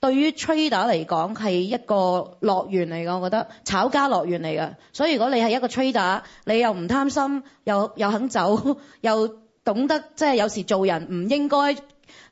對於 trader 嚟講係一個樂園嚟㗎，我覺得炒家樂園嚟㗎。所以如果你係一個 trader，你又唔貪心，又又肯走，又懂得即係、就是、有時做人唔應該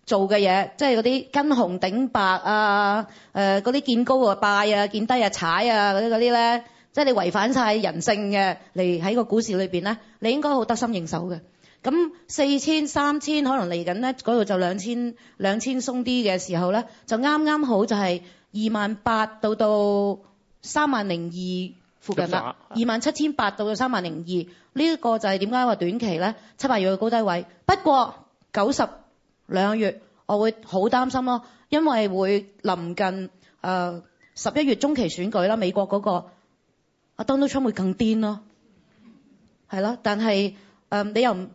做嘅嘢，即係嗰啲跟紅頂白啊，誒嗰啲見高啊拜啊，見低啊踩啊嗰啲嗰啲咧，即係、就是、你違反晒人性嘅，你喺個股市裏面咧，你應該好得心應手嘅。咁四千三千可能嚟緊咧，嗰度就兩千兩千鬆啲嘅時候咧，就啱啱好就係二萬八到到三萬零二。附近啦，二萬七千八到咗三萬零二、這個、呢？一個就係點解話短期咧？七八月嘅高低位。不過九十兩個月，我會好擔心咯，因為會臨近誒、呃、十一月中期選舉啦。美國嗰、那個阿 Donald Trump 會更癲咯，係咯。但係、呃、你又唔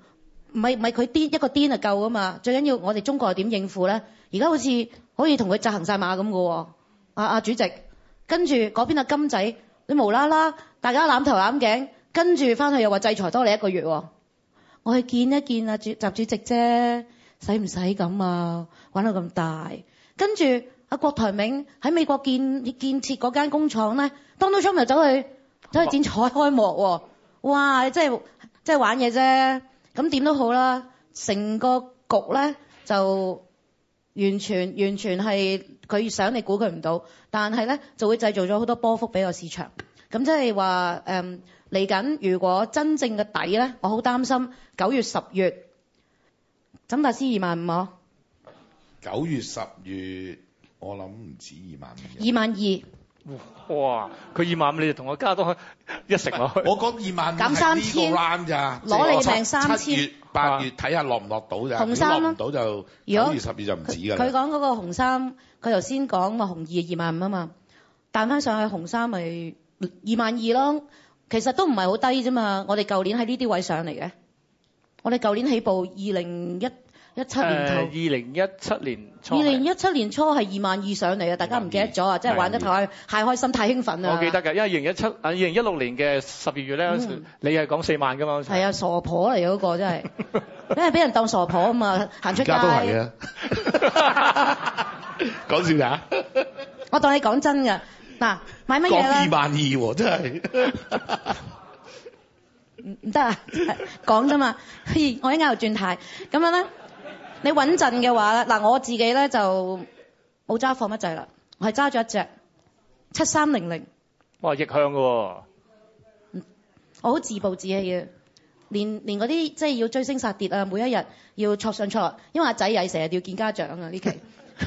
係唔係佢癲一個癲啊夠㗎嘛！最緊要我哋中國係點應付咧？而家好似可以同佢執行晒馬咁嘅喎，阿、啊啊、主席跟住嗰邊阿金仔。你無啦啦，大家攬頭攬頸跟住返去又話制裁多你一個月，我去見一見阿主習主席啫，使唔使咁啊？玩到咁大，跟住阿郭台銘喺美國建建設嗰間工廠咧，當到場又走去走去剪彩開幕喎，哇！即係真係玩嘢啫，咁點都好啦，成個局咧就。完全完全係佢想你估佢唔到，但係咧就會製造咗好多波幅俾個市場。咁即係話誒，嚟、嗯、緊如果真正嘅底咧，我好擔心九月十月，沈大師二萬五啊？九月十月我諗唔止二萬五。二萬二。哇！佢二萬五，你就同我加多一成落去。我講二萬五減三千，攞、就是、你命，三千。七月、八月睇下落唔落到啫，落唔到就九月、十月就唔止㗎。佢講嗰個紅三，佢頭先講話紅二二萬五啊嘛，彈翻上去紅三咪二萬二咯。其實都唔係好低啫嘛。我哋舊年喺呢啲位上嚟嘅，我哋舊年起步二零一。一七年二零一七年初係，二零一七年初係二萬二上嚟嘅，大家唔記得咗啊！即係玩得太開，太開心，太興奮啦！我記得㗎，因為二零一七啊，二零一六年嘅十二月咧，你係講四萬㗎嘛？係、就是、啊，傻婆嚟嗰、那個真係，因為俾人當傻婆啊嘛，行出街都係嘅。講、啊、笑㗎、 *laughs* 啊？我當你講真㗎。嗱，買乜嘢二萬二喎，真係唔唔得啊！講㗎嘛，我一喺度轉態咁樣咧。你穩陣嘅話咧，嗱、啊、我自己咧就冇揸放乜滯啦，我係揸咗一隻七三零零。哇！逆向㗎喎、哦，我好自暴自棄嘅。連嗰啲即係要追升殺跌啊，每一日要錯上錯，因為阿仔又成日要見家長啊，呢 *laughs* 期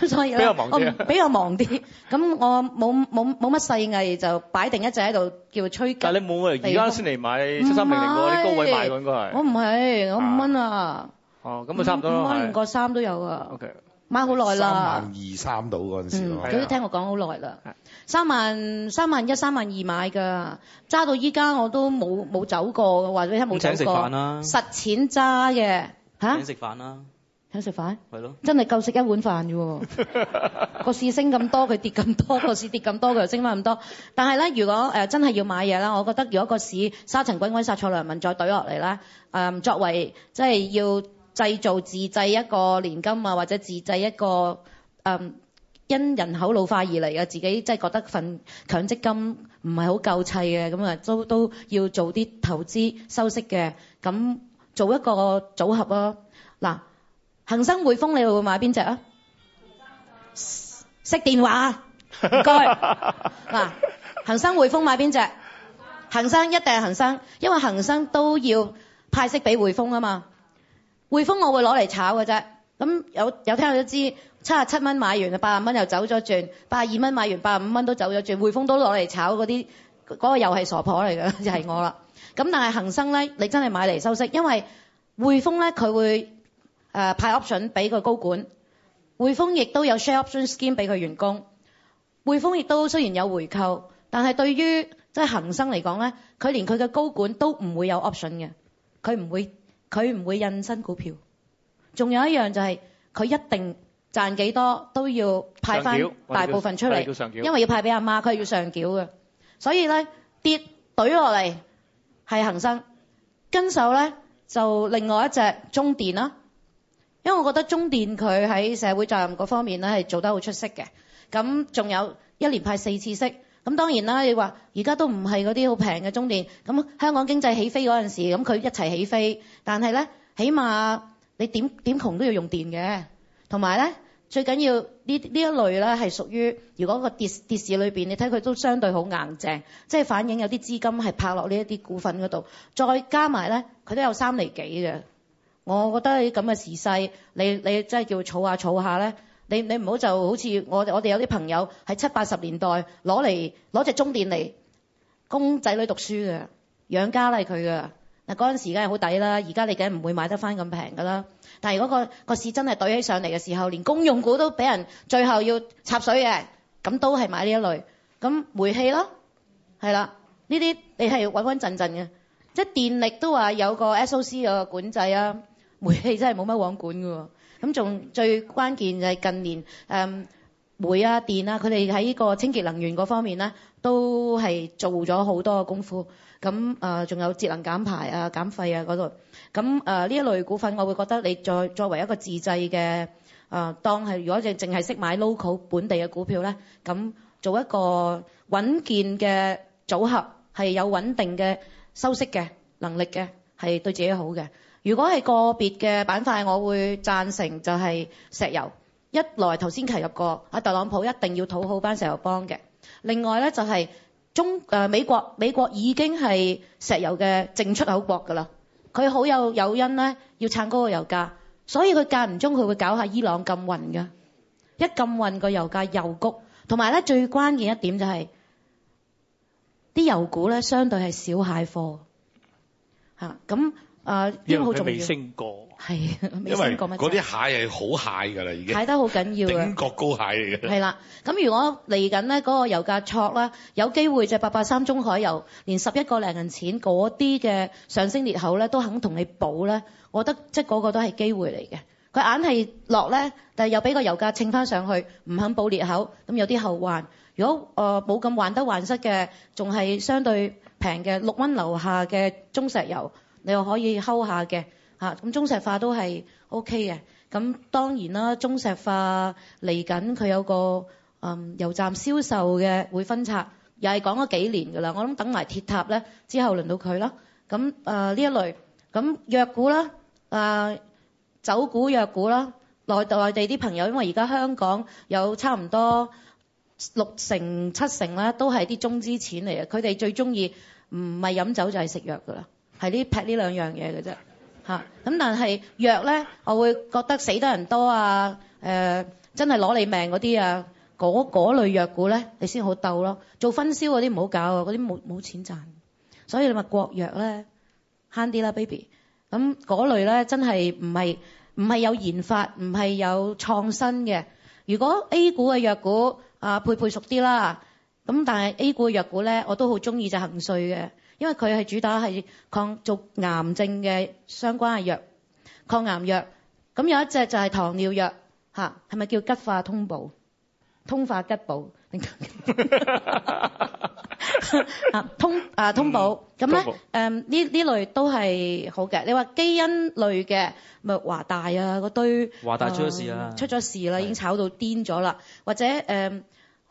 所以比較忙啲，比較忙啲。咁 *laughs* 我冇冇冇乜細藝，就擺定一隻喺度叫吹。但你冇乜而家先嚟買七三零零喎，啲高位買嘅應該係。我唔係，我五蚊啊。哦，咁啊，差唔多五蚊五個三都有啊、okay。買好耐啦，三萬二三到嗰陣時佢都、嗯、聽我講好耐啦。三萬三萬一三萬二買㗎，揸到依家我都冇冇走過，或者冇走過。請食飯啊、實錢揸嘅嚇。請食飯啦、啊。請食飯？係咯。真係夠食一碗飯嘅喎。 *laughs* 個市升咁多，佢跌咁多；個市跌咁多，佢又升翻咁多。但係咧，如果、呃、真係要買嘢啦，我覺得如果個市沙塵滾滾殺錯良民，再懟落嚟啦、呃、作為即係要。製造自製一個年金啊，或者自製一個誒，因人口老化而嚟嘅自己，即係覺得份強積金唔係好夠砌嘅，咁啊都都要做啲投資收息嘅，咁做一個組合咯。嗱，恒生匯豐你會買邊隻啊？識電話？唔該。嗱，恒生匯豐買邊隻？恒生一定係恒生，因為恒生都要派息俾匯豐啊嘛。匯豐我會攞嚟炒嘅啫，咁有有聽我都知，七十七蚊買完，八廿蚊又走咗轉，八十二蚊買完，八十五蚊都走咗轉。匯豐都攞嚟炒嗰啲，嗰、嗰個又係傻婆嚟㗎，就係、係、我啦。咁但係恒生咧，你真係買嚟收息，因為匯豐咧佢會派 option 俾個高管，匯豐亦都有 share option scheme 俾佢員工。匯豐亦都雖然有回購，但係對於即係恒生嚟講咧，佢連佢嘅高管都唔會有 option 嘅，佢唔會。佢唔會印新股票，仲有一樣就係、是、佢一定賺幾多都要派翻大部分出嚟，因為要派俾阿媽，佢係要上繳嘅。所以咧跌懟落嚟係恒生跟手咧，就另外一隻中電啦，因為我覺得中電佢喺社會責任嗰方面咧係做得好出色嘅。咁仲有一年派四次息。咁當然啦，你話而家都唔係嗰啲好平嘅中電，咁香港經濟起飛嗰陣時，咁佢一齊起，起飛。但係咧，起碼你點，點窮都要用電嘅，同埋咧最緊要呢呢一類咧係屬於如果個跌跌市裏邊，你睇佢都相對好硬淨，即係反映有啲資金係拍落呢一啲股份嗰度。再加埋咧，佢都有三厘幾嘅，我覺得喺咁嘅時勢，你你真係叫儲下儲下咧。你你唔好就好似我我哋有啲朋友喺七八十年代攞嚟攞隻中電嚟供仔女讀書嘅、養家咧。佢噶，嗱嗰陣時梗係好抵啦，而家你梗係唔會買得返咁平噶啦。但係如果、那個個市真係對起上嚟嘅時候，連公用股都俾人最後要插水嘅，咁都係買呢一類。咁煤氣咯，係啦，呢啲你係穩穩陣陣嘅。即係電力都話有個 SOC 嘅管制啊，煤氣真係冇乜王管㗎喎。咁仲最關鍵就係近年誒煤啊、電啊，佢哋喺呢個清潔能源嗰方面咧，都係做咗好多功夫。咁誒仲有節能減排啊、減費啊嗰度。咁誒呢一類股份，我會覺得你作作為一個自制嘅誒，當係如果淨淨係識買 local 本地嘅股票咧，咁做一個穩健嘅組合，係有穩定嘅收息嘅能力嘅，係對自己好嘅。如果係個別嘅板塊，我會贊成就係石油。一來頭先提及過，阿特朗普一定要討好班石油幫嘅。另外咧就係中誒美國，美國已經係石油嘅淨出口國㗎啦。佢好有誘因咧要撐高個油價，所以佢間唔中佢會搞下伊朗禁運㗎。一禁運個油價又谷，同埋咧最關鍵一點就係啲油股咧相對係少蟹貨嚇咁。啊，呢個好重要。係，因為嗰啲蟹係好蟹㗎啦，已經蟹得好緊要嘅 *laughs* 頂角高蟹嚟嘅。係啦，咁如果嚟緊呢嗰個油價挫咧，有機會就八八三中海油，連十一個零銀錢嗰啲嘅上升裂口咧都肯同你補咧，我覺得即係個都係機會嚟嘅。佢硬係落咧，但係又俾個油價稱翻上去，唔肯補裂口，咁有啲後患。如果誒冇咁患得患失嘅，仲係相對平嘅六蚊樓下嘅中石油。你又可以睺下嘅吓，咁中石化都係 OK 嘅。咁當然啦，中石化嚟緊佢有個嗯油站銷售嘅會分拆，又係講咗幾年㗎啦。我諗等埋鐵塔咧，之後輪到佢啦。咁誒呢一類咁藥股啦，誒、呃、酒股藥股啦，內內地啲朋友，因為而家香港有差唔多六成七成啦，都係啲中資錢嚟嘅，佢哋最中意唔係飲酒就係食藥㗎啦。係、啊、呢劈呢兩樣嘢嘅啫嚇，咁但係藥咧，我會覺得死得人多啊，誒、呃，真係攞你命嗰啲啊，嗰嗰類藥股咧，你先好鬥咯。做分銷嗰啲唔好搞啊，嗰啲冇冇錢賺。所以你咪國藥咧慳啲啦，baby。咁嗰類咧真係唔係唔係有研發，唔係有創新嘅。如果 A 股嘅藥股啊，佩佩熟啲啦。咁但係 A 股嘅藥股咧，我都好中意隻恒瑞嘅。因為佢係主打係抗做癌症嘅相關嘅藥，抗癌藥。咁有一隻就係糖尿藥，嚇，係咪叫吉化通寶、通化吉寶定、 *laughs* *laughs* 啊？通啊通寶，咁咧誒呢呢、嗯、類都係好嘅。你話基因類嘅咪華大啊，嗰堆華大出咗事啊、呃，出咗事啦，已經炒到癲咗啦，或者誒。嗯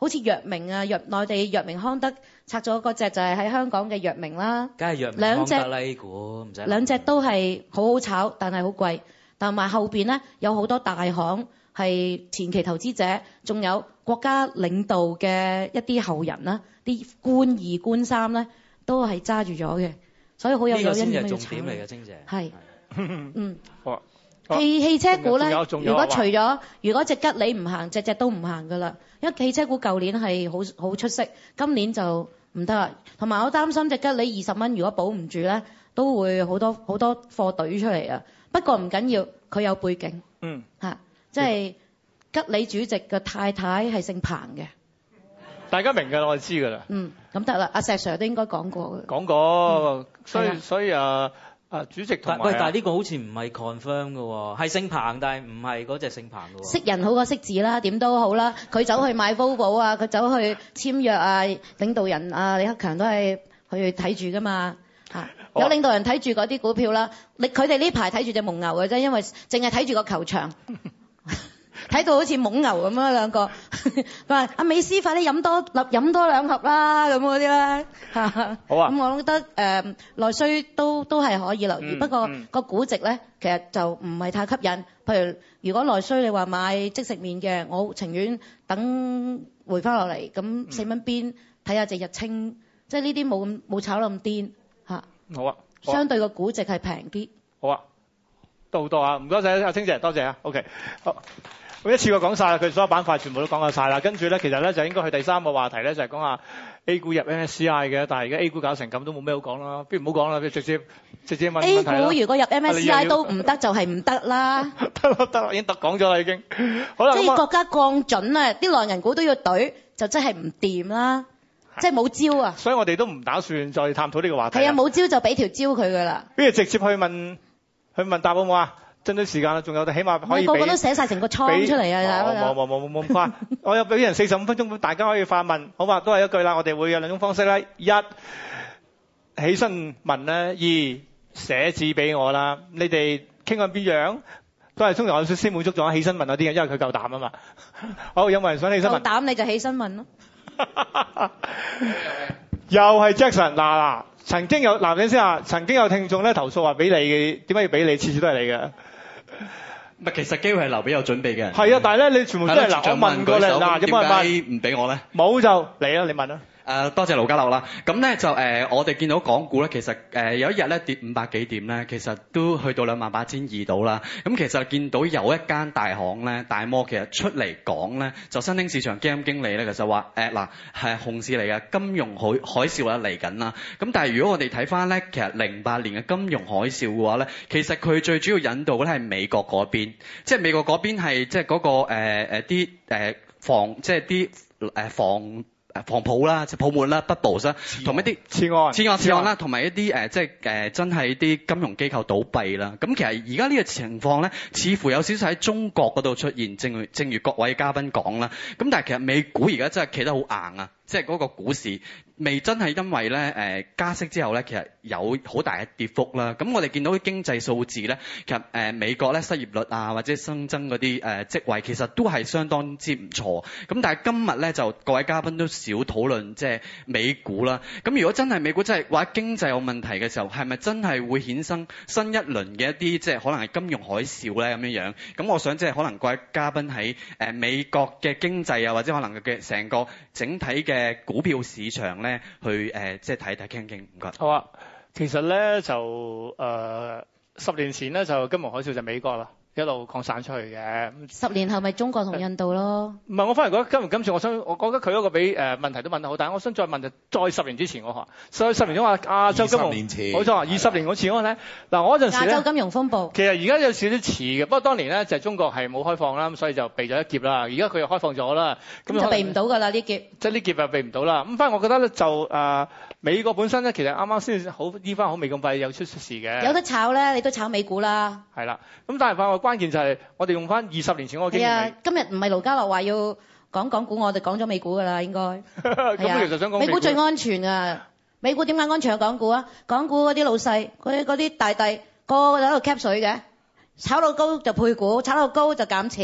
好似藥明啊，藥內地藥明康德拆咗嗰隻就係喺香港嘅藥明啦。梗係藥明康德啦，兩隻都係好好炒，但係好貴。但係後面咧有好多大行係前期投資者，仲有國家領導嘅一啲後人啦，啲官二官三咧都係揸住咗嘅，所以好有有因應個係重點嚟嘅，青姐、啊、青姐。係， *laughs* 嗯。 *laughs* 汽汽車股咧，如果除咗如果隻吉利唔行，隻隻都唔行噶啦。因為汽車股舊年係好好出色，今年就唔得啦。同埋我擔心隻吉利二十蚊，如果保唔住咧，都會好多好多貨隊出嚟啊。不過唔緊要，佢有背景，嗯，吓，啊，即係吉利主席嘅太太係姓彭嘅。大家明噶啦，我知噶啦。嗯，咁得啦，阿石 Sir 都應該講過嘅。講過，嗯，所以所以啊。啊！主席同喂，但係呢個好似唔係 confirm 噶喎。係、啊、姓彭，但係唔係嗰隻姓彭噶喎。識人好過識字啦，點都好啦。佢走去買 Volvo 啊，佢走去簽約啊，領導人啊，李克強都係去睇住噶嘛嚇。有領導人睇住嗰啲股票啦，你佢哋呢排睇住隻蒙牛嘅啫，因為淨係睇住個球場。 *laughs* 睇 *laughs* 到好似懵牛咁樣兩個，佢 *laughs* 話、啊：阿美斯快啲飲多飲多兩盒啦咁嗰啲啦。 *laughs* 好啊。咁 *laughs* 我覺得誒內、呃、需都都係可以留意，嗯、不過個、嗯、估值咧其實就唔係太吸引。譬如如果內需你話買即食麵嘅，我情願等回翻落嚟咁四蚊邊睇下隻日清，嗯、即係呢啲冇冇炒到咁癲嚇。好啊。相對個估值係平啲。好啊，到好多啊！唔該晒阿青姐，多謝啊。OK。我一次過講晒啦，佢所有板塊全部都講晒啦。跟住咧，其實咧就應該去第三個話題咧，就係講下 A 股入 MSCI 嘅。但係而家 A 股搞成咁，都冇咩好講啦，不如唔好講啦，你直接直接問問題。A 股如果入 MSCI、啊、都唔得，就係唔得啦。得啦得啦，已經特講咗啦，已經。好即係國家降準啊，啲內銀股都要懟，就真係唔掂啦，即係冇招啊。所以我哋都唔打算再探討呢個話題。係啊，冇招就俾條招佢噶啦。不如直接去問去問答好冇啊？爭取時間啦，仲有，起碼可以俾個個都寫曬成個倉出嚟啊！冇冇冇冇冇，快啊！我又俾人四十五分鐘，咁大家可以發問，好嘛？都係一句啦，我哋會有兩種方式啦：一起身問咧，二寫字俾我啦。你哋傾緊邊樣？都係通常我先滿足咗起身問嗰啲嘢，因為佢夠膽啊嘛。好，有冇人想起身問？夠膽你就起身問咯。又係 Jackson 嗱嗱，曾經有男人先啊，曾經有聽眾咧投訴話俾你嘅，點解要俾你？次次都係你嘅。唔係，其實機會係留俾有準備嘅人。係啊，但係咧，你全部都係。我過問佢，點解唔俾我咧？冇就嚟啦，你問啦。誒多謝盧家樂啦，咁咧就誒、呃、我哋見到港股咧，其實誒、呃、有一日咧跌五百幾點咧，其實都去到兩萬八千二度啦。咁其實見到有一間大行咧，大摩其實出嚟講咧，就新興市場基金經理咧，其實話誒嗱係熊市嚟嘅，金融海海嘯咧嚟緊啦。咁但係如果我哋睇翻咧，其實零八年嘅金融海嘯嘅話咧，其實佢最主要引導咧係美國嗰邊，即係美國嗰邊係即係、那、嗰個誒啲誒防即係啲誒防。誒房泡啦，即係泡沫啦，bubble 啦，同一啲次按次按次按啦，同埋一啲誒，即係誒，真係啲金融機構倒閉啦。咁其實而家呢個情況咧，似乎有少少喺中國嗰度出現，正如正如各位嘉賓講啦。咁但係其實美股而家真係企得好硬啊！即係嗰個股市未真係因為咧、呃、加息之後咧，其實有好大嘅跌幅啦。咁我哋見到啲經濟數字咧，其實、呃、美國咧失業率啊，或者新增嗰啲呃職位，其實都係相當之唔錯。咁但係今日咧就各位嘉賓都少討論即係美股啦。咁如果真係美股真係話經濟有問題嘅時候，係咪真係會衍生新一輪嘅一啲即係可能係金融海嘯咧咁樣樣？咁我想即係可能各位嘉賓喺、呃、美國嘅經濟啊，或者可能嘅成個整體嘅。誒，股票市場咧，去誒，即係睇睇傾傾。唔該，好啊，其實咧就誒、呃、十年前咧就金融海嘯就美國啦。一路擴散出去嘅。十年後咪中國同印度咯。唔係，我反而覺得今時今次我想我覺得佢嗰個俾誒、呃、問題都問得好。但係我想再問就再、是、十年之前我學。所以十年中亞亞洲金融，二十年前冇錯，二十年嗰次嗰陣咧，嗱我嗰陣、啊、時亞洲金融風暴。其實而家有少少遲嘅，不過當年咧就係、是、中國係冇開放啦，咁所以就避咗一劫啦。而家佢又開放咗啦，咁就，就避唔到㗎啦呢劫。即係呢劫又避唔到啦。咁反而我覺得咧就誒。呃美國本身咧，其實啱啱先好醫翻好，這番好未咁快又出出事嘅。有得炒咧，你都炒美股啦。係啦，咁但係發覺，關鍵就係我哋用翻二十年前我個經驗。啊，今日唔係盧嘉樂話要講港股，我哋講咗美股㗎啦，應該。咁其實想講美，美股最安全啊！美股點解安全啊？港股啊，港股嗰啲老細、嗰啲大帝個個喺度吸水嘅，炒到高就配股，炒到高就減持，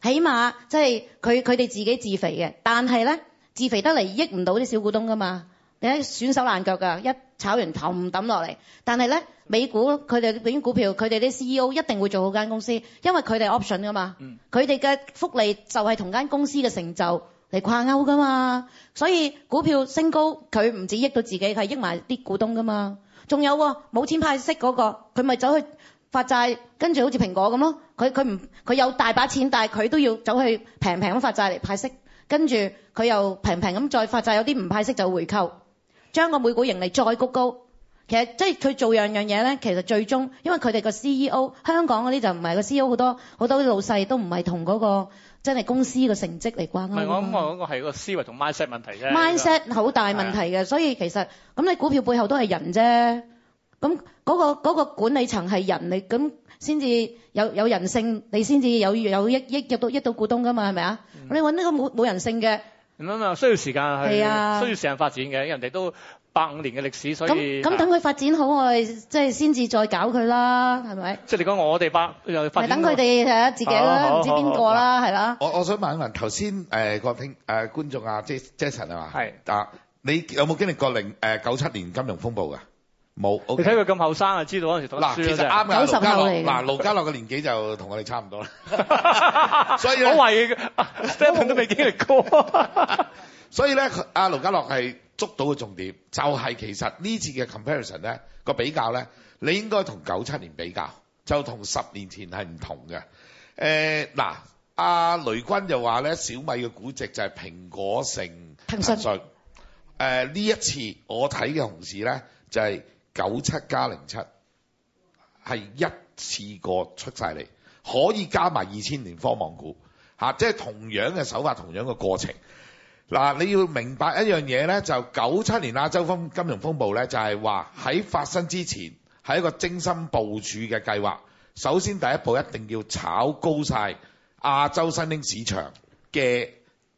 起碼即係佢佢哋自己自肥嘅。但係咧，自肥得嚟益唔到啲小股東㗎嘛。你睇損手爛腳㗎，一炒完頭唔抌落嚟。但係咧，美股佢哋永遠股票，佢哋啲 CEO 一定會做好間公司，因為佢哋 option 㗎嘛。佢哋嘅福利就係同間公司嘅成就嚟掛鈎㗎嘛。所以股票升高，佢唔止益到自己，佢係益埋啲股東㗎嘛。仲有冇錢派息嗰個，佢咪走去發債，跟住好似蘋果咁咯。佢佢唔佢有大把錢，但係佢都要走去平平咁發債嚟派息，跟住佢又平平咁再發債，有啲唔派息就回購。將個每股盈利再谷高，其實即係佢做樣樣嘢咧，其實最終因為佢哋個 C E O，香港嗰啲就唔係、個 C E O，好多好多啲老細都唔係同嗰個即係公司個成績嚟關。唔係，我諗我嗰個係個思維同 mindset 問題啫。mindset 好、這個、大問題嘅，所以其實咁你股票背後都係人啫，咁嗰、個嗰、個個管理層係人，你咁先至有有人性，你先至有有益入到益到股東噶嘛，係咪啊？你搵呢個冇冇人性嘅？咁啊需要時間去，需要時間發展嘅。人哋都百五年嘅歷史，所以咁等佢發展好，我哋即係先至再搞佢啦，係咪？即係你講我哋百又發等佢哋啊自己啦，唔、哦、知邊個啦，係啦。我我想問一問頭先誒個聽誒觀眾啊，J Jason 係嘛？係啊，你有冇經歷過零誒九七年金融風暴㗎？冇、okay，你睇佢咁後生啊，知道嗰陣時候讀書啊，真係九十後嗱，盧嘉樂嘅年紀就同我哋差唔多啦。 *laughs* 所以，我為 Stephen 都未經歷過。所以咧，阿 *laughs* 盧嘉樂係捉到嘅重點，就係、是、其實次呢次嘅 comparison 咧，個比較咧，你應該同九七年比較，就同十年前係唔同嘅。誒、呃，嗱，阿雷軍就話咧，小米嘅估值就係蘋果成騰訊。誒，呢一次我睇嘅熊市咧，就係、是。九七加零七係一次過出晒嚟，可以加埋二千年科網股、吓、即係同樣嘅手法，同樣嘅過程。嗱、啊，你要明白一樣嘢呢，就九七年亞洲風金融風暴呢，就係話喺發生之前係一個精心部署嘅計劃。首先第一步一定要炒高曬亞洲新興市場嘅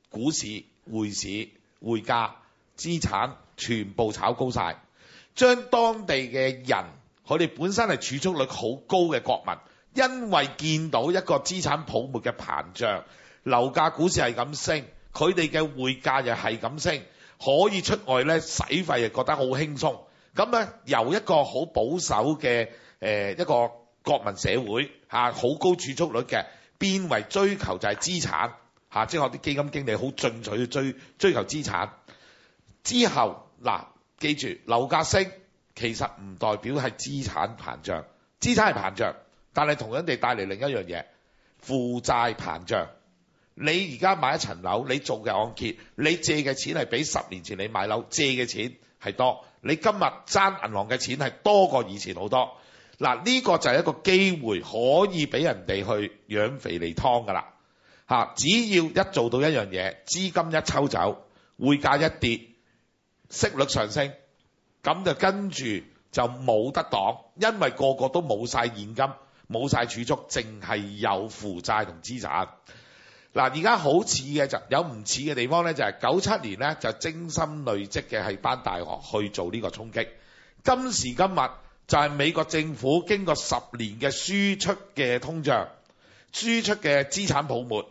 股市、匯市、匯價、資產，全部炒高曬。將當地嘅人，佢哋本身係儲蓄率好高嘅國民，因為見到一個資產泡沫嘅膨脹，樓價、股市係咁升，佢哋嘅匯價又係咁升，可以出外呢使費又覺得好輕鬆，咁呢，由一個好保守嘅、呃、一個國民社會、啊、好高儲蓄率嘅變為追求就係資產、啊、即係我啲基金經理好進取去追追求資產之後嗱。記住樓價升其實唔代表係資產膨脹，資產係膨脹，但係同人哋帶嚟另一樣嘢負債膨脹。你而家買一層樓，你做嘅按揭，你借嘅錢係比十年前你買樓借嘅錢係多，你今日爭銀行嘅錢係多過以前好多。嗱、這、呢個就係一個機會，可以俾人哋去養肥嚟劏㗎啦。嚇，只要一做到一樣嘢，資金一抽走，匯價一跌。息率上升，咁就跟住就冇得擋，因為個個都冇晒現金，冇晒儲蓄，淨係有負債同資產。嗱，而家好似嘅就有唔似嘅地方呢，就係九七年呢，就精心累積嘅係返大學去做呢個衝擊。今時今日就係美國政府經過十年嘅輸出嘅通脹、輸出嘅資產泡沫，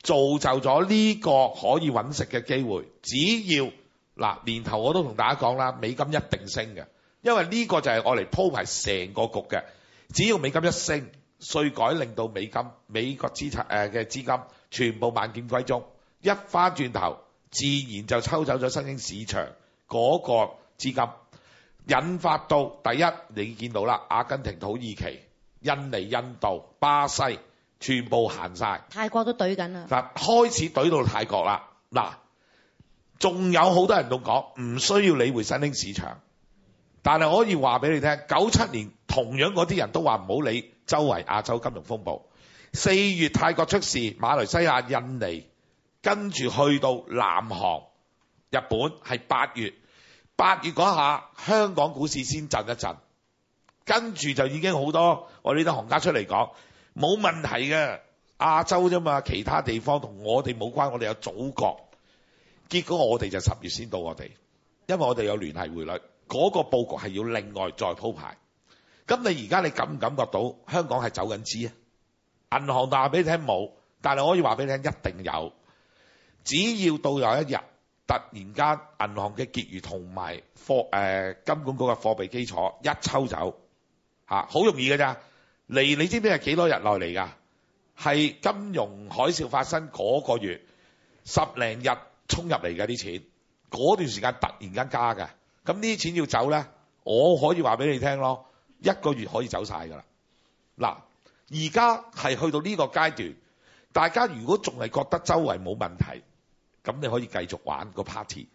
造就咗呢個可以搵食嘅機會。只要嗱，年頭我都同大家講啦，美金一定升嘅，因為呢個就係我嚟鋪排成個局嘅。只要美金一升，稅改令到美金、美國資產嘅資金全部萬劍歸宗，一翻轉頭，自然就抽走咗新興市場嗰個資金，引發到第一，你見到啦，阿根廷、土耳其、印尼、印度、巴西，全部行曬，泰國都懟緊啦，開始懟到泰國啦，嗱。仲有好多人都講唔需要理會新興市場，但係我可以話俾你聽，九七年同樣嗰啲人都話唔好理周圍亞洲金融風暴。四月泰國出事，馬來西亞、印尼跟住去到南韓、日本係八月。八月嗰下香港股市先震一震，跟住就已經好多我呢啲行家出嚟講冇問題嘅，亞洲啫嘛，其他地方同我哋冇關，我哋有祖國。結果我哋就十月先到我哋，因為我哋有聯繫匯率嗰個佈局係要另外再鋪排。咁你而家你感唔感覺到香港係走緊資啊？銀行話俾你聽冇，但係我可以話俾你聽一定有。只要到有一日突然間銀行嘅結餘同埋貨誒金管局嘅貨幣基礎一抽走嚇，好、啊、容易嘅咋嚟？你知唔知係幾多日內嚟㗎？係金融海嘯發生嗰個月十零日，衝入嚟嘅啲錢，嗰段時間突然間加嘅，咁呢啲錢要走呢？我可以話俾你聽咯，一個月可以走曬㗎啦。嗱，而家係去到呢個階段，大家如果仲係覺得周圍冇問題，咁你可以繼續玩個 party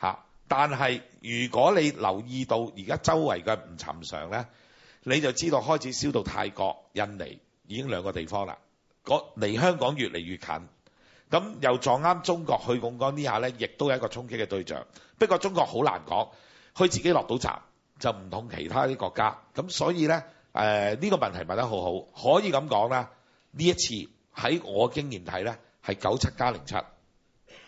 吓。但係如果你留意到而家周圍嘅唔尋常呢，你就知道開始燒到泰國、印尼已經兩個地方啦，嗰離香港越嚟越近。咁又撞啱中國去槓桿呢下，呢亦都係一個衝擊嘅對象。不過中國好難講，佢自己落到閘就唔同其他啲國家。咁所以呢，呢、呃呢個問題問得好好，可以咁講啦。呢一次喺我經驗睇呢，係九七加零七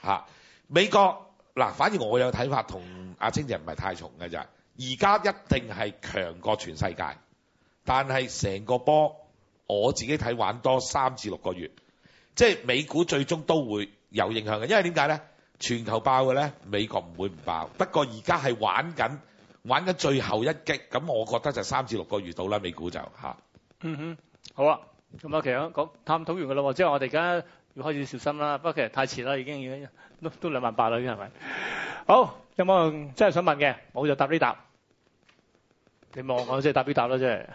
吓。美國嗱，反而我有睇法，同阿清姐唔係太重嘅就係，而家一定係強過全世界，但係成個波我自己睇玩多三至六個月。即係美股最終都會有影響嘅，因為點解咧？全球爆嘅咧，美國唔會唔爆。不過而家係玩緊玩緊最後一擊，咁我覺得就三至六個月到啦，美股就嚇。嗯哼，好啦，咁阿其實講探討完噶啦喎，即係我哋而家要開始小心啦。不過其實太遲啦，已經已經都都兩萬八啦，已經係咪？好，有冇真係想問嘅？我就答呢答。你望我即係答呢答啦，即係。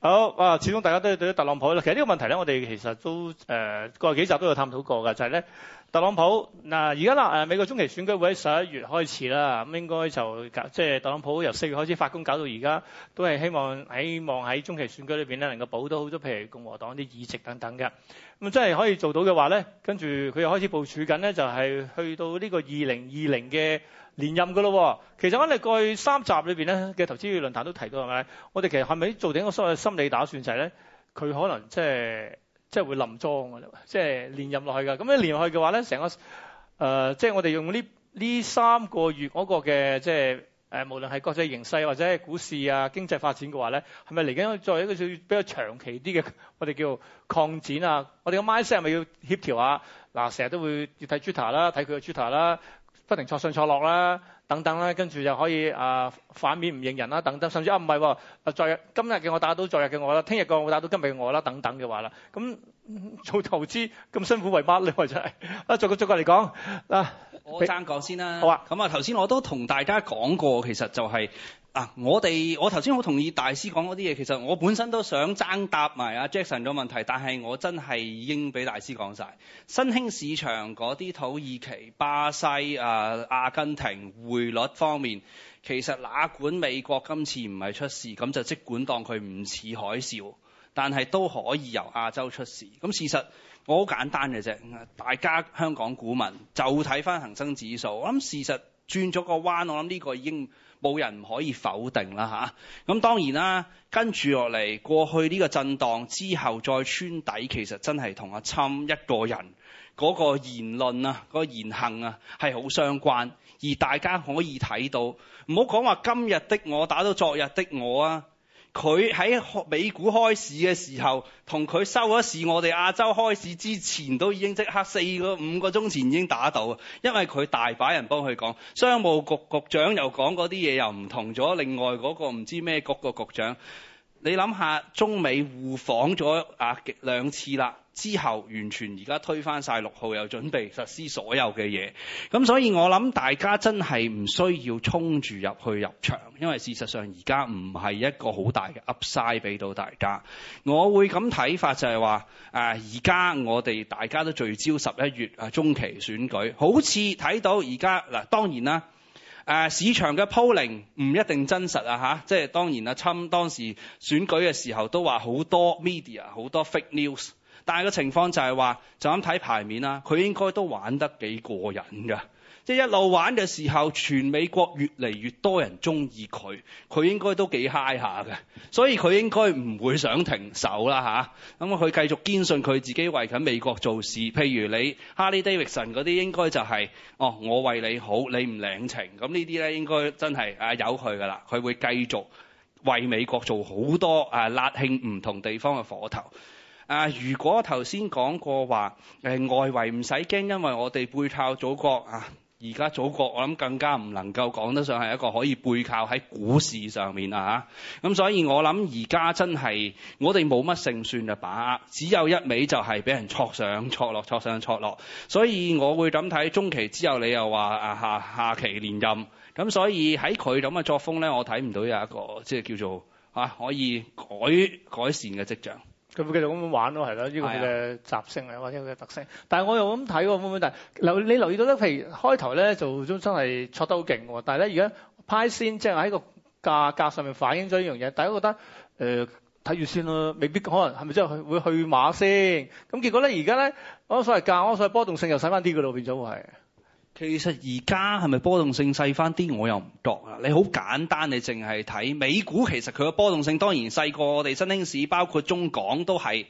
好啊，始終大家都對特朗普啦。其實呢個問題咧，我哋其實都誒、呃、過幾集都有探討過嘅，就係、是、咧特朗普嗱，而家啦，誒美國中期選舉會喺十一月開始啦，咁應該就即係特朗普由四月開始發功搞到而家都係希望喺望喺中期選舉裏邊咧能夠保到好多，譬如共和黨啲議席等等嘅。咁真係可以做到嘅話咧，跟住佢又開始部署緊咧，就係、是、去到呢個二零二零嘅。連任㗎咯喎，其實我哋過去三集裏面咧嘅投資論壇都提到係咪？我哋其實係咪做定個個所謂心理打算就係咧，佢可能即係即係會臨莊即係連任落去㗎。咁樣連落去嘅話咧，成個誒即係我哋用呢呢三個月嗰個嘅即係誒，無論係國際形勢或者係股市啊、經濟發展嘅話咧，係咪嚟緊再一個比較長期啲嘅我哋叫擴展啊？我哋 mindset 係咪要協調啊嗱，成、啊、日都會要睇朱 r 啦，睇佢嘅朱 r 啦。不停錯上錯落啦，等等啦，跟住就可以啊、呃、反面唔認人啦，等等，甚至啊唔係喎，啊昨日今日嘅我打到昨日嘅我啦，聽日嘅我打到今日嘅我啦，等等嘅話啦，咁做投資咁辛苦為乜咧？我就係啊逐個逐個嚟講我我爭講先啦。好啊，咁啊頭先我都同大家講過，其實就係。啊、我哋我頭先好同意大師講嗰啲嘢，其實我本身都想爭答埋阿 Jackson 個問題，但係我真係已經俾大師講晒。新興市場嗰啲土耳其、巴西、啊阿根廷匯率方面，其實哪管美國今次唔係出事，咁就即管當佢唔似海嘯，但係都可以由亞洲出事。咁事實我好簡單嘅啫，大家香港股民就睇返恒生指數。我諗事實轉咗個彎，我諗呢個已經。冇人唔可以否定啦吓，咁、啊、當然啦，跟住落嚟過去呢個震蕩之後再穿底，其實真係同阿侵一個人嗰、那個言論啊、嗰、那個言行啊係好相關，而大家可以睇到，唔好講話今日的我打到昨日的我啊。佢喺美股開市嘅時候，同佢收咗市，我哋亞洲開市之前都已經即刻四個五個鐘前已經打到。因為佢大把人幫佢講，商務局局長又講嗰啲嘢又唔同咗，另外嗰個唔知咩局個局長。你諗下，中美互訪咗啊兩次啦，之後完全而家推翻晒六號，又準備實施所有嘅嘢。咁所以我諗大家真係唔需要衝住入去入場，因為事實上而家唔係一個好大嘅 upside 俾到大家。我會咁睇法就係話，誒而家我哋大家都聚焦十一月啊中期選舉，好似睇到而家嗱，當然啦。啊、市場嘅 polling 唔一定真實啊，嚇，即係當然啊。特朗普當時選舉嘅時候都話好多 media 好多 fake news，但係個情況就係話就咁睇牌面啦，佢應該都玩得幾過癮㗎。即一路玩嘅時候，全美國越嚟越多人中意佢，佢應該都幾嗨下嘅，所以佢應該唔會想停手啦嚇。咁、啊、佢繼續堅信佢自己為緊美國做事，譬如你哈利 d a i 戴維森嗰啲，應該就係、是、哦，我為你好，你唔領情。咁呢啲咧應該真係啊有佢㗎喇，佢會繼續為美國做好多啊焫㷫唔同地方嘅火頭。啊，如果頭先講過話誒、呃、外圍唔使驚，因為我哋背靠祖國啊。而家祖國，我諗更加唔能夠講得上係一個可以背靠喺股市上面啊，咁所以，我諗而家真係我哋冇乜勝算嘅把握，只有一味就係俾人戳上戳落，戳上戳落。所以，我會咁睇中期，之後你又話啊下下期連任咁，所以喺佢咁嘅作風咧，我睇唔到有一個即係、就是、叫做啊可以改改善嘅跡象。佢會繼續咁樣玩咯，係啦，呢個嘅習性或者佢嘅特色。但係我又咁睇喎，咁樣但係，你留意到呢，譬如開頭呢，就真真係挫得好勁喎，但係呢，而家派先即係喺個價格上面反映咗呢樣嘢。大家覺得誒睇住先咯，未必可能係咪真係會去馬先？咁結果呢，而家咧，嗰個所謂價，嗰個所謂波動性又細返啲嘅咯，變咗會係。其實而家係咪波動性細返啲？我又唔覺啊！你好簡單，你淨係睇美股，其實佢嘅波動性當然細過我哋新興市，包括中港都係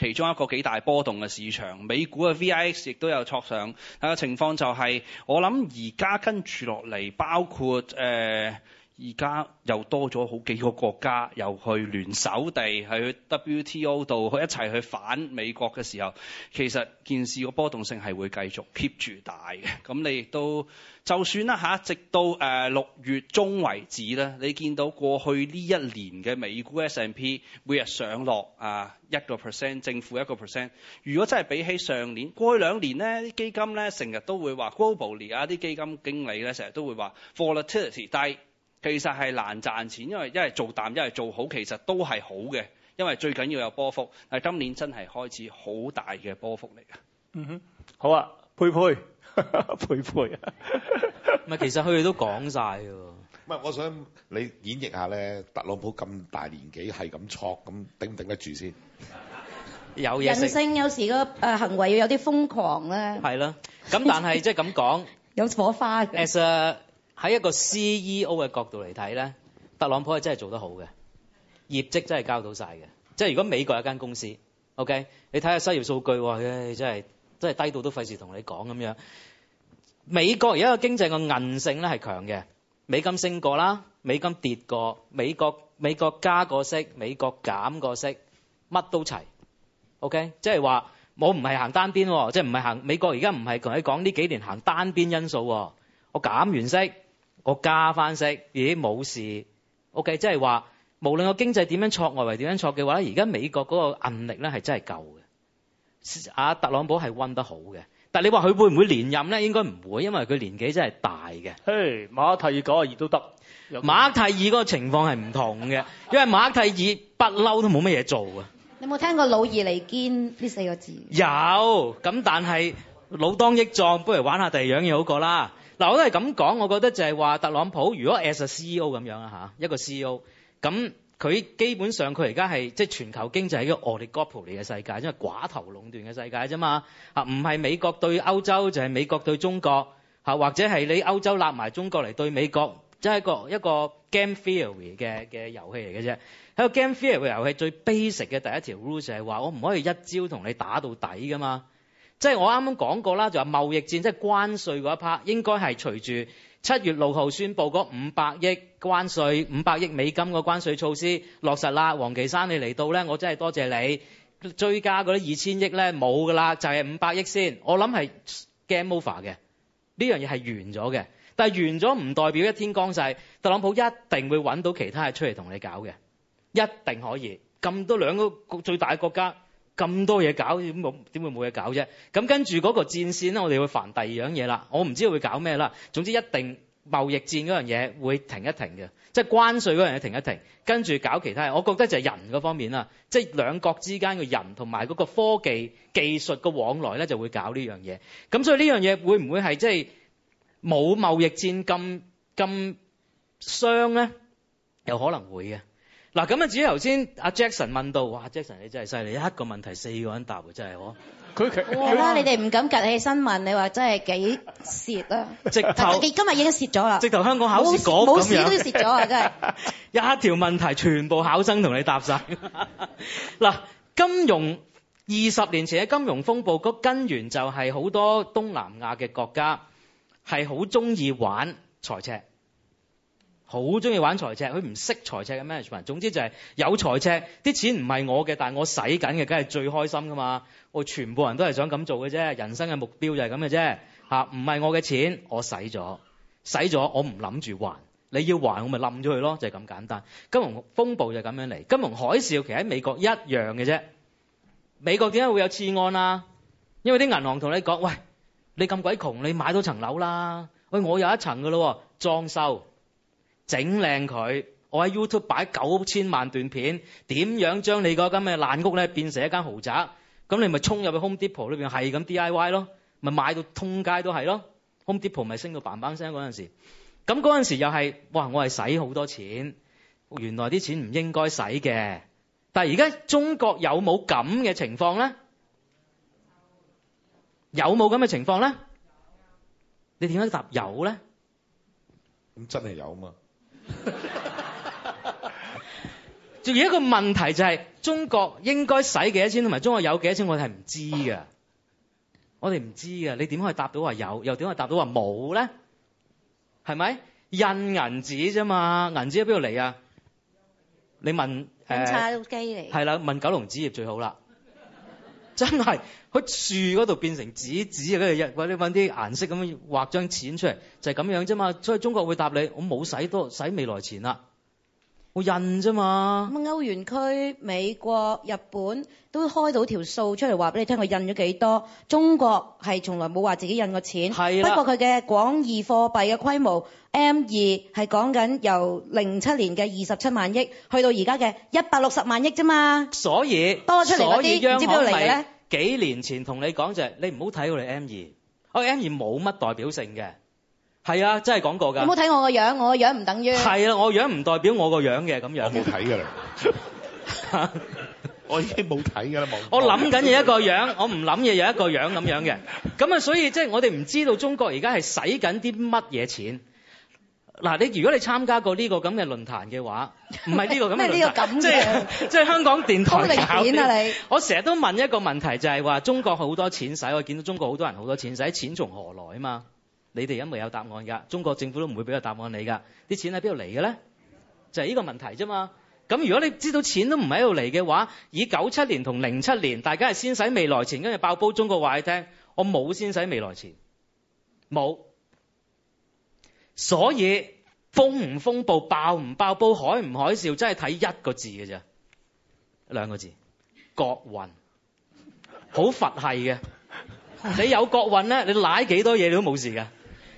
其中一個幾大波動嘅市場。美股嘅 VIX 亦都有挫上。啊、那個就是，情況就係我諗而家跟住落嚟，包括、呃而家又多咗好幾個國家，又去聯手地喺去 WTO 度去一齊去反美國嘅時候，其實件事個波動性係會繼續 keep 住大嘅。咁你亦都就算啦嚇，直到誒六月中為止咧，你見到過去呢一年嘅美股 S&P 每日上落啊一個 percent 正負一個 percent。如果真係比起上年過去兩年呢啲基金咧成日都會話 globally 啲基金經理咧成日都會話 volatility 低。其實係難賺錢，因為一係做淡，一係做好，其實都係好嘅。因為最緊要有波幅，但係今年真係開始好大嘅波幅嚟。嗯哼，好啊，佩佩，哈哈佩佩，唔係 *laughs* 其實佢哋都講晒嘅。唔、嗯、我想你演繹下咧，特朗普咁大年紀係咁錯，咁頂唔頂得住先？ *laughs* 有嘢食。人性有時個誒行為要有啲瘋狂咧、啊。係啦，咁但係即係咁講，有火花嘅。喺一個 C.E.O 嘅角度嚟睇呢，特朗普係真係做得好嘅業績，真係交到晒嘅。即係如果美國一間公司，OK，你睇下失業數據，哎、真係真係低到都費事同你講咁樣。美國而家個經濟個韌性呢係強嘅，美金升過啦，美金跌過，美國美國加個息，美國減個息，乜都齊 OK 即，、哦。即係話我唔係行單邊，即係唔係行美國而家唔係同你講呢幾年行單邊因素、哦，我減完息。我加翻息，咦冇事，OK，即係話，無論個經濟點樣挫外，挫外圍點樣挫嘅話咧，而家美國嗰個韌力咧係真係夠嘅，特朗普係溫得好嘅，但係你話佢會唔會連任咧？應該唔會，因為佢年紀真係大嘅。嘿、hey,，馬哈蒂爾都得，馬哈蒂爾嗰個情況係唔同嘅，因為馬哈蒂爾不嬲都冇乜嘢做嘅。你冇聽過老而彌堅呢四個字？有，咁但係老當益壯，不如玩下第二樣嘢好過啦。嗱，我都係咁講，我覺得就係話特朗普如果 as 個 CEO 咁樣啦嚇，一個 CEO，咁佢基本上佢而家係即係全球經濟喺一個 oligopoly 嘅世界，因為寡頭壟斷嘅世界啫嘛，嚇唔係美國對歐洲，就係、是、美國對中國嚇或者係你歐洲立埋中國嚟對美國即係、就是、一個一個 game theory 嘅遊戲嚟嘅啫。喺、那個 game theory 遊戲最 basic 嘅第一條 rules 就係話我唔可以一招同你打到底噶嘛。即係我啱啱講過啦，就話貿易戰即係關稅嗰一 part，應該係隨住七月六號宣佈嗰五百億關稅、五百億美金個關稅措施落實啦。黃其山你嚟到咧，我真係多謝你追加嗰啲二千億咧，冇㗎啦，就係五百億先。我諗係 game over 嘅，呢樣嘢係完咗嘅。但係完咗唔代表一天光晒。特朗普一定會揾到其他嘢出嚟同你搞嘅，一定可以。咁多兩個最大嘅國家。咁多嘢搞，點會冇嘢搞啫？咁跟住嗰個戰線咧，我哋會煩第二樣嘢啦。我唔知會搞咩啦。總之一定貿易戰嗰樣嘢會停一停嘅，即係關稅嗰樣嘢停一停。跟住搞其他，我覺得就係人嗰方面啦，即係兩國之間嘅人同埋嗰個科技技術嘅往來咧，就會搞呢樣嘢。咁所以呢樣嘢會唔會係即係冇貿易戰咁咁傷咧？有可能會嘅。嗱咁啊！至於頭先阿 Jackson 問到，哇 Jackson 你真係犀利，一個問題四個人答喎，真係我。佢係啦，你哋唔敢趌起新聞，你話真係幾蝕啊？直頭你今日已經蝕咗啦。直頭香港考試講冇冇事都要蝕咗啊！真係 *laughs* 一條問題全部考生同你答晒。嗱， *laughs* 金融二十年前嘅金融風暴，個根源就係好多東南亞嘅國家係好中意玩財赤。好中意玩財赤，佢唔識財赤嘅 management。總之就係有財赤，啲錢唔係我嘅，但我使緊嘅，梗係最開心噶嘛。我全部人都係想咁做嘅啫，人生嘅目標就係咁嘅啫。吓，唔係我嘅錢，我使咗，使咗我唔諗住還。你要還，我咪冧咗佢咯，就係咁簡單。金融風暴就係咁樣嚟，金融海嘯其實喺美國一樣嘅啫。美國點解會有次按啊？因為啲銀行同你講：喂，你咁鬼窮，你買到層樓啦。喂，我有一層嘅咯，裝修。整靚佢，我喺 YouTube 擺九千萬段片，點樣將你嗰間嘅爛屋咧變成一間豪宅？咁你咪衝入去 Home Depot 裏邊係咁 DIY 咯，咪買到通街都係咯，Home Depot 咪升到嘭嘭聲嗰陣時。咁嗰陣時又係，哇！我係使好多錢，原來啲錢唔應該使嘅。但係而家中國有冇咁嘅情況咧？有冇咁嘅情況咧？你點解答有咧？咁真係有啊嘛？仲 *laughs* 有一個問題就係中國應該使幾多錢，同埋中國有幾多錢，我哋係唔知嘅，我哋唔知嘅，你點可以答到話有？又點可以答到話冇咧？係咪印銀紙啫嘛？銀紙喺邊度嚟啊？你問印刷機嚟。係啦、呃，問九龍紙業最好啦。真係，喺樹嗰度變成紙紙，跟住日，或者揾啲顏色咁樣畫張錢出嚟，就係咁樣啫嘛。所以中國會答你，我冇使多，使未來錢啦，我印啫嘛。咁歐元區、美國、日本都開到條數出嚟，話俾你聽，佢印咗幾多？中國係從來冇話自己印過錢，係呀，不過佢嘅廣義貨幣嘅規模。M 二係講緊由零七年嘅二十七萬億去到而家嘅一百六十萬億啫嘛，所以多出嚟嗰啲樣嚟咧。幾年前同你講，就係你唔好睇我哋 M 二，我 M 二冇乜代表性嘅，係啊，真係講過噶。你唔好睇我個樣，我個樣唔等於係啦，我樣唔代表我個樣嘅咁樣。我冇睇噶啦，我已經冇睇噶啦。我諗緊嘢一個樣，我唔諗嘢又一個樣咁樣嘅咁啊，所以即係我哋唔知道中國而家係使緊啲乜嘢錢。嗱，你如果你參加過呢個咁嘅論壇嘅話，唔係呢個咁嘅，即係即係香港電台嘅。好啊你！你我成日都問一個問題，就係話中國好多錢使，我見到中國好多人好多錢使，錢從何來啊嘛？你哋而家未有答案㗎？中國政府都唔會俾個答案你㗎。啲錢喺邊度嚟嘅咧？就係呢個問題啫嘛。咁如果你知道錢都唔喺度嚟嘅話，以九七年同零七年，大家係先使未來錢，跟住爆煲中國話你聽，我冇先使未來錢，冇。所以風唔風暴、爆唔爆煲、海唔海嘯，真係睇一個字嘅啫，兩個字國運，好佛系嘅。你有國運咧，你舐幾多嘢你都冇事嘅；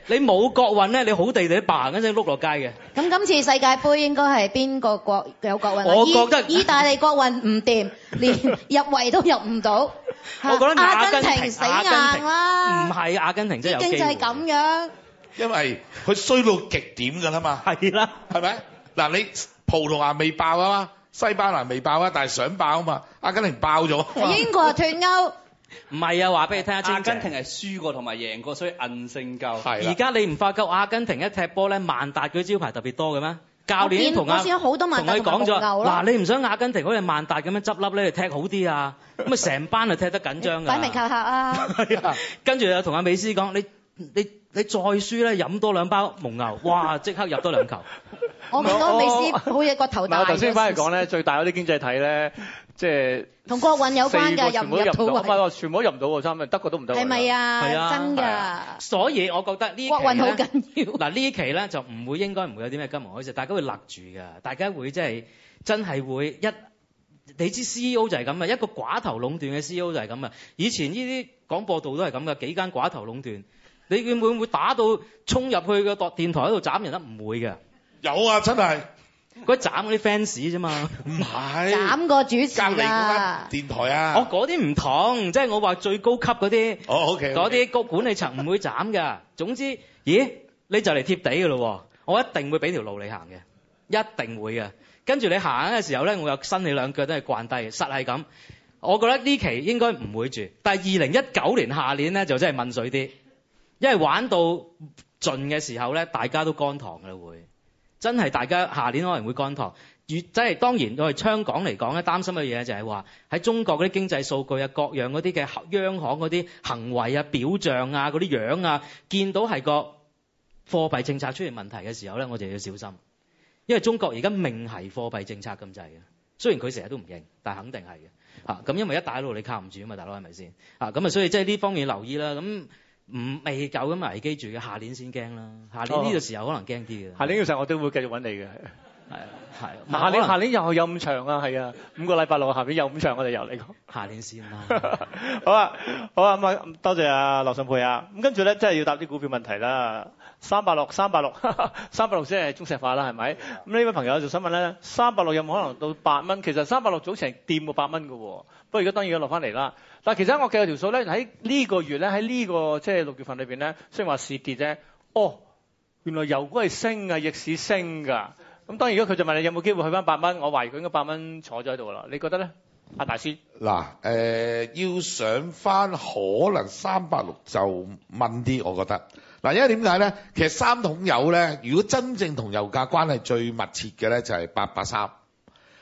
你冇國運咧，你好地地嘭一聲碌落街嘅。咁今次世界盃應該係邊個國有國運？我覺得意大利國運唔掂，連入圍都入唔到。我覺得阿根廷死硬啦。唔係阿根廷，即係經濟咁樣。因為佢衰到極點㗎啦嘛，係啦，係咪？嗱，你葡萄牙未爆啊嘛，西班牙未爆啊，但係想爆啊嘛，阿根廷爆咗。英國脱歐。唔 *laughs* 係啊，話俾你聽啊，阿根廷係輸過同埋贏過，所以韌性夠。係。而家你唔發覺阿根廷一踢波咧，萬達嗰招牌特別多嘅咩？教練已經同阿同佢講咗。嗱，你唔想阿根廷好似萬達咁樣執笠咧你踢好啲啊？咁啊，成班就踢得緊張㗎。擺明求下啊。係 *laughs* 啊。 *laughs* 跟住又同阿美斯講你。你你再輸咧，飲多兩包蒙牛，哇！即刻入多兩球。 *laughs* 我明講美斯，好嘢骨頭大 *laughs* 我。我頭先翻嚟講咧， *laughs* 最大嗰啲經濟體咧，即係同國運有關㗎，全部都入唔到。唔全部入唔到喎，差唔多德國都唔得。係咪啊，啊？真㗎，啊。所以我覺得期呢期咧，國運好緊要。嗱 *laughs* *laughs* 呢期咧就唔會應該唔會有啲咩金融海嘯，大家會勒住㗎，大家會即係真係會一。你知 CEO 就係咁啊，一個寡頭壟斷嘅 CEO 就係咁啊。以前呢啲廣播道都係咁㗎，幾間寡頭壟斷。你會唔會打到衝入去個電台喺度斬人咧？唔會嘅有啊，真係佢斬嗰啲 fans 啫嘛，唔係斬個主持啊，隔離嗰班電台啊。我嗰啲唔同，即係我話最高級嗰啲，哦，OK，嗰啲個管理層唔會斬㗎。總之，咦，你就嚟貼地㗎咯？我一定會俾條路你行嘅，一定會嘅。跟住你行嘅時候咧，我又伸你兩腳都係慣低，實係咁。我覺得呢期應該唔會住，但係二零一九年下年咧就真係問水啲。因為玩到盡嘅時候咧，大家都乾糖啦會，真係大家下年可能會乾糖。越即係當然，我哋香港嚟講咧，擔心嘅嘢就係話喺中國嗰啲經濟數據啊，各樣嗰啲嘅央行嗰啲行為啊、表象啊、嗰啲樣啊，見到係個貨幣政策出現問題嘅時候咧，我就要小心，因為中國而家命係貨幣政策咁滯嘅。雖然佢成日都唔認，但係肯定係嘅嚇。咁因為一帶一路你靠唔住啊嘛，大佬係咪先嚇？咁啊，所以即係呢方面留意啦咁。唔未夠咁危機住嘅，下年先驚啦。下年呢、哦這個時候可能驚啲嘅。下年呢個時候我都會繼續揾你嘅。係係。下年下年又又咁長啊，係啊， *laughs* 五個禮拜六下邊又五場，我哋由你講。下年先啦、 *laughs* 啊。好啊好啊，咁 *laughs* 啊多謝啊羅尚沛啊。咁跟住咧，真係要答啲股票問題啦。三百六三百六三百六先係中石化啦，係咪？咁呢位朋友就想問咧，三百六有冇可能到八蚊？其實三百六早前掂過八蚊嘅喎，不過而家當然要落翻嚟啦。但其實我計過條數咧，喺呢個月咧，喺呢個即係六月份裏邊咧，雖然話市跌啫，哦，原來油股係升嘅，逆市升㗎。咁當然，如果佢就問你有冇機會去翻八蚊，我懷疑佢應該八蚊坐咗喺度啦。你覺得咧，阿、啊、大師？嗱，誒、呃，要上翻可能三百六就掹啲，我覺得。嗱，因為點解咧？其實三桶油咧，如果真正同油價關係最密切嘅咧，就係八百三。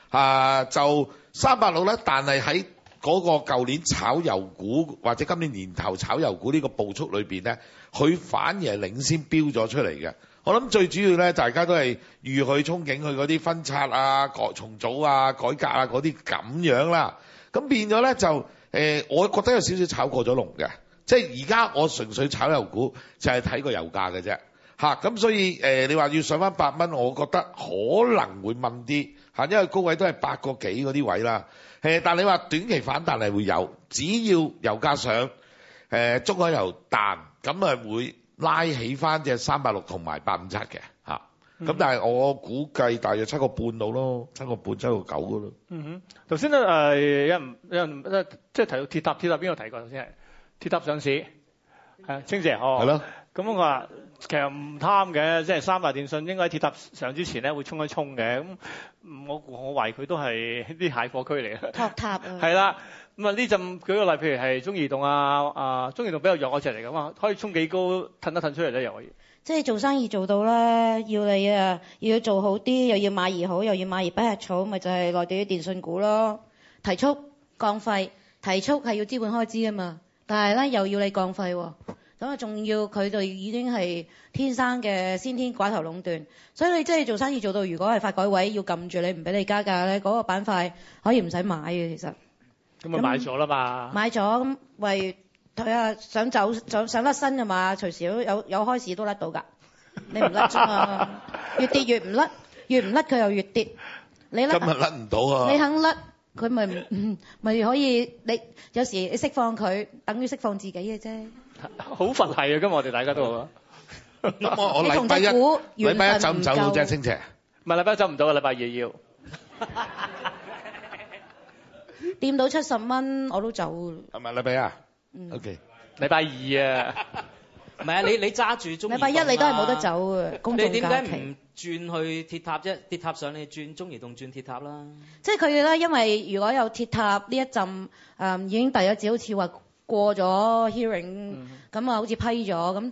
啊，就三百六咧，但係喺嗰、那個舊年炒油股或者今年年頭炒油股呢個步速裏面，呢佢反而係領先標咗出嚟嘅。我諗最主要呢，大家都係預去憧憬佢嗰啲分拆啊、改重組啊、改革啊嗰啲咁樣啦。咁變咗呢，就、呃、我覺得有少少炒過咗龍嘅。即係而家我純粹炒油股就係睇個油價嘅啫。吓，咁所以誒，你話要上翻八蚊，我覺得可能會問啲吓，因為高位都係八個幾嗰啲位啦。誒，但你話短期反彈係會有，只要油價上誒，中海油彈咁啊，會拉起翻隻三百六同埋八五七嘅吓。咁但係我估計大約七個半路咯，七個半七個九噶咯。嗯哼，頭先咧誒，有人有人即係提到鐵塔，鐵塔邊度提過？頭先係鐵塔上市係啊，青姐哦，係咯，咁我話。其實唔貪嘅，即係三大電信應該喺鐵塔上之前咧會衝一衝嘅。咁我我懷疑佢都係啲蟹貨區嚟嘅。託塔、啊。係 *laughs* 啦。咁啊呢陣舉個例，譬如係中移動啊，啊中移動比較弱一隻嚟㗎嘛，可以衝幾高，褪一褪出嚟咧又可以。即係做生意做到咧，要你啊，要做好啲，又要馬兒好，又要馬兒不吃草，咪就係、是、內地啲電信股咯。提速降費，提速係要資本開支㗎嘛，但係咧又要你降費喎。咁啊，仲要佢哋已經係天生嘅先天寡頭壟斷，所以你即係做生意做到，如果係發改委要撳住你唔俾你加價咧，嗰個板塊可以唔使買嘅，其實。咁啊，買咗啦嘛。買咗咁為佢啊，想走想想甩身啊嘛，隨時有有開市都甩到㗎，你唔甩啫嘛， *laughs* 越跌越唔甩，越唔甩佢又越跌，你甩。今日甩唔到啊。你肯甩，佢咪咪可以，你有時你釋放佢，等於釋放自己嘅啫。好佛系啊！今日我哋大家都，好。我我禮拜一禮拜一，禮拜一走唔走到啫，青姐。唔係禮拜一走唔到，禮拜二要。掂 *laughs* 到七十蚊我都走。係咪禮拜一 *music* ？O、okay. K，禮拜二啊。唔 *laughs* 係啊，你你揸住中移動。禮拜一你都係冇得走嘅，公眾假期。咁你點解唔轉去鐵塔啫？鐵塔上你轉中移動轉鐵塔啦。即係佢咧，因為如果有鐵塔呢一陣，誒、嗯、已經第一隻好似話。過咗 hearing，咁、嗯、啊好似批咗，咁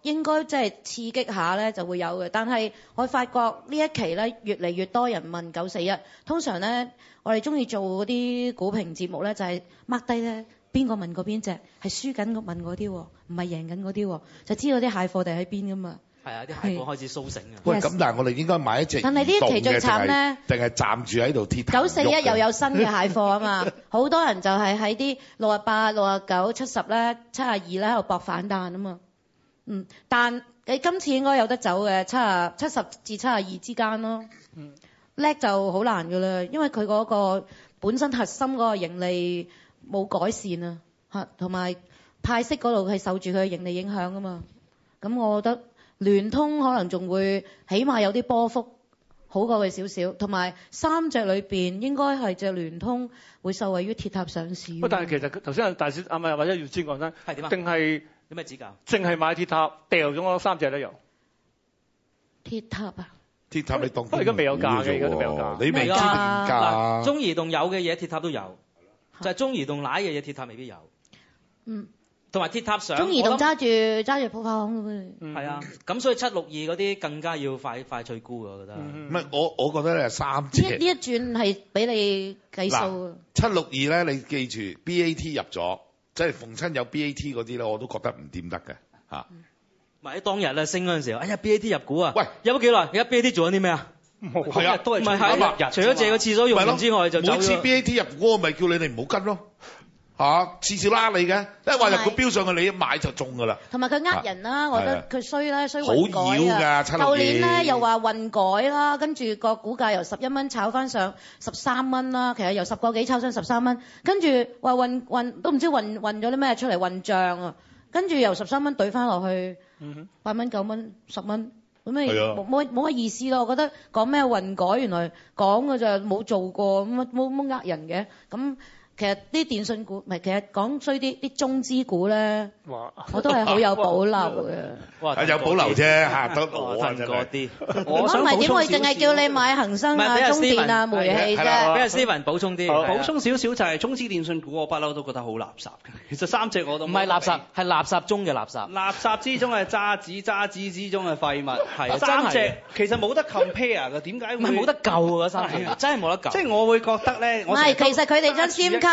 應該即係刺激下咧就會有嘅。但係我發覺呢一期咧越嚟越多人問九四一，通常咧我哋鍾意做嗰啲股評節目咧就係 mark 低咧邊個問過邊隻，係輸緊個問嗰啲喎，唔係贏緊嗰啲喎，就知道啲蟹貨地喺邊㗎嘛。係啊！啲蟹貨開始蘇醒嘅。喂，咁但係我哋應該買一隻？但係呢期最慘咧，定係站住喺度鐵？九四一又有新嘅蟹貨啊嘛！好多人就係喺啲六啊八、六啊九、七十咧、七啊二咧喺度搏反彈啊嘛。嗯，但你今次應該有得走嘅，七啊七十至七啊二之間咯。嗯，叻就好難㗎啦，因為佢嗰個本身核心嗰個盈利冇改善啊，嚇，同埋派息嗰度係受住佢嘅盈利影響啊嘛。咁我覺得。聯通可能仲會起碼有啲波幅好過佢少少，同埋三隻裏邊應該係隻聯通會受惠於鐵塔上市。但係其實頭先大師、啊，或者要轉講真係點啊？定係點咩指教？淨係買鐵塔掉咗三隻都有。鐵塔啊！鐵塔你當佢而家未有價嘅，而家都未有價。你未知？中移動有嘅嘢，鐵塔都有，是就係、是、中移動奶嘅嘢，鐵塔未必有。嗯。同埋鐵塔上，中移動揸住揸住鋪發行咁樣。係啊，咁所以七六二嗰啲更加要快快脆沽啊！我覺得。唔係我我覺得咧三。呢呢一轉係俾你計數。七六二咧，你記住 B A T 入咗，即係逢親有 B A T 嗰啲咧，我都覺得唔掂得嘅嚇。埋喺當日啊，升嗰陣時候，哎呀 B A T 入股啊！喂，入咗幾耐？而家 B A T 做緊啲咩啊？係啊，唔係係，除咗借個廁所用用之外，就走咗。每次 B A T 入股，咪叫你哋唔好跟咯。嚇、啊，次次拉你嘅，即係話就個標上去你，你一買就中噶啦。同埋佢呃人啦、啊啊，我覺得佢衰啦，衰運改、啊。好妖舊年咧又話混改啦、啊，跟住個股價由十一蚊炒翻上十三蚊啦，其實由十個幾炒上十三蚊，跟住話混混都唔知混混咗啲咩出嚟混賬啊，跟住由十三蚊懟翻落去八蚊九蚊十蚊，咁咩冇冇乜意思咯、啊？我覺得講咩混改，原來講嘅就冇做過，咁乜冇冇呃人嘅咁。其實啲電信股，唔係，其實講衰啲啲中資股咧，我都係好有保留嘅。啊，有保留啫嚇，多我係嗰啲。我唔 *laughs* 想點我會淨係叫你買恒生啊，啊、中電啊、啊啊煤氣啫？俾阿 Steven 補充啲，補充少少就係、是、中資電信股，我不嬲都覺得好垃圾，其實三隻我都唔係垃圾，係垃圾中嘅垃圾。垃圾之中嘅渣子， *laughs* 紫紫中子，渣子之中嘅廢物。係三隻其實冇得 compare 嘅，點解？唔係冇得救嘅三隻真係冇得救。即係我會覺得咧，唔係，其實佢哋將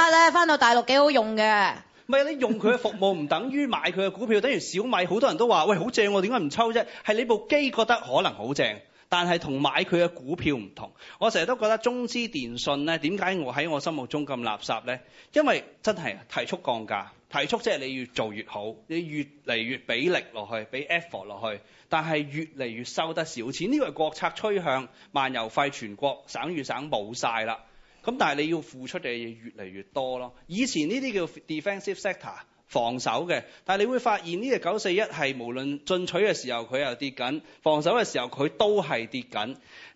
咧翻到大陸幾好用嘅，唔係你用佢嘅服務唔等於買佢嘅股票， *laughs* 等於小米好多人都話喂好正喎，點解唔抽啫？係你部機覺得可能好正，但係同買佢嘅股票唔同。我成日都覺得中資電信咧，點解我喺我心目中咁垃圾呢？因為真係提速降價，提速即係你越做越好，你越嚟越俾力落去，俾 effort 落去，但係越嚟越收得少錢。呢個係國策趨向，漫遊費全國省與省冇晒啦。咁但係你要付出嘅嘢越嚟越多咯。以前呢啲叫 defensive sector 防守嘅，但係你會發現呢個九四一係無論進取嘅時候佢又跌緊，防守嘅時候佢都係跌緊。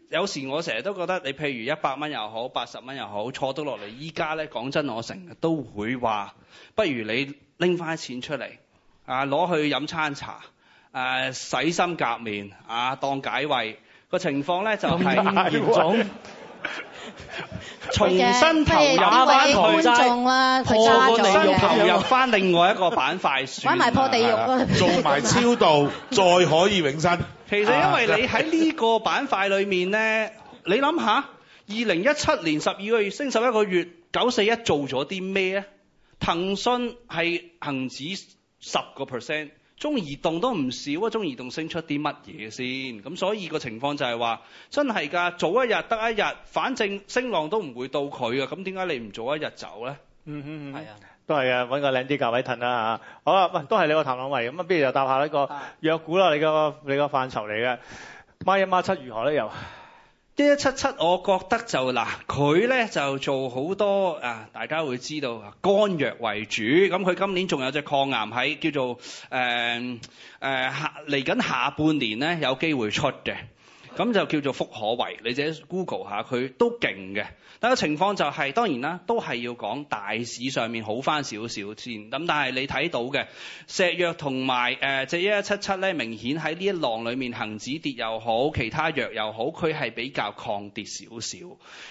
有時我成日都覺得，你譬如一百蚊又好，八十蚊又好，坐到落嚟。依家呢，講真，我成日都會話，不如你拎翻錢出嚟啊，攞去飲餐茶，誒、啊、洗心革面啊，當解胃，個情況呢，就係嚴重 *laughs* *laughs* 重新投入翻太，眾啦，破地獄，啊、投入翻另外一個板塊，買埋破地獄、啊， *laughs* 做埋超度， *laughs* 再可以永生。其實因為你喺呢個板塊裏面咧， *laughs* 你諗下，二零一七年十二個月升十一個月，九四一做咗啲咩啊？騰訊係恒指十個 percent。中移動都唔少啊！中移動升出啲乜嘢先？咁所以個情況就係話，真係噶早一日得一日，反正升浪都唔會到佢啊。咁點解你唔早一日走咧？嗯嗯嗯，係、嗯、啊，都係嘅，揾個靚啲價位㗎啦嚇。好啦，喂，都係你個譚朗蔚咁啊，不如就答下呢個藥股啦，你個你個範疇嚟嘅孖一孖七如何咧又？一七七，我覺得就嗱，佢咧就做好多啊，大家會知道啊，肝藥為主。咁佢今年仲有隻抗癌喺叫做誒誒、呃、下嚟緊下半年咧有機會出嘅，咁就叫做福可為」，你者 Google 下佢都勁嘅。第一個情況就係、是、當然啦，都係要講大市上面好翻少少先咁。但係你睇到嘅石藥同埋即隻一一七七咧，明顯喺呢一浪裏面，恒指跌又好，其他藥又好，佢係比較抗跌少少。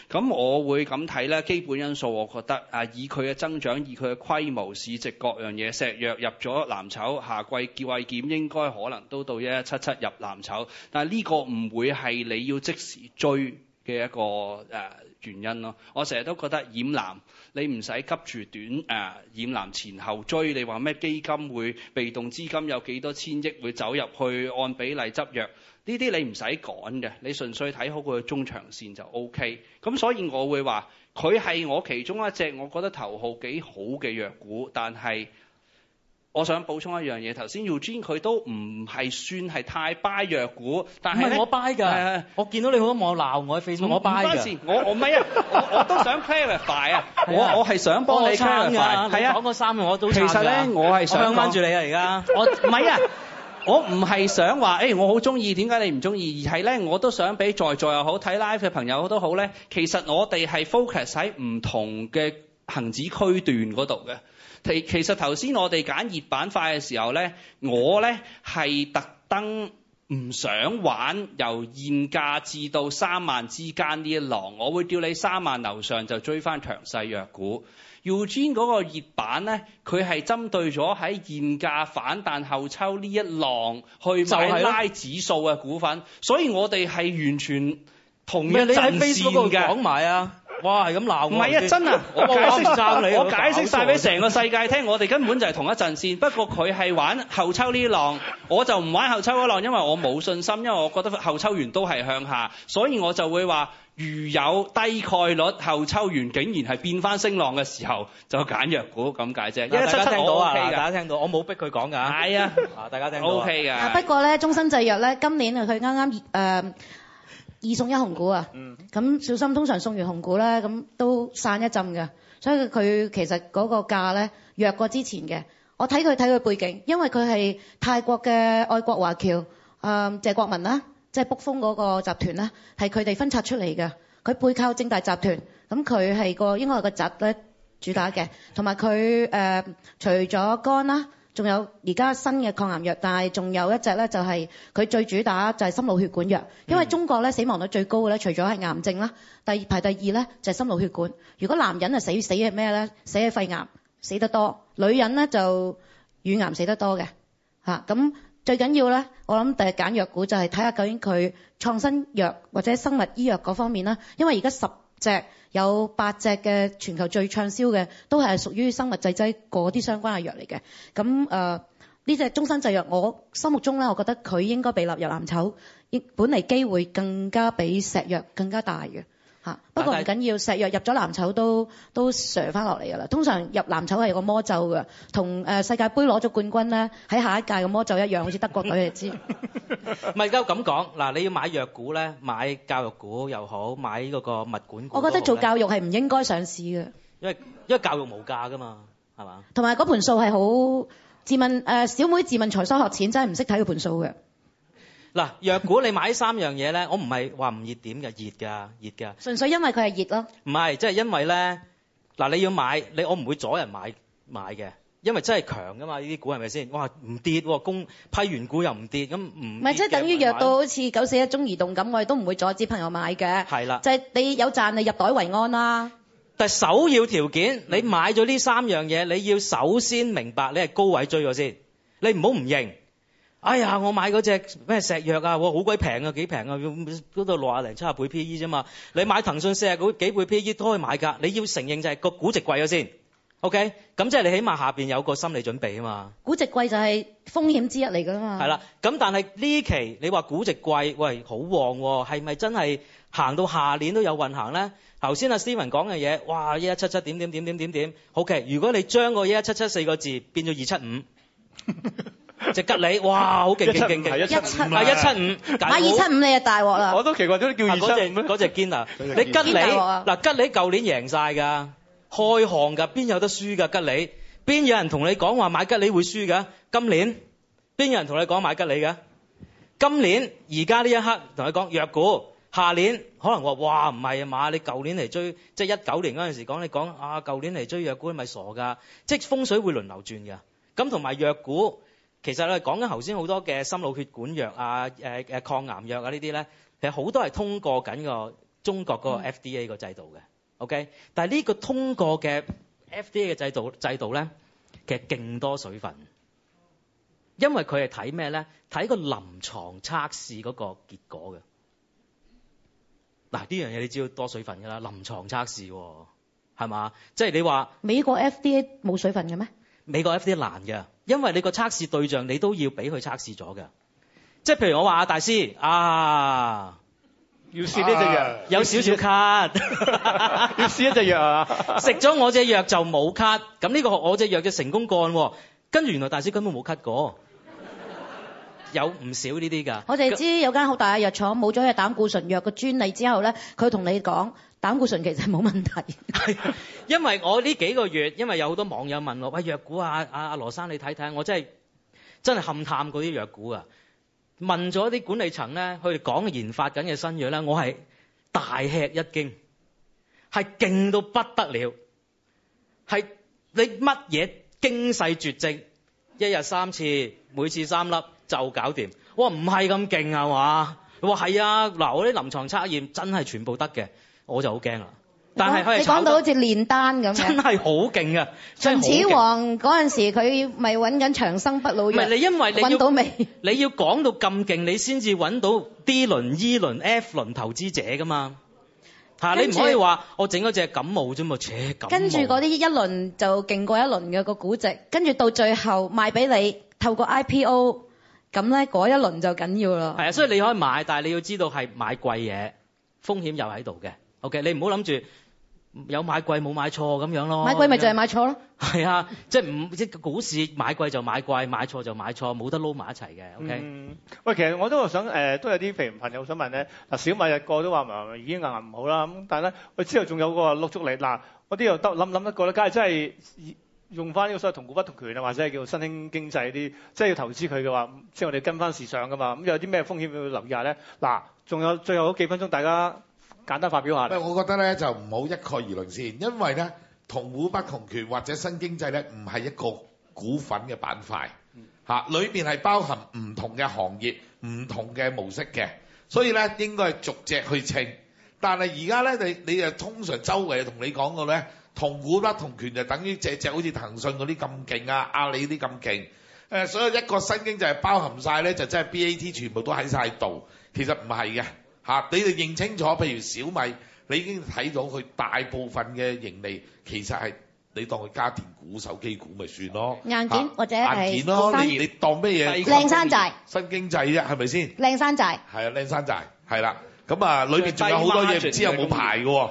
咁我會咁睇咧，基本因素我覺得啊、呃，以佢嘅增長、以佢嘅規模、市值各樣嘢，石藥入咗藍籌，下季結位檢應該可能都到一一七七入藍籌，但係呢個唔會係你要即時追嘅一個誒。呃原因咯，我成日都覺得染藍你唔使急住短誒、呃、染藍前後追。你話咩基金會被動資金有幾多千億會走入去按比例執藥？呢啲你唔使趕嘅，你純粹睇好佢中長線就 OK。咁所以我會話佢係我其中一隻，我覺得頭號幾好嘅藥股，但係。我想補充一樣嘢，頭先 Eugene 佢都唔係算係太掰藥股，但係我掰 u 㗎，我見到你好多網上鬧我喺 Facebook，我 b u 我我唔係啊 *laughs* 我，我都想 clarify 啊，啊我我係想幫你聽㗎，呀、啊。講嗰三、啊、我都其實咧，我係想關注你啊，而家我唔係啊，我唔係想話，誒、欸、我好中意，點解你唔中意？而係咧，我都想俾在座又好睇 live 嘅朋友都好咧，其實我哋係 focus 喺唔同嘅恆指區段嗰度嘅。其其實頭先我哋揀熱板塊嘅時候咧，我咧係特登唔想玩由現價至到三萬之間呢一浪，我會叫你三萬樓上就追翻強勢弱股。UJ 嗰個熱板咧，佢係針對咗喺現價反彈後抽呢一浪去買拉指數嘅股份，所以我哋係完全同你你喺 Facebook 嗰度講埋啊。哇，咁鬧唔係啊，真啊，我解釋晒你， *laughs* 我解釋晒俾成個世界聽，我哋根本就係同一陣線。不過佢係玩後抽呢浪，我就唔玩後抽嗰浪，因為我冇信心，因為我覺得後抽完都係向下，所以我就會話，如有低概率後抽完竟然係變翻升浪嘅時候，就揀弱股咁解啫。那個、因為大家聽到，大家聽到啊，大家聽到，我冇逼佢講噶。係啊，大家聽到 OK 嘅。不過咧，中身製藥咧，今年啊，佢啱啱誒，二送一紅股啊！咁小心，通常送完紅股咧，咁都散一陣嘅，所以佢其實嗰個價咧弱過之前嘅。我睇佢睇佢背景，因為佢係泰國嘅愛國華僑啊、呃，謝國民啦、啊，即係卜蜂嗰個集團啦、啊，係佢哋分拆出嚟嘅。佢背靠正大集團，咁佢係個應該係個集團主打嘅，同埋佢誒除咗乾啦。仲有而家新嘅抗癌藥，但係仲有一隻呢，就係佢最主打就係心腦血管藥。因為中國死亡率最高嘅呢，除咗係癌症啦，第二排第二呢，就係心腦血管。如果男人死死死係咩呢？死係肺癌死得多，女人呢，就乳癌死得多嘅、啊、那咁最緊要呢，我諗第一揀藥股就係睇下究竟佢創新藥或者生物醫藥嗰方面啦。因為而家十。只有八隻嘅全球最暢銷嘅，都係屬於生物製劑嗰啲相關嘅藥嚟嘅。咁誒呢隻中生製藥，我心目中咧，我覺得佢應該被納入藍籌，本嚟機會更加比石藥更加大嘅。啊、不過唔緊要，石藥入咗藍籌都都 s h 落嚟㗎喇。通常入藍籌係個魔咒㗎，同、呃、世界盃攞咗冠軍呢，喺下一屆嘅魔咒一樣，好似德國隊係、就、知、是。咪？ *laughs* *laughs* 而家咁講，嗱你要買藥股呢，買教育股又好，買嗰個物管。我覺得做教育係唔應該上市㗎。因為因為教育無價㗎嘛，係咪？同埋嗰盤數係好自問、呃、小妹自問財商學錢真係唔識睇嗰盤數㗎。嗱，弱股你買呢三樣嘢咧，我唔係話唔熱點嘅，熱㗎，熱㗎。純粹因為佢係熱咯。唔係，即係因為咧，嗱，你要買，你我唔會阻人買買嘅，因為真係強㗎嘛，呢啲股係咪先？哇，唔跌，供批完股又唔跌，咁唔係，即係等於弱到好似九四一中移動咁，我哋都唔會阻止朋友買嘅。係啦。就係你有賺，你入袋為安啦。但係首要條件，你買咗呢三樣嘢，你要首先明白你係高位追咗先，你唔好唔認。哎呀，我買嗰隻咩石藥啊，哇好鬼平啊，幾平啊，嗰度六廿零七十倍 P E 啫嘛。你買騰訊四十幾倍 P E 都可以買噶。你要承認就係個估值貴咗先，OK？咁即係你起碼下邊有個心理準備啊嘛。估值貴就係風險之一嚟噶嘛。係啦，咁但係呢期你話估值貴，喂，好旺喎，啊，係咪真係行到下年都有運行咧？頭先阿 Steven 講嘅嘢，哇，一一七七點點點點點點，OK？如果你將個一一七七四個字變咗二七五。隻吉利，哇，好勁勁勁勁，一七唔係一七五，買二七五你啊大鑊啦！我都奇怪點解叫二七五？嗰隻堅啊！你吉利嗱吉利喺舊年贏晒㗎，開行㗎，邊有得輸㗎吉利？邊有人同你講話買吉利會輸㗎？今年邊有人同你講買吉利嘅？今年而家呢一刻同你講弱股，下年可能話哇唔係啊嘛！你舊年嚟追，即係一九年嗰陣時講你講啊，舊年嚟追弱股咪傻㗎？即係風水會輪流轉㗎。咁同埋弱股。其實我哋講緊頭先好多嘅心腦血管藥啊、誒、呃、誒抗癌藥啊呢啲咧，其實好多係通過緊個中國個 FDA 個制度嘅，嗯，OK？但係呢個通過嘅 FDA 嘅制度制度咧，其實勁多水分，因為佢係睇咩咧？睇個臨床測試嗰個結果嘅。嗱，啊，呢樣嘢你知道多水分㗎啦，臨床測試係，哦、嘛？即係你話美國 FDA 冇水分嘅咩？美國 FDA 難嘅。因為你個測試對象你都要俾佢測試咗㗎，即係譬如我話阿大師啊，要試呢隻藥，有少少咳，要試呢隻藥食咗我隻藥就冇咳，咁、這、呢個我隻藥嘅成功個案，跟住原來大師根本冇咳過，有唔少呢啲㗎。我哋知有間好大嘅藥廠冇咗隻膽固醇藥嘅專利之後咧，佢同你講。膽固醇其實係冇問題，係因為我呢幾個月，因為有好多網友問我，喂，藥股啊啊啊羅生，你睇睇，我真係真係勘探過啲藥股啊，問咗啲管理層咧，佢哋講研發緊嘅新藥咧，我係大吃一驚，係勁到不得了，係你乜嘢驚世絕症，一日三次，每次三粒就搞掂。我話唔係咁勁啊嘛？佢話係啊，嗱，我啲臨牀測驗真係全部得嘅。我就好驚啦！但係你講到好似煉丹咁，真係好勁呀。秦始皇嗰陣時，佢咪揾緊長生不老藥？唔係你，因為你要揾到未？你要講到咁勁，你先至揾到 D 輪、E 輪、F 輪投資者噶嘛？嚇，你唔可以話我整嗰隻感冒啫嘛？切，感冒。跟住嗰啲一輪就勁過一輪嘅個估值，跟住到最後賣俾你，透過 IPO 咁咧，嗰一輪就緊要啦。係啊，所以你可以買，但係你要知道係買貴嘢，風險又喺度嘅。Okay, 你唔好諗住有買貴冇買錯咁樣咯。買貴咪就係買錯咯。係啊，即係唔即係股市買貴就買貴，買錯就買錯，冇得撈埋一齊嘅。OK，、嗯、喂，其實我都想、呃、都有啲肥人朋友想問咧。嗱，小米日過都話已經硬硬唔好啦。咁但係咧，我之後仲有個碌足嚟嗱、啊，我啲又得諗諗得過啦梗係真係用翻呢個所謂同股不同權啊，或者係叫新興經濟啲，即係要投資佢嘅話，即、就、係、是、我哋跟翻市場噶嘛。咁有啲咩風險要留意下咧？嗱、啊，仲有最後幾分鐘，大家。簡單發表下，我覺得咧就唔好一概而論先，因為咧同股不同權或者新經濟咧唔係一個股份嘅板塊，嚇，裏邊係包含唔同嘅行業、唔同嘅模式嘅，所以咧應該係逐隻去稱。但係而家咧你你誒通常周圍同你講過咧，同股不同權就等於隻隻好似騰訊嗰啲咁勁啊，阿里啲咁勁，誒所以一個新經濟包含曬咧就真係 BAT 全部都喺曬度，其實唔係嘅。嚇！你哋認清楚，譬如小米，你已經睇到佢大部分嘅盈利，其實係你當佢家電股、手機股咪算咯？硬件或者係硬件咯？你你當咩嘢？靚山寨？新經濟啫，係咪先？靚山寨。係啊，靚山寨，係啦。咁啊，裏邊仲有好多嘢唔知有冇牌嘅。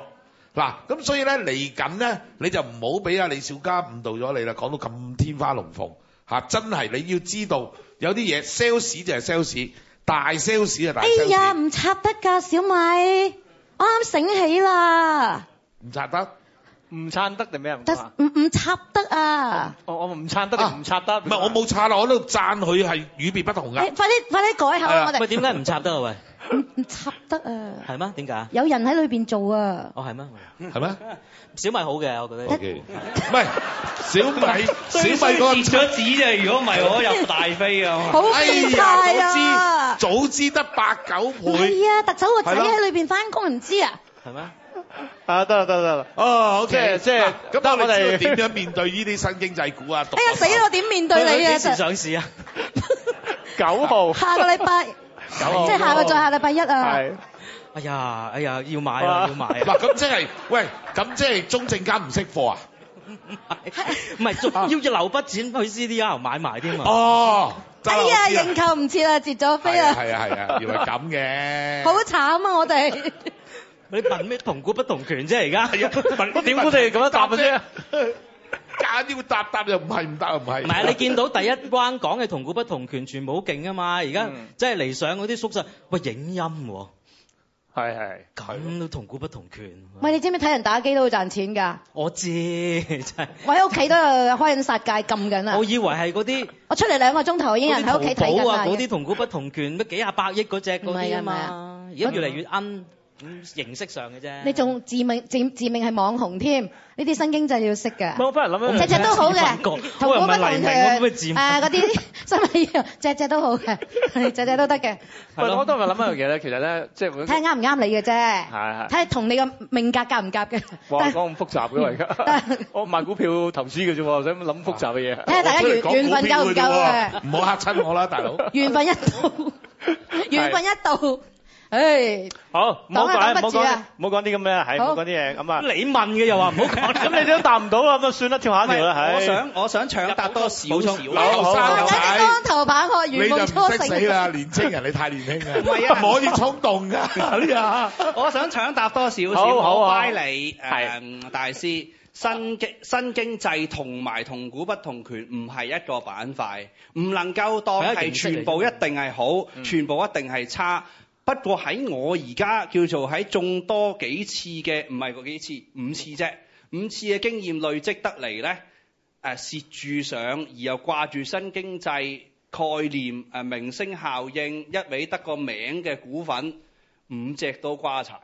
嗱，咁所以咧，嚟緊咧，你就唔好俾阿李小加誤導咗你啦。講到咁天花龍鳳嚇，真係你要知道，有啲嘢 sales 就係 sales。大 sales 啊！大 sales 啊！哎呀，唔插得噶，小米啱啱醒起啦，唔插得。唔撐得定咩啊？得唔唔插得啊？我我唔撐得定唔插得？唔、啊、係我冇插啦，我都讚佢係與別不同嘅、欸！快啲快啲改下我哋。喂，點解唔插得啊？喂，唔唔插得啊？係咩？點解？有人喺裏邊做啊？哦係咩？係咩？小米好嘅，我覺得。唔、okay. 係 *laughs* 小米，小米、嗰個紙啫。如果唔係，我入大飛 *laughs* 啊！好變態啊！早知早知得八九倍。係啊！特首個仔喺裏邊翻工唔知啊？係咩？啊得啦得啦得啦哦，即係即係，咁我哋點樣面對呢啲新經濟股啊？哎呀死啦！我點面對你啊？幾時上市啊？九號。下個禮拜。九號。即係下個再下禮拜一啊。係。哎呀哎呀，要買啊要買啊！嗱咁即係喂，咁即係中證間唔識貨啊？唔係，唔係，要要留筆錢去 C D R 買埋添啊。哦。哎呀，認購唔切啦，截咗飛啦。係啊係啊，原來咁嘅。好慘啊！我哋。你問咩同股不同權啫？而家點估你咁樣答啫？啲挑答答，答又唔係，唔答又唔係。唔係你見到第一關講嘅同股不同權全部好勁啊嘛？而家即係嚟上嗰啲宿舍，喂影音喎、啊，係係咁都同股不同權。喂，你知唔知睇人打機都會賺錢㗎？我知真係。我喺屋企都有開刃殺戒撳緊啦。我以為係嗰啲我出嚟兩個鐘頭已經有人喺屋企睇緊啲同股不同權都 *laughs* 幾啊百億嗰隻嗰啲啊嘛？而家越嚟越奀。 *laughs* 咁形式上嘅啫，你仲自命自自命係網紅添，呢啲新經濟要識嘅。我翻嚟諗一，隻隻都好嘅，冇人唔係自命。誒嗰啲新嘅嘢，隻隻都好嘅，隻隻都得嘅。我當日諗一樣嘢咧，其實咧即係睇下啱唔啱你嘅啫，係係睇下同你個命格夾唔夾嘅。話講咁複雜嘅，我而家我買股票投資嘅啫喎，使乜諗複雜嘅嘢？睇下大家緣緣分夠唔夠嘅，唔好嚇親我啦，大佬。緣分一度，緣分一度。唉、哎，好，唔、啊、好講，唔好講，唔好講啲咁嘅，係唔好講啲嘢。咁啊，你問嘅又話唔好講，咁 *laughs* 你都答唔到啦，咁啊算啦，跳下一條啦。係，我想我想搶答多少少。你好，我頭版我圓夢初成。你就識死啦，年青人，你太年輕啊，唔可以衝動噶。我想搶答多少少，少少啊 *laughs* 啊、 *laughs* *laughs* *laughs* 我拜你，係大師。新經新經濟同埋同股不同權唔係一個板塊，唔能夠當係全部一定係好，全部一定係差。不過喺我而家叫做喺眾多幾次嘅，唔係過幾次，五次啫。五次嘅經驗累積得嚟呢，啊、蝕住上，而又掛住新經濟概念、啊、明星效應，一味得個名嘅股份，五隻都瓜柴。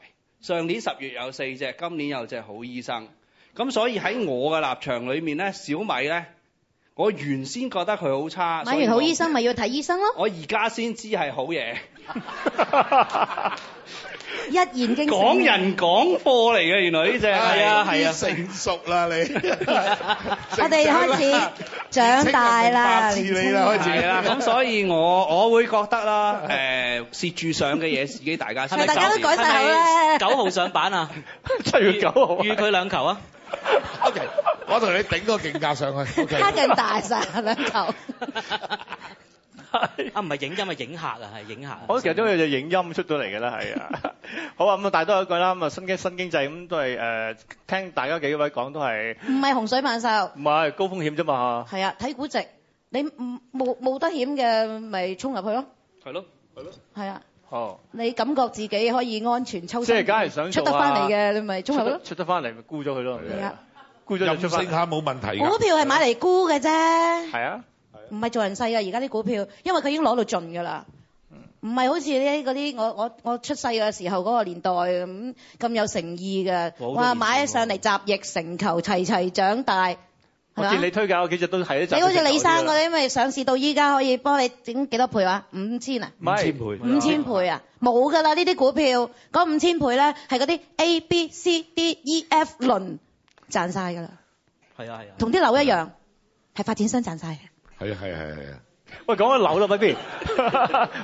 上年十月有四隻，今年有隻好醫生。咁所以喺我嘅立場裏面呢，小米呢，我原先覺得佢好差，買完好醫生咪要睇醫生咯。我而家先知係好嘢。 *laughs* 一言驚講人講貨嚟嘅，原來呢只係啊係啊，啊啊成熟啦你。 *laughs* 了我哋開始長大啦，開始啦。咁、啊、 *laughs* 所以我我會覺得啦，誒、 *laughs* 呃，是住上嘅嘢，自己大家係大家都改晒啦？九號上版啊，七月九號，遇佢兩球啊。O、okay, K，我同你頂個勁價上去。黑、okay、人 *laughs* 大晒兩球。 *laughs* 啊，唔係影音，咪影客啊，係影客。其實都有隻影音出咗嚟嘅啦，係啊。好啊，咁啊，大家都有一句啦，咁啊新經新經濟咁都係誒，聽大家幾位講都係。唔係洪水猛獸。唔係高風險啫嘛。係啊，睇估值，你冇冇得險嘅咪衝入去咯。係咯，係咯。係啊。哦。你感覺自己可以安全抽身，即係梗係想出得翻嚟嘅，你咪衝入咯。出得翻嚟咪沽咗佢咯。係啊。沽咗又出翻，冇問題嘅。股票係買嚟沽嘅啫。係啊。唔係做人世嘅而家啲股票，因為佢已經攞到盡㗎啦。唔係好似咧嗰啲我我我出世嘅時候嗰個年代咁咁、嗯、有誠意嘅，哇，買咗上嚟集腋成裘齊齊長大係嘛？見你推介我幾隻都係咧。你好似李生嗰啲，因為上市到依家可以幫你整幾多倍哇、啊？五千啊？五千倍五千倍，啊、五千倍啊？冇㗎啦！呢啲股票講五千倍咧，係嗰啲 A B, C, D、E, F、B、C、D、E、F 輪賺晒㗎啦。係啊係啊，同啲樓一樣係、啊、發展商賺晒。係係係係啊！喂，講緊樓啦，不如誒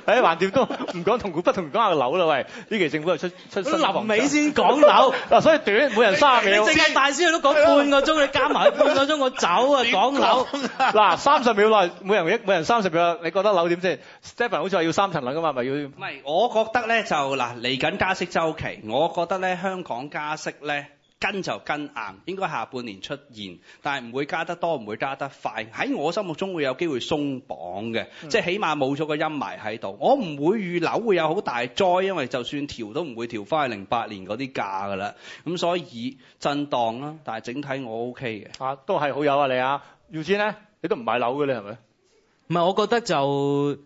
橫掂都唔講同股，不唔講下樓啦，喂！呢期政府又出出新樓尾先講樓嗱，所以短每人三十秒。你成日大師都講半個鐘，你加埋半個鐘，我走啊講樓嗱，三十秒內每人一每人三十秒。你覺得樓點先？Stephen 好似話要三層樓噶嘛，咪要？唔係，我覺得咧就嗱嚟緊加息週期，我覺得咧香港加息咧。跟就跟硬，應該下半年出現，但係唔會加得多，唔會加得快。喺我心目中會有機會鬆綁嘅，即係起碼冇咗個陰霾喺度。我唔會預樓會有好大災，因為就算調都唔會調翻去零八年嗰啲價㗎啦。咁所以震蕩啦，但係整體我 OK 嘅。吓，都係好友啊你啊 Uzi 咧，你都唔買樓嘅你係咪？唔係，我覺得就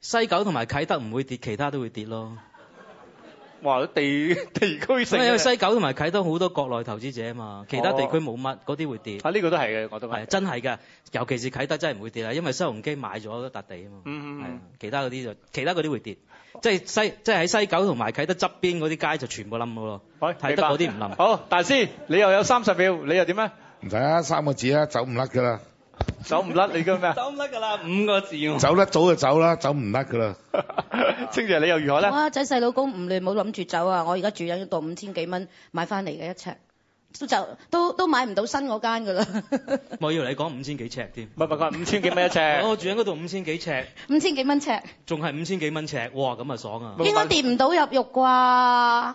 西九同埋啟德唔會跌，其他都會跌咯。哇！地地區性，因為西九同埋啟德好多國內投資者啊嘛，其他地區冇乜，嗰、哦、啲會跌。啊，呢、呢個都係嘅，我都覺得係真係嘅，尤其是啟德真係唔會跌啦，因為新鴻基買咗一笪地啊嘛。嗯嗯。係其他嗰啲就其他嗰啲會跌，哦、即係西即係喺西九同埋啟德側邊嗰啲街就全部冧咯。係、哦，啟德嗰啲唔冧。好，大師，你又有三十秒， *laughs* 你又點咧？唔使啊，三個字啊，走唔甩㗎啦。走唔甩你噶咩？走唔甩噶啦，五個字。走甩早就走啦，走唔甩噶啦。 *laughs* 青姐你又如何咧？哇，仔細老公唔亂，冇諗住走啊！我而家住緊呢度五千幾蚊買翻嚟嘅一，呎一 *laughs* 尺，都就都都買唔到新嗰間噶啦。我以為你講五千幾尺添，唔係唔係五千幾蚊一尺。我住緊呢度五千幾尺，五千幾蚊尺，仲係五千幾蚊尺，哇！咁啊爽啊！應該跌唔到入肉啩？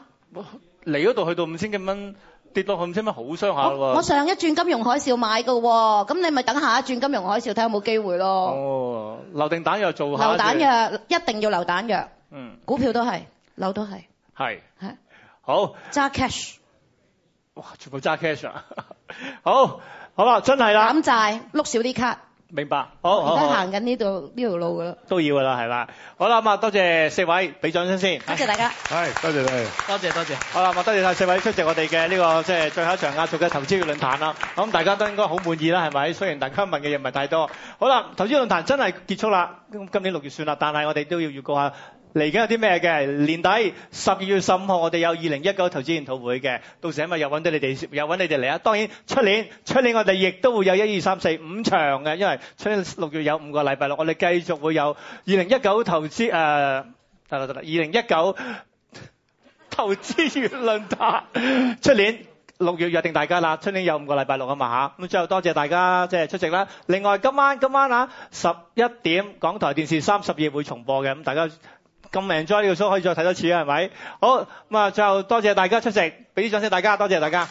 嚟嗰度去到五千幾蚊？跌到咁先，咪好傷口喎、啊！我上一轉金融海嘯買嘅喎、啊，咁你咪等下一轉金融海嘯睇下有冇機會咯、啊。哦，留定彈藥做下。留彈藥一定要留彈藥。嗯。股票都係，樓都係。係。係。好。揸 cash。哇！全部揸 cash 啊！ *laughs* 好好啦，真係啦。減債，碌少啲卡。明白，好，而家行緊呢度呢條路噶啦，都要噶啦，係啦？好啦，咁啊，多謝四位，俾掌聲先。多謝大家，係、哎，多謝你，多謝多謝。好啦，咁多謝曬四位出席我哋嘅呢個即係最後一場壓軸嘅投資月論壇啦。咁大家都應該好滿意啦，係咪？雖然大家問嘅嘢唔係太多。好啦，投資論壇真係結束啦。咁今年六月算啦，但係我哋都要預告下。嚟緊有啲咩嘅？年底十二月十五號，我哋有二零一九投資研討會嘅，到時喺咪又揾到你哋，又揾你哋嚟啊！當然，出年出年我哋亦都會有一二三四五場嘅，因為出年六月有五個禮拜六，我哋繼續會有二零一九投資誒，得啦得啦，二零一九投資月論壇。出年六月約定大家啦，出年有五個禮拜六啊嘛嚇！咁最後多謝大家即係出席啦。另外今晚今晚啊，十一點港台電視三十二會重播嘅，咁大家。咁 enjoy 呢個 show 可以再睇多次啊，係咪？好，咁啊，最後多謝大家出席，俾啲掌聲大家，多謝大家。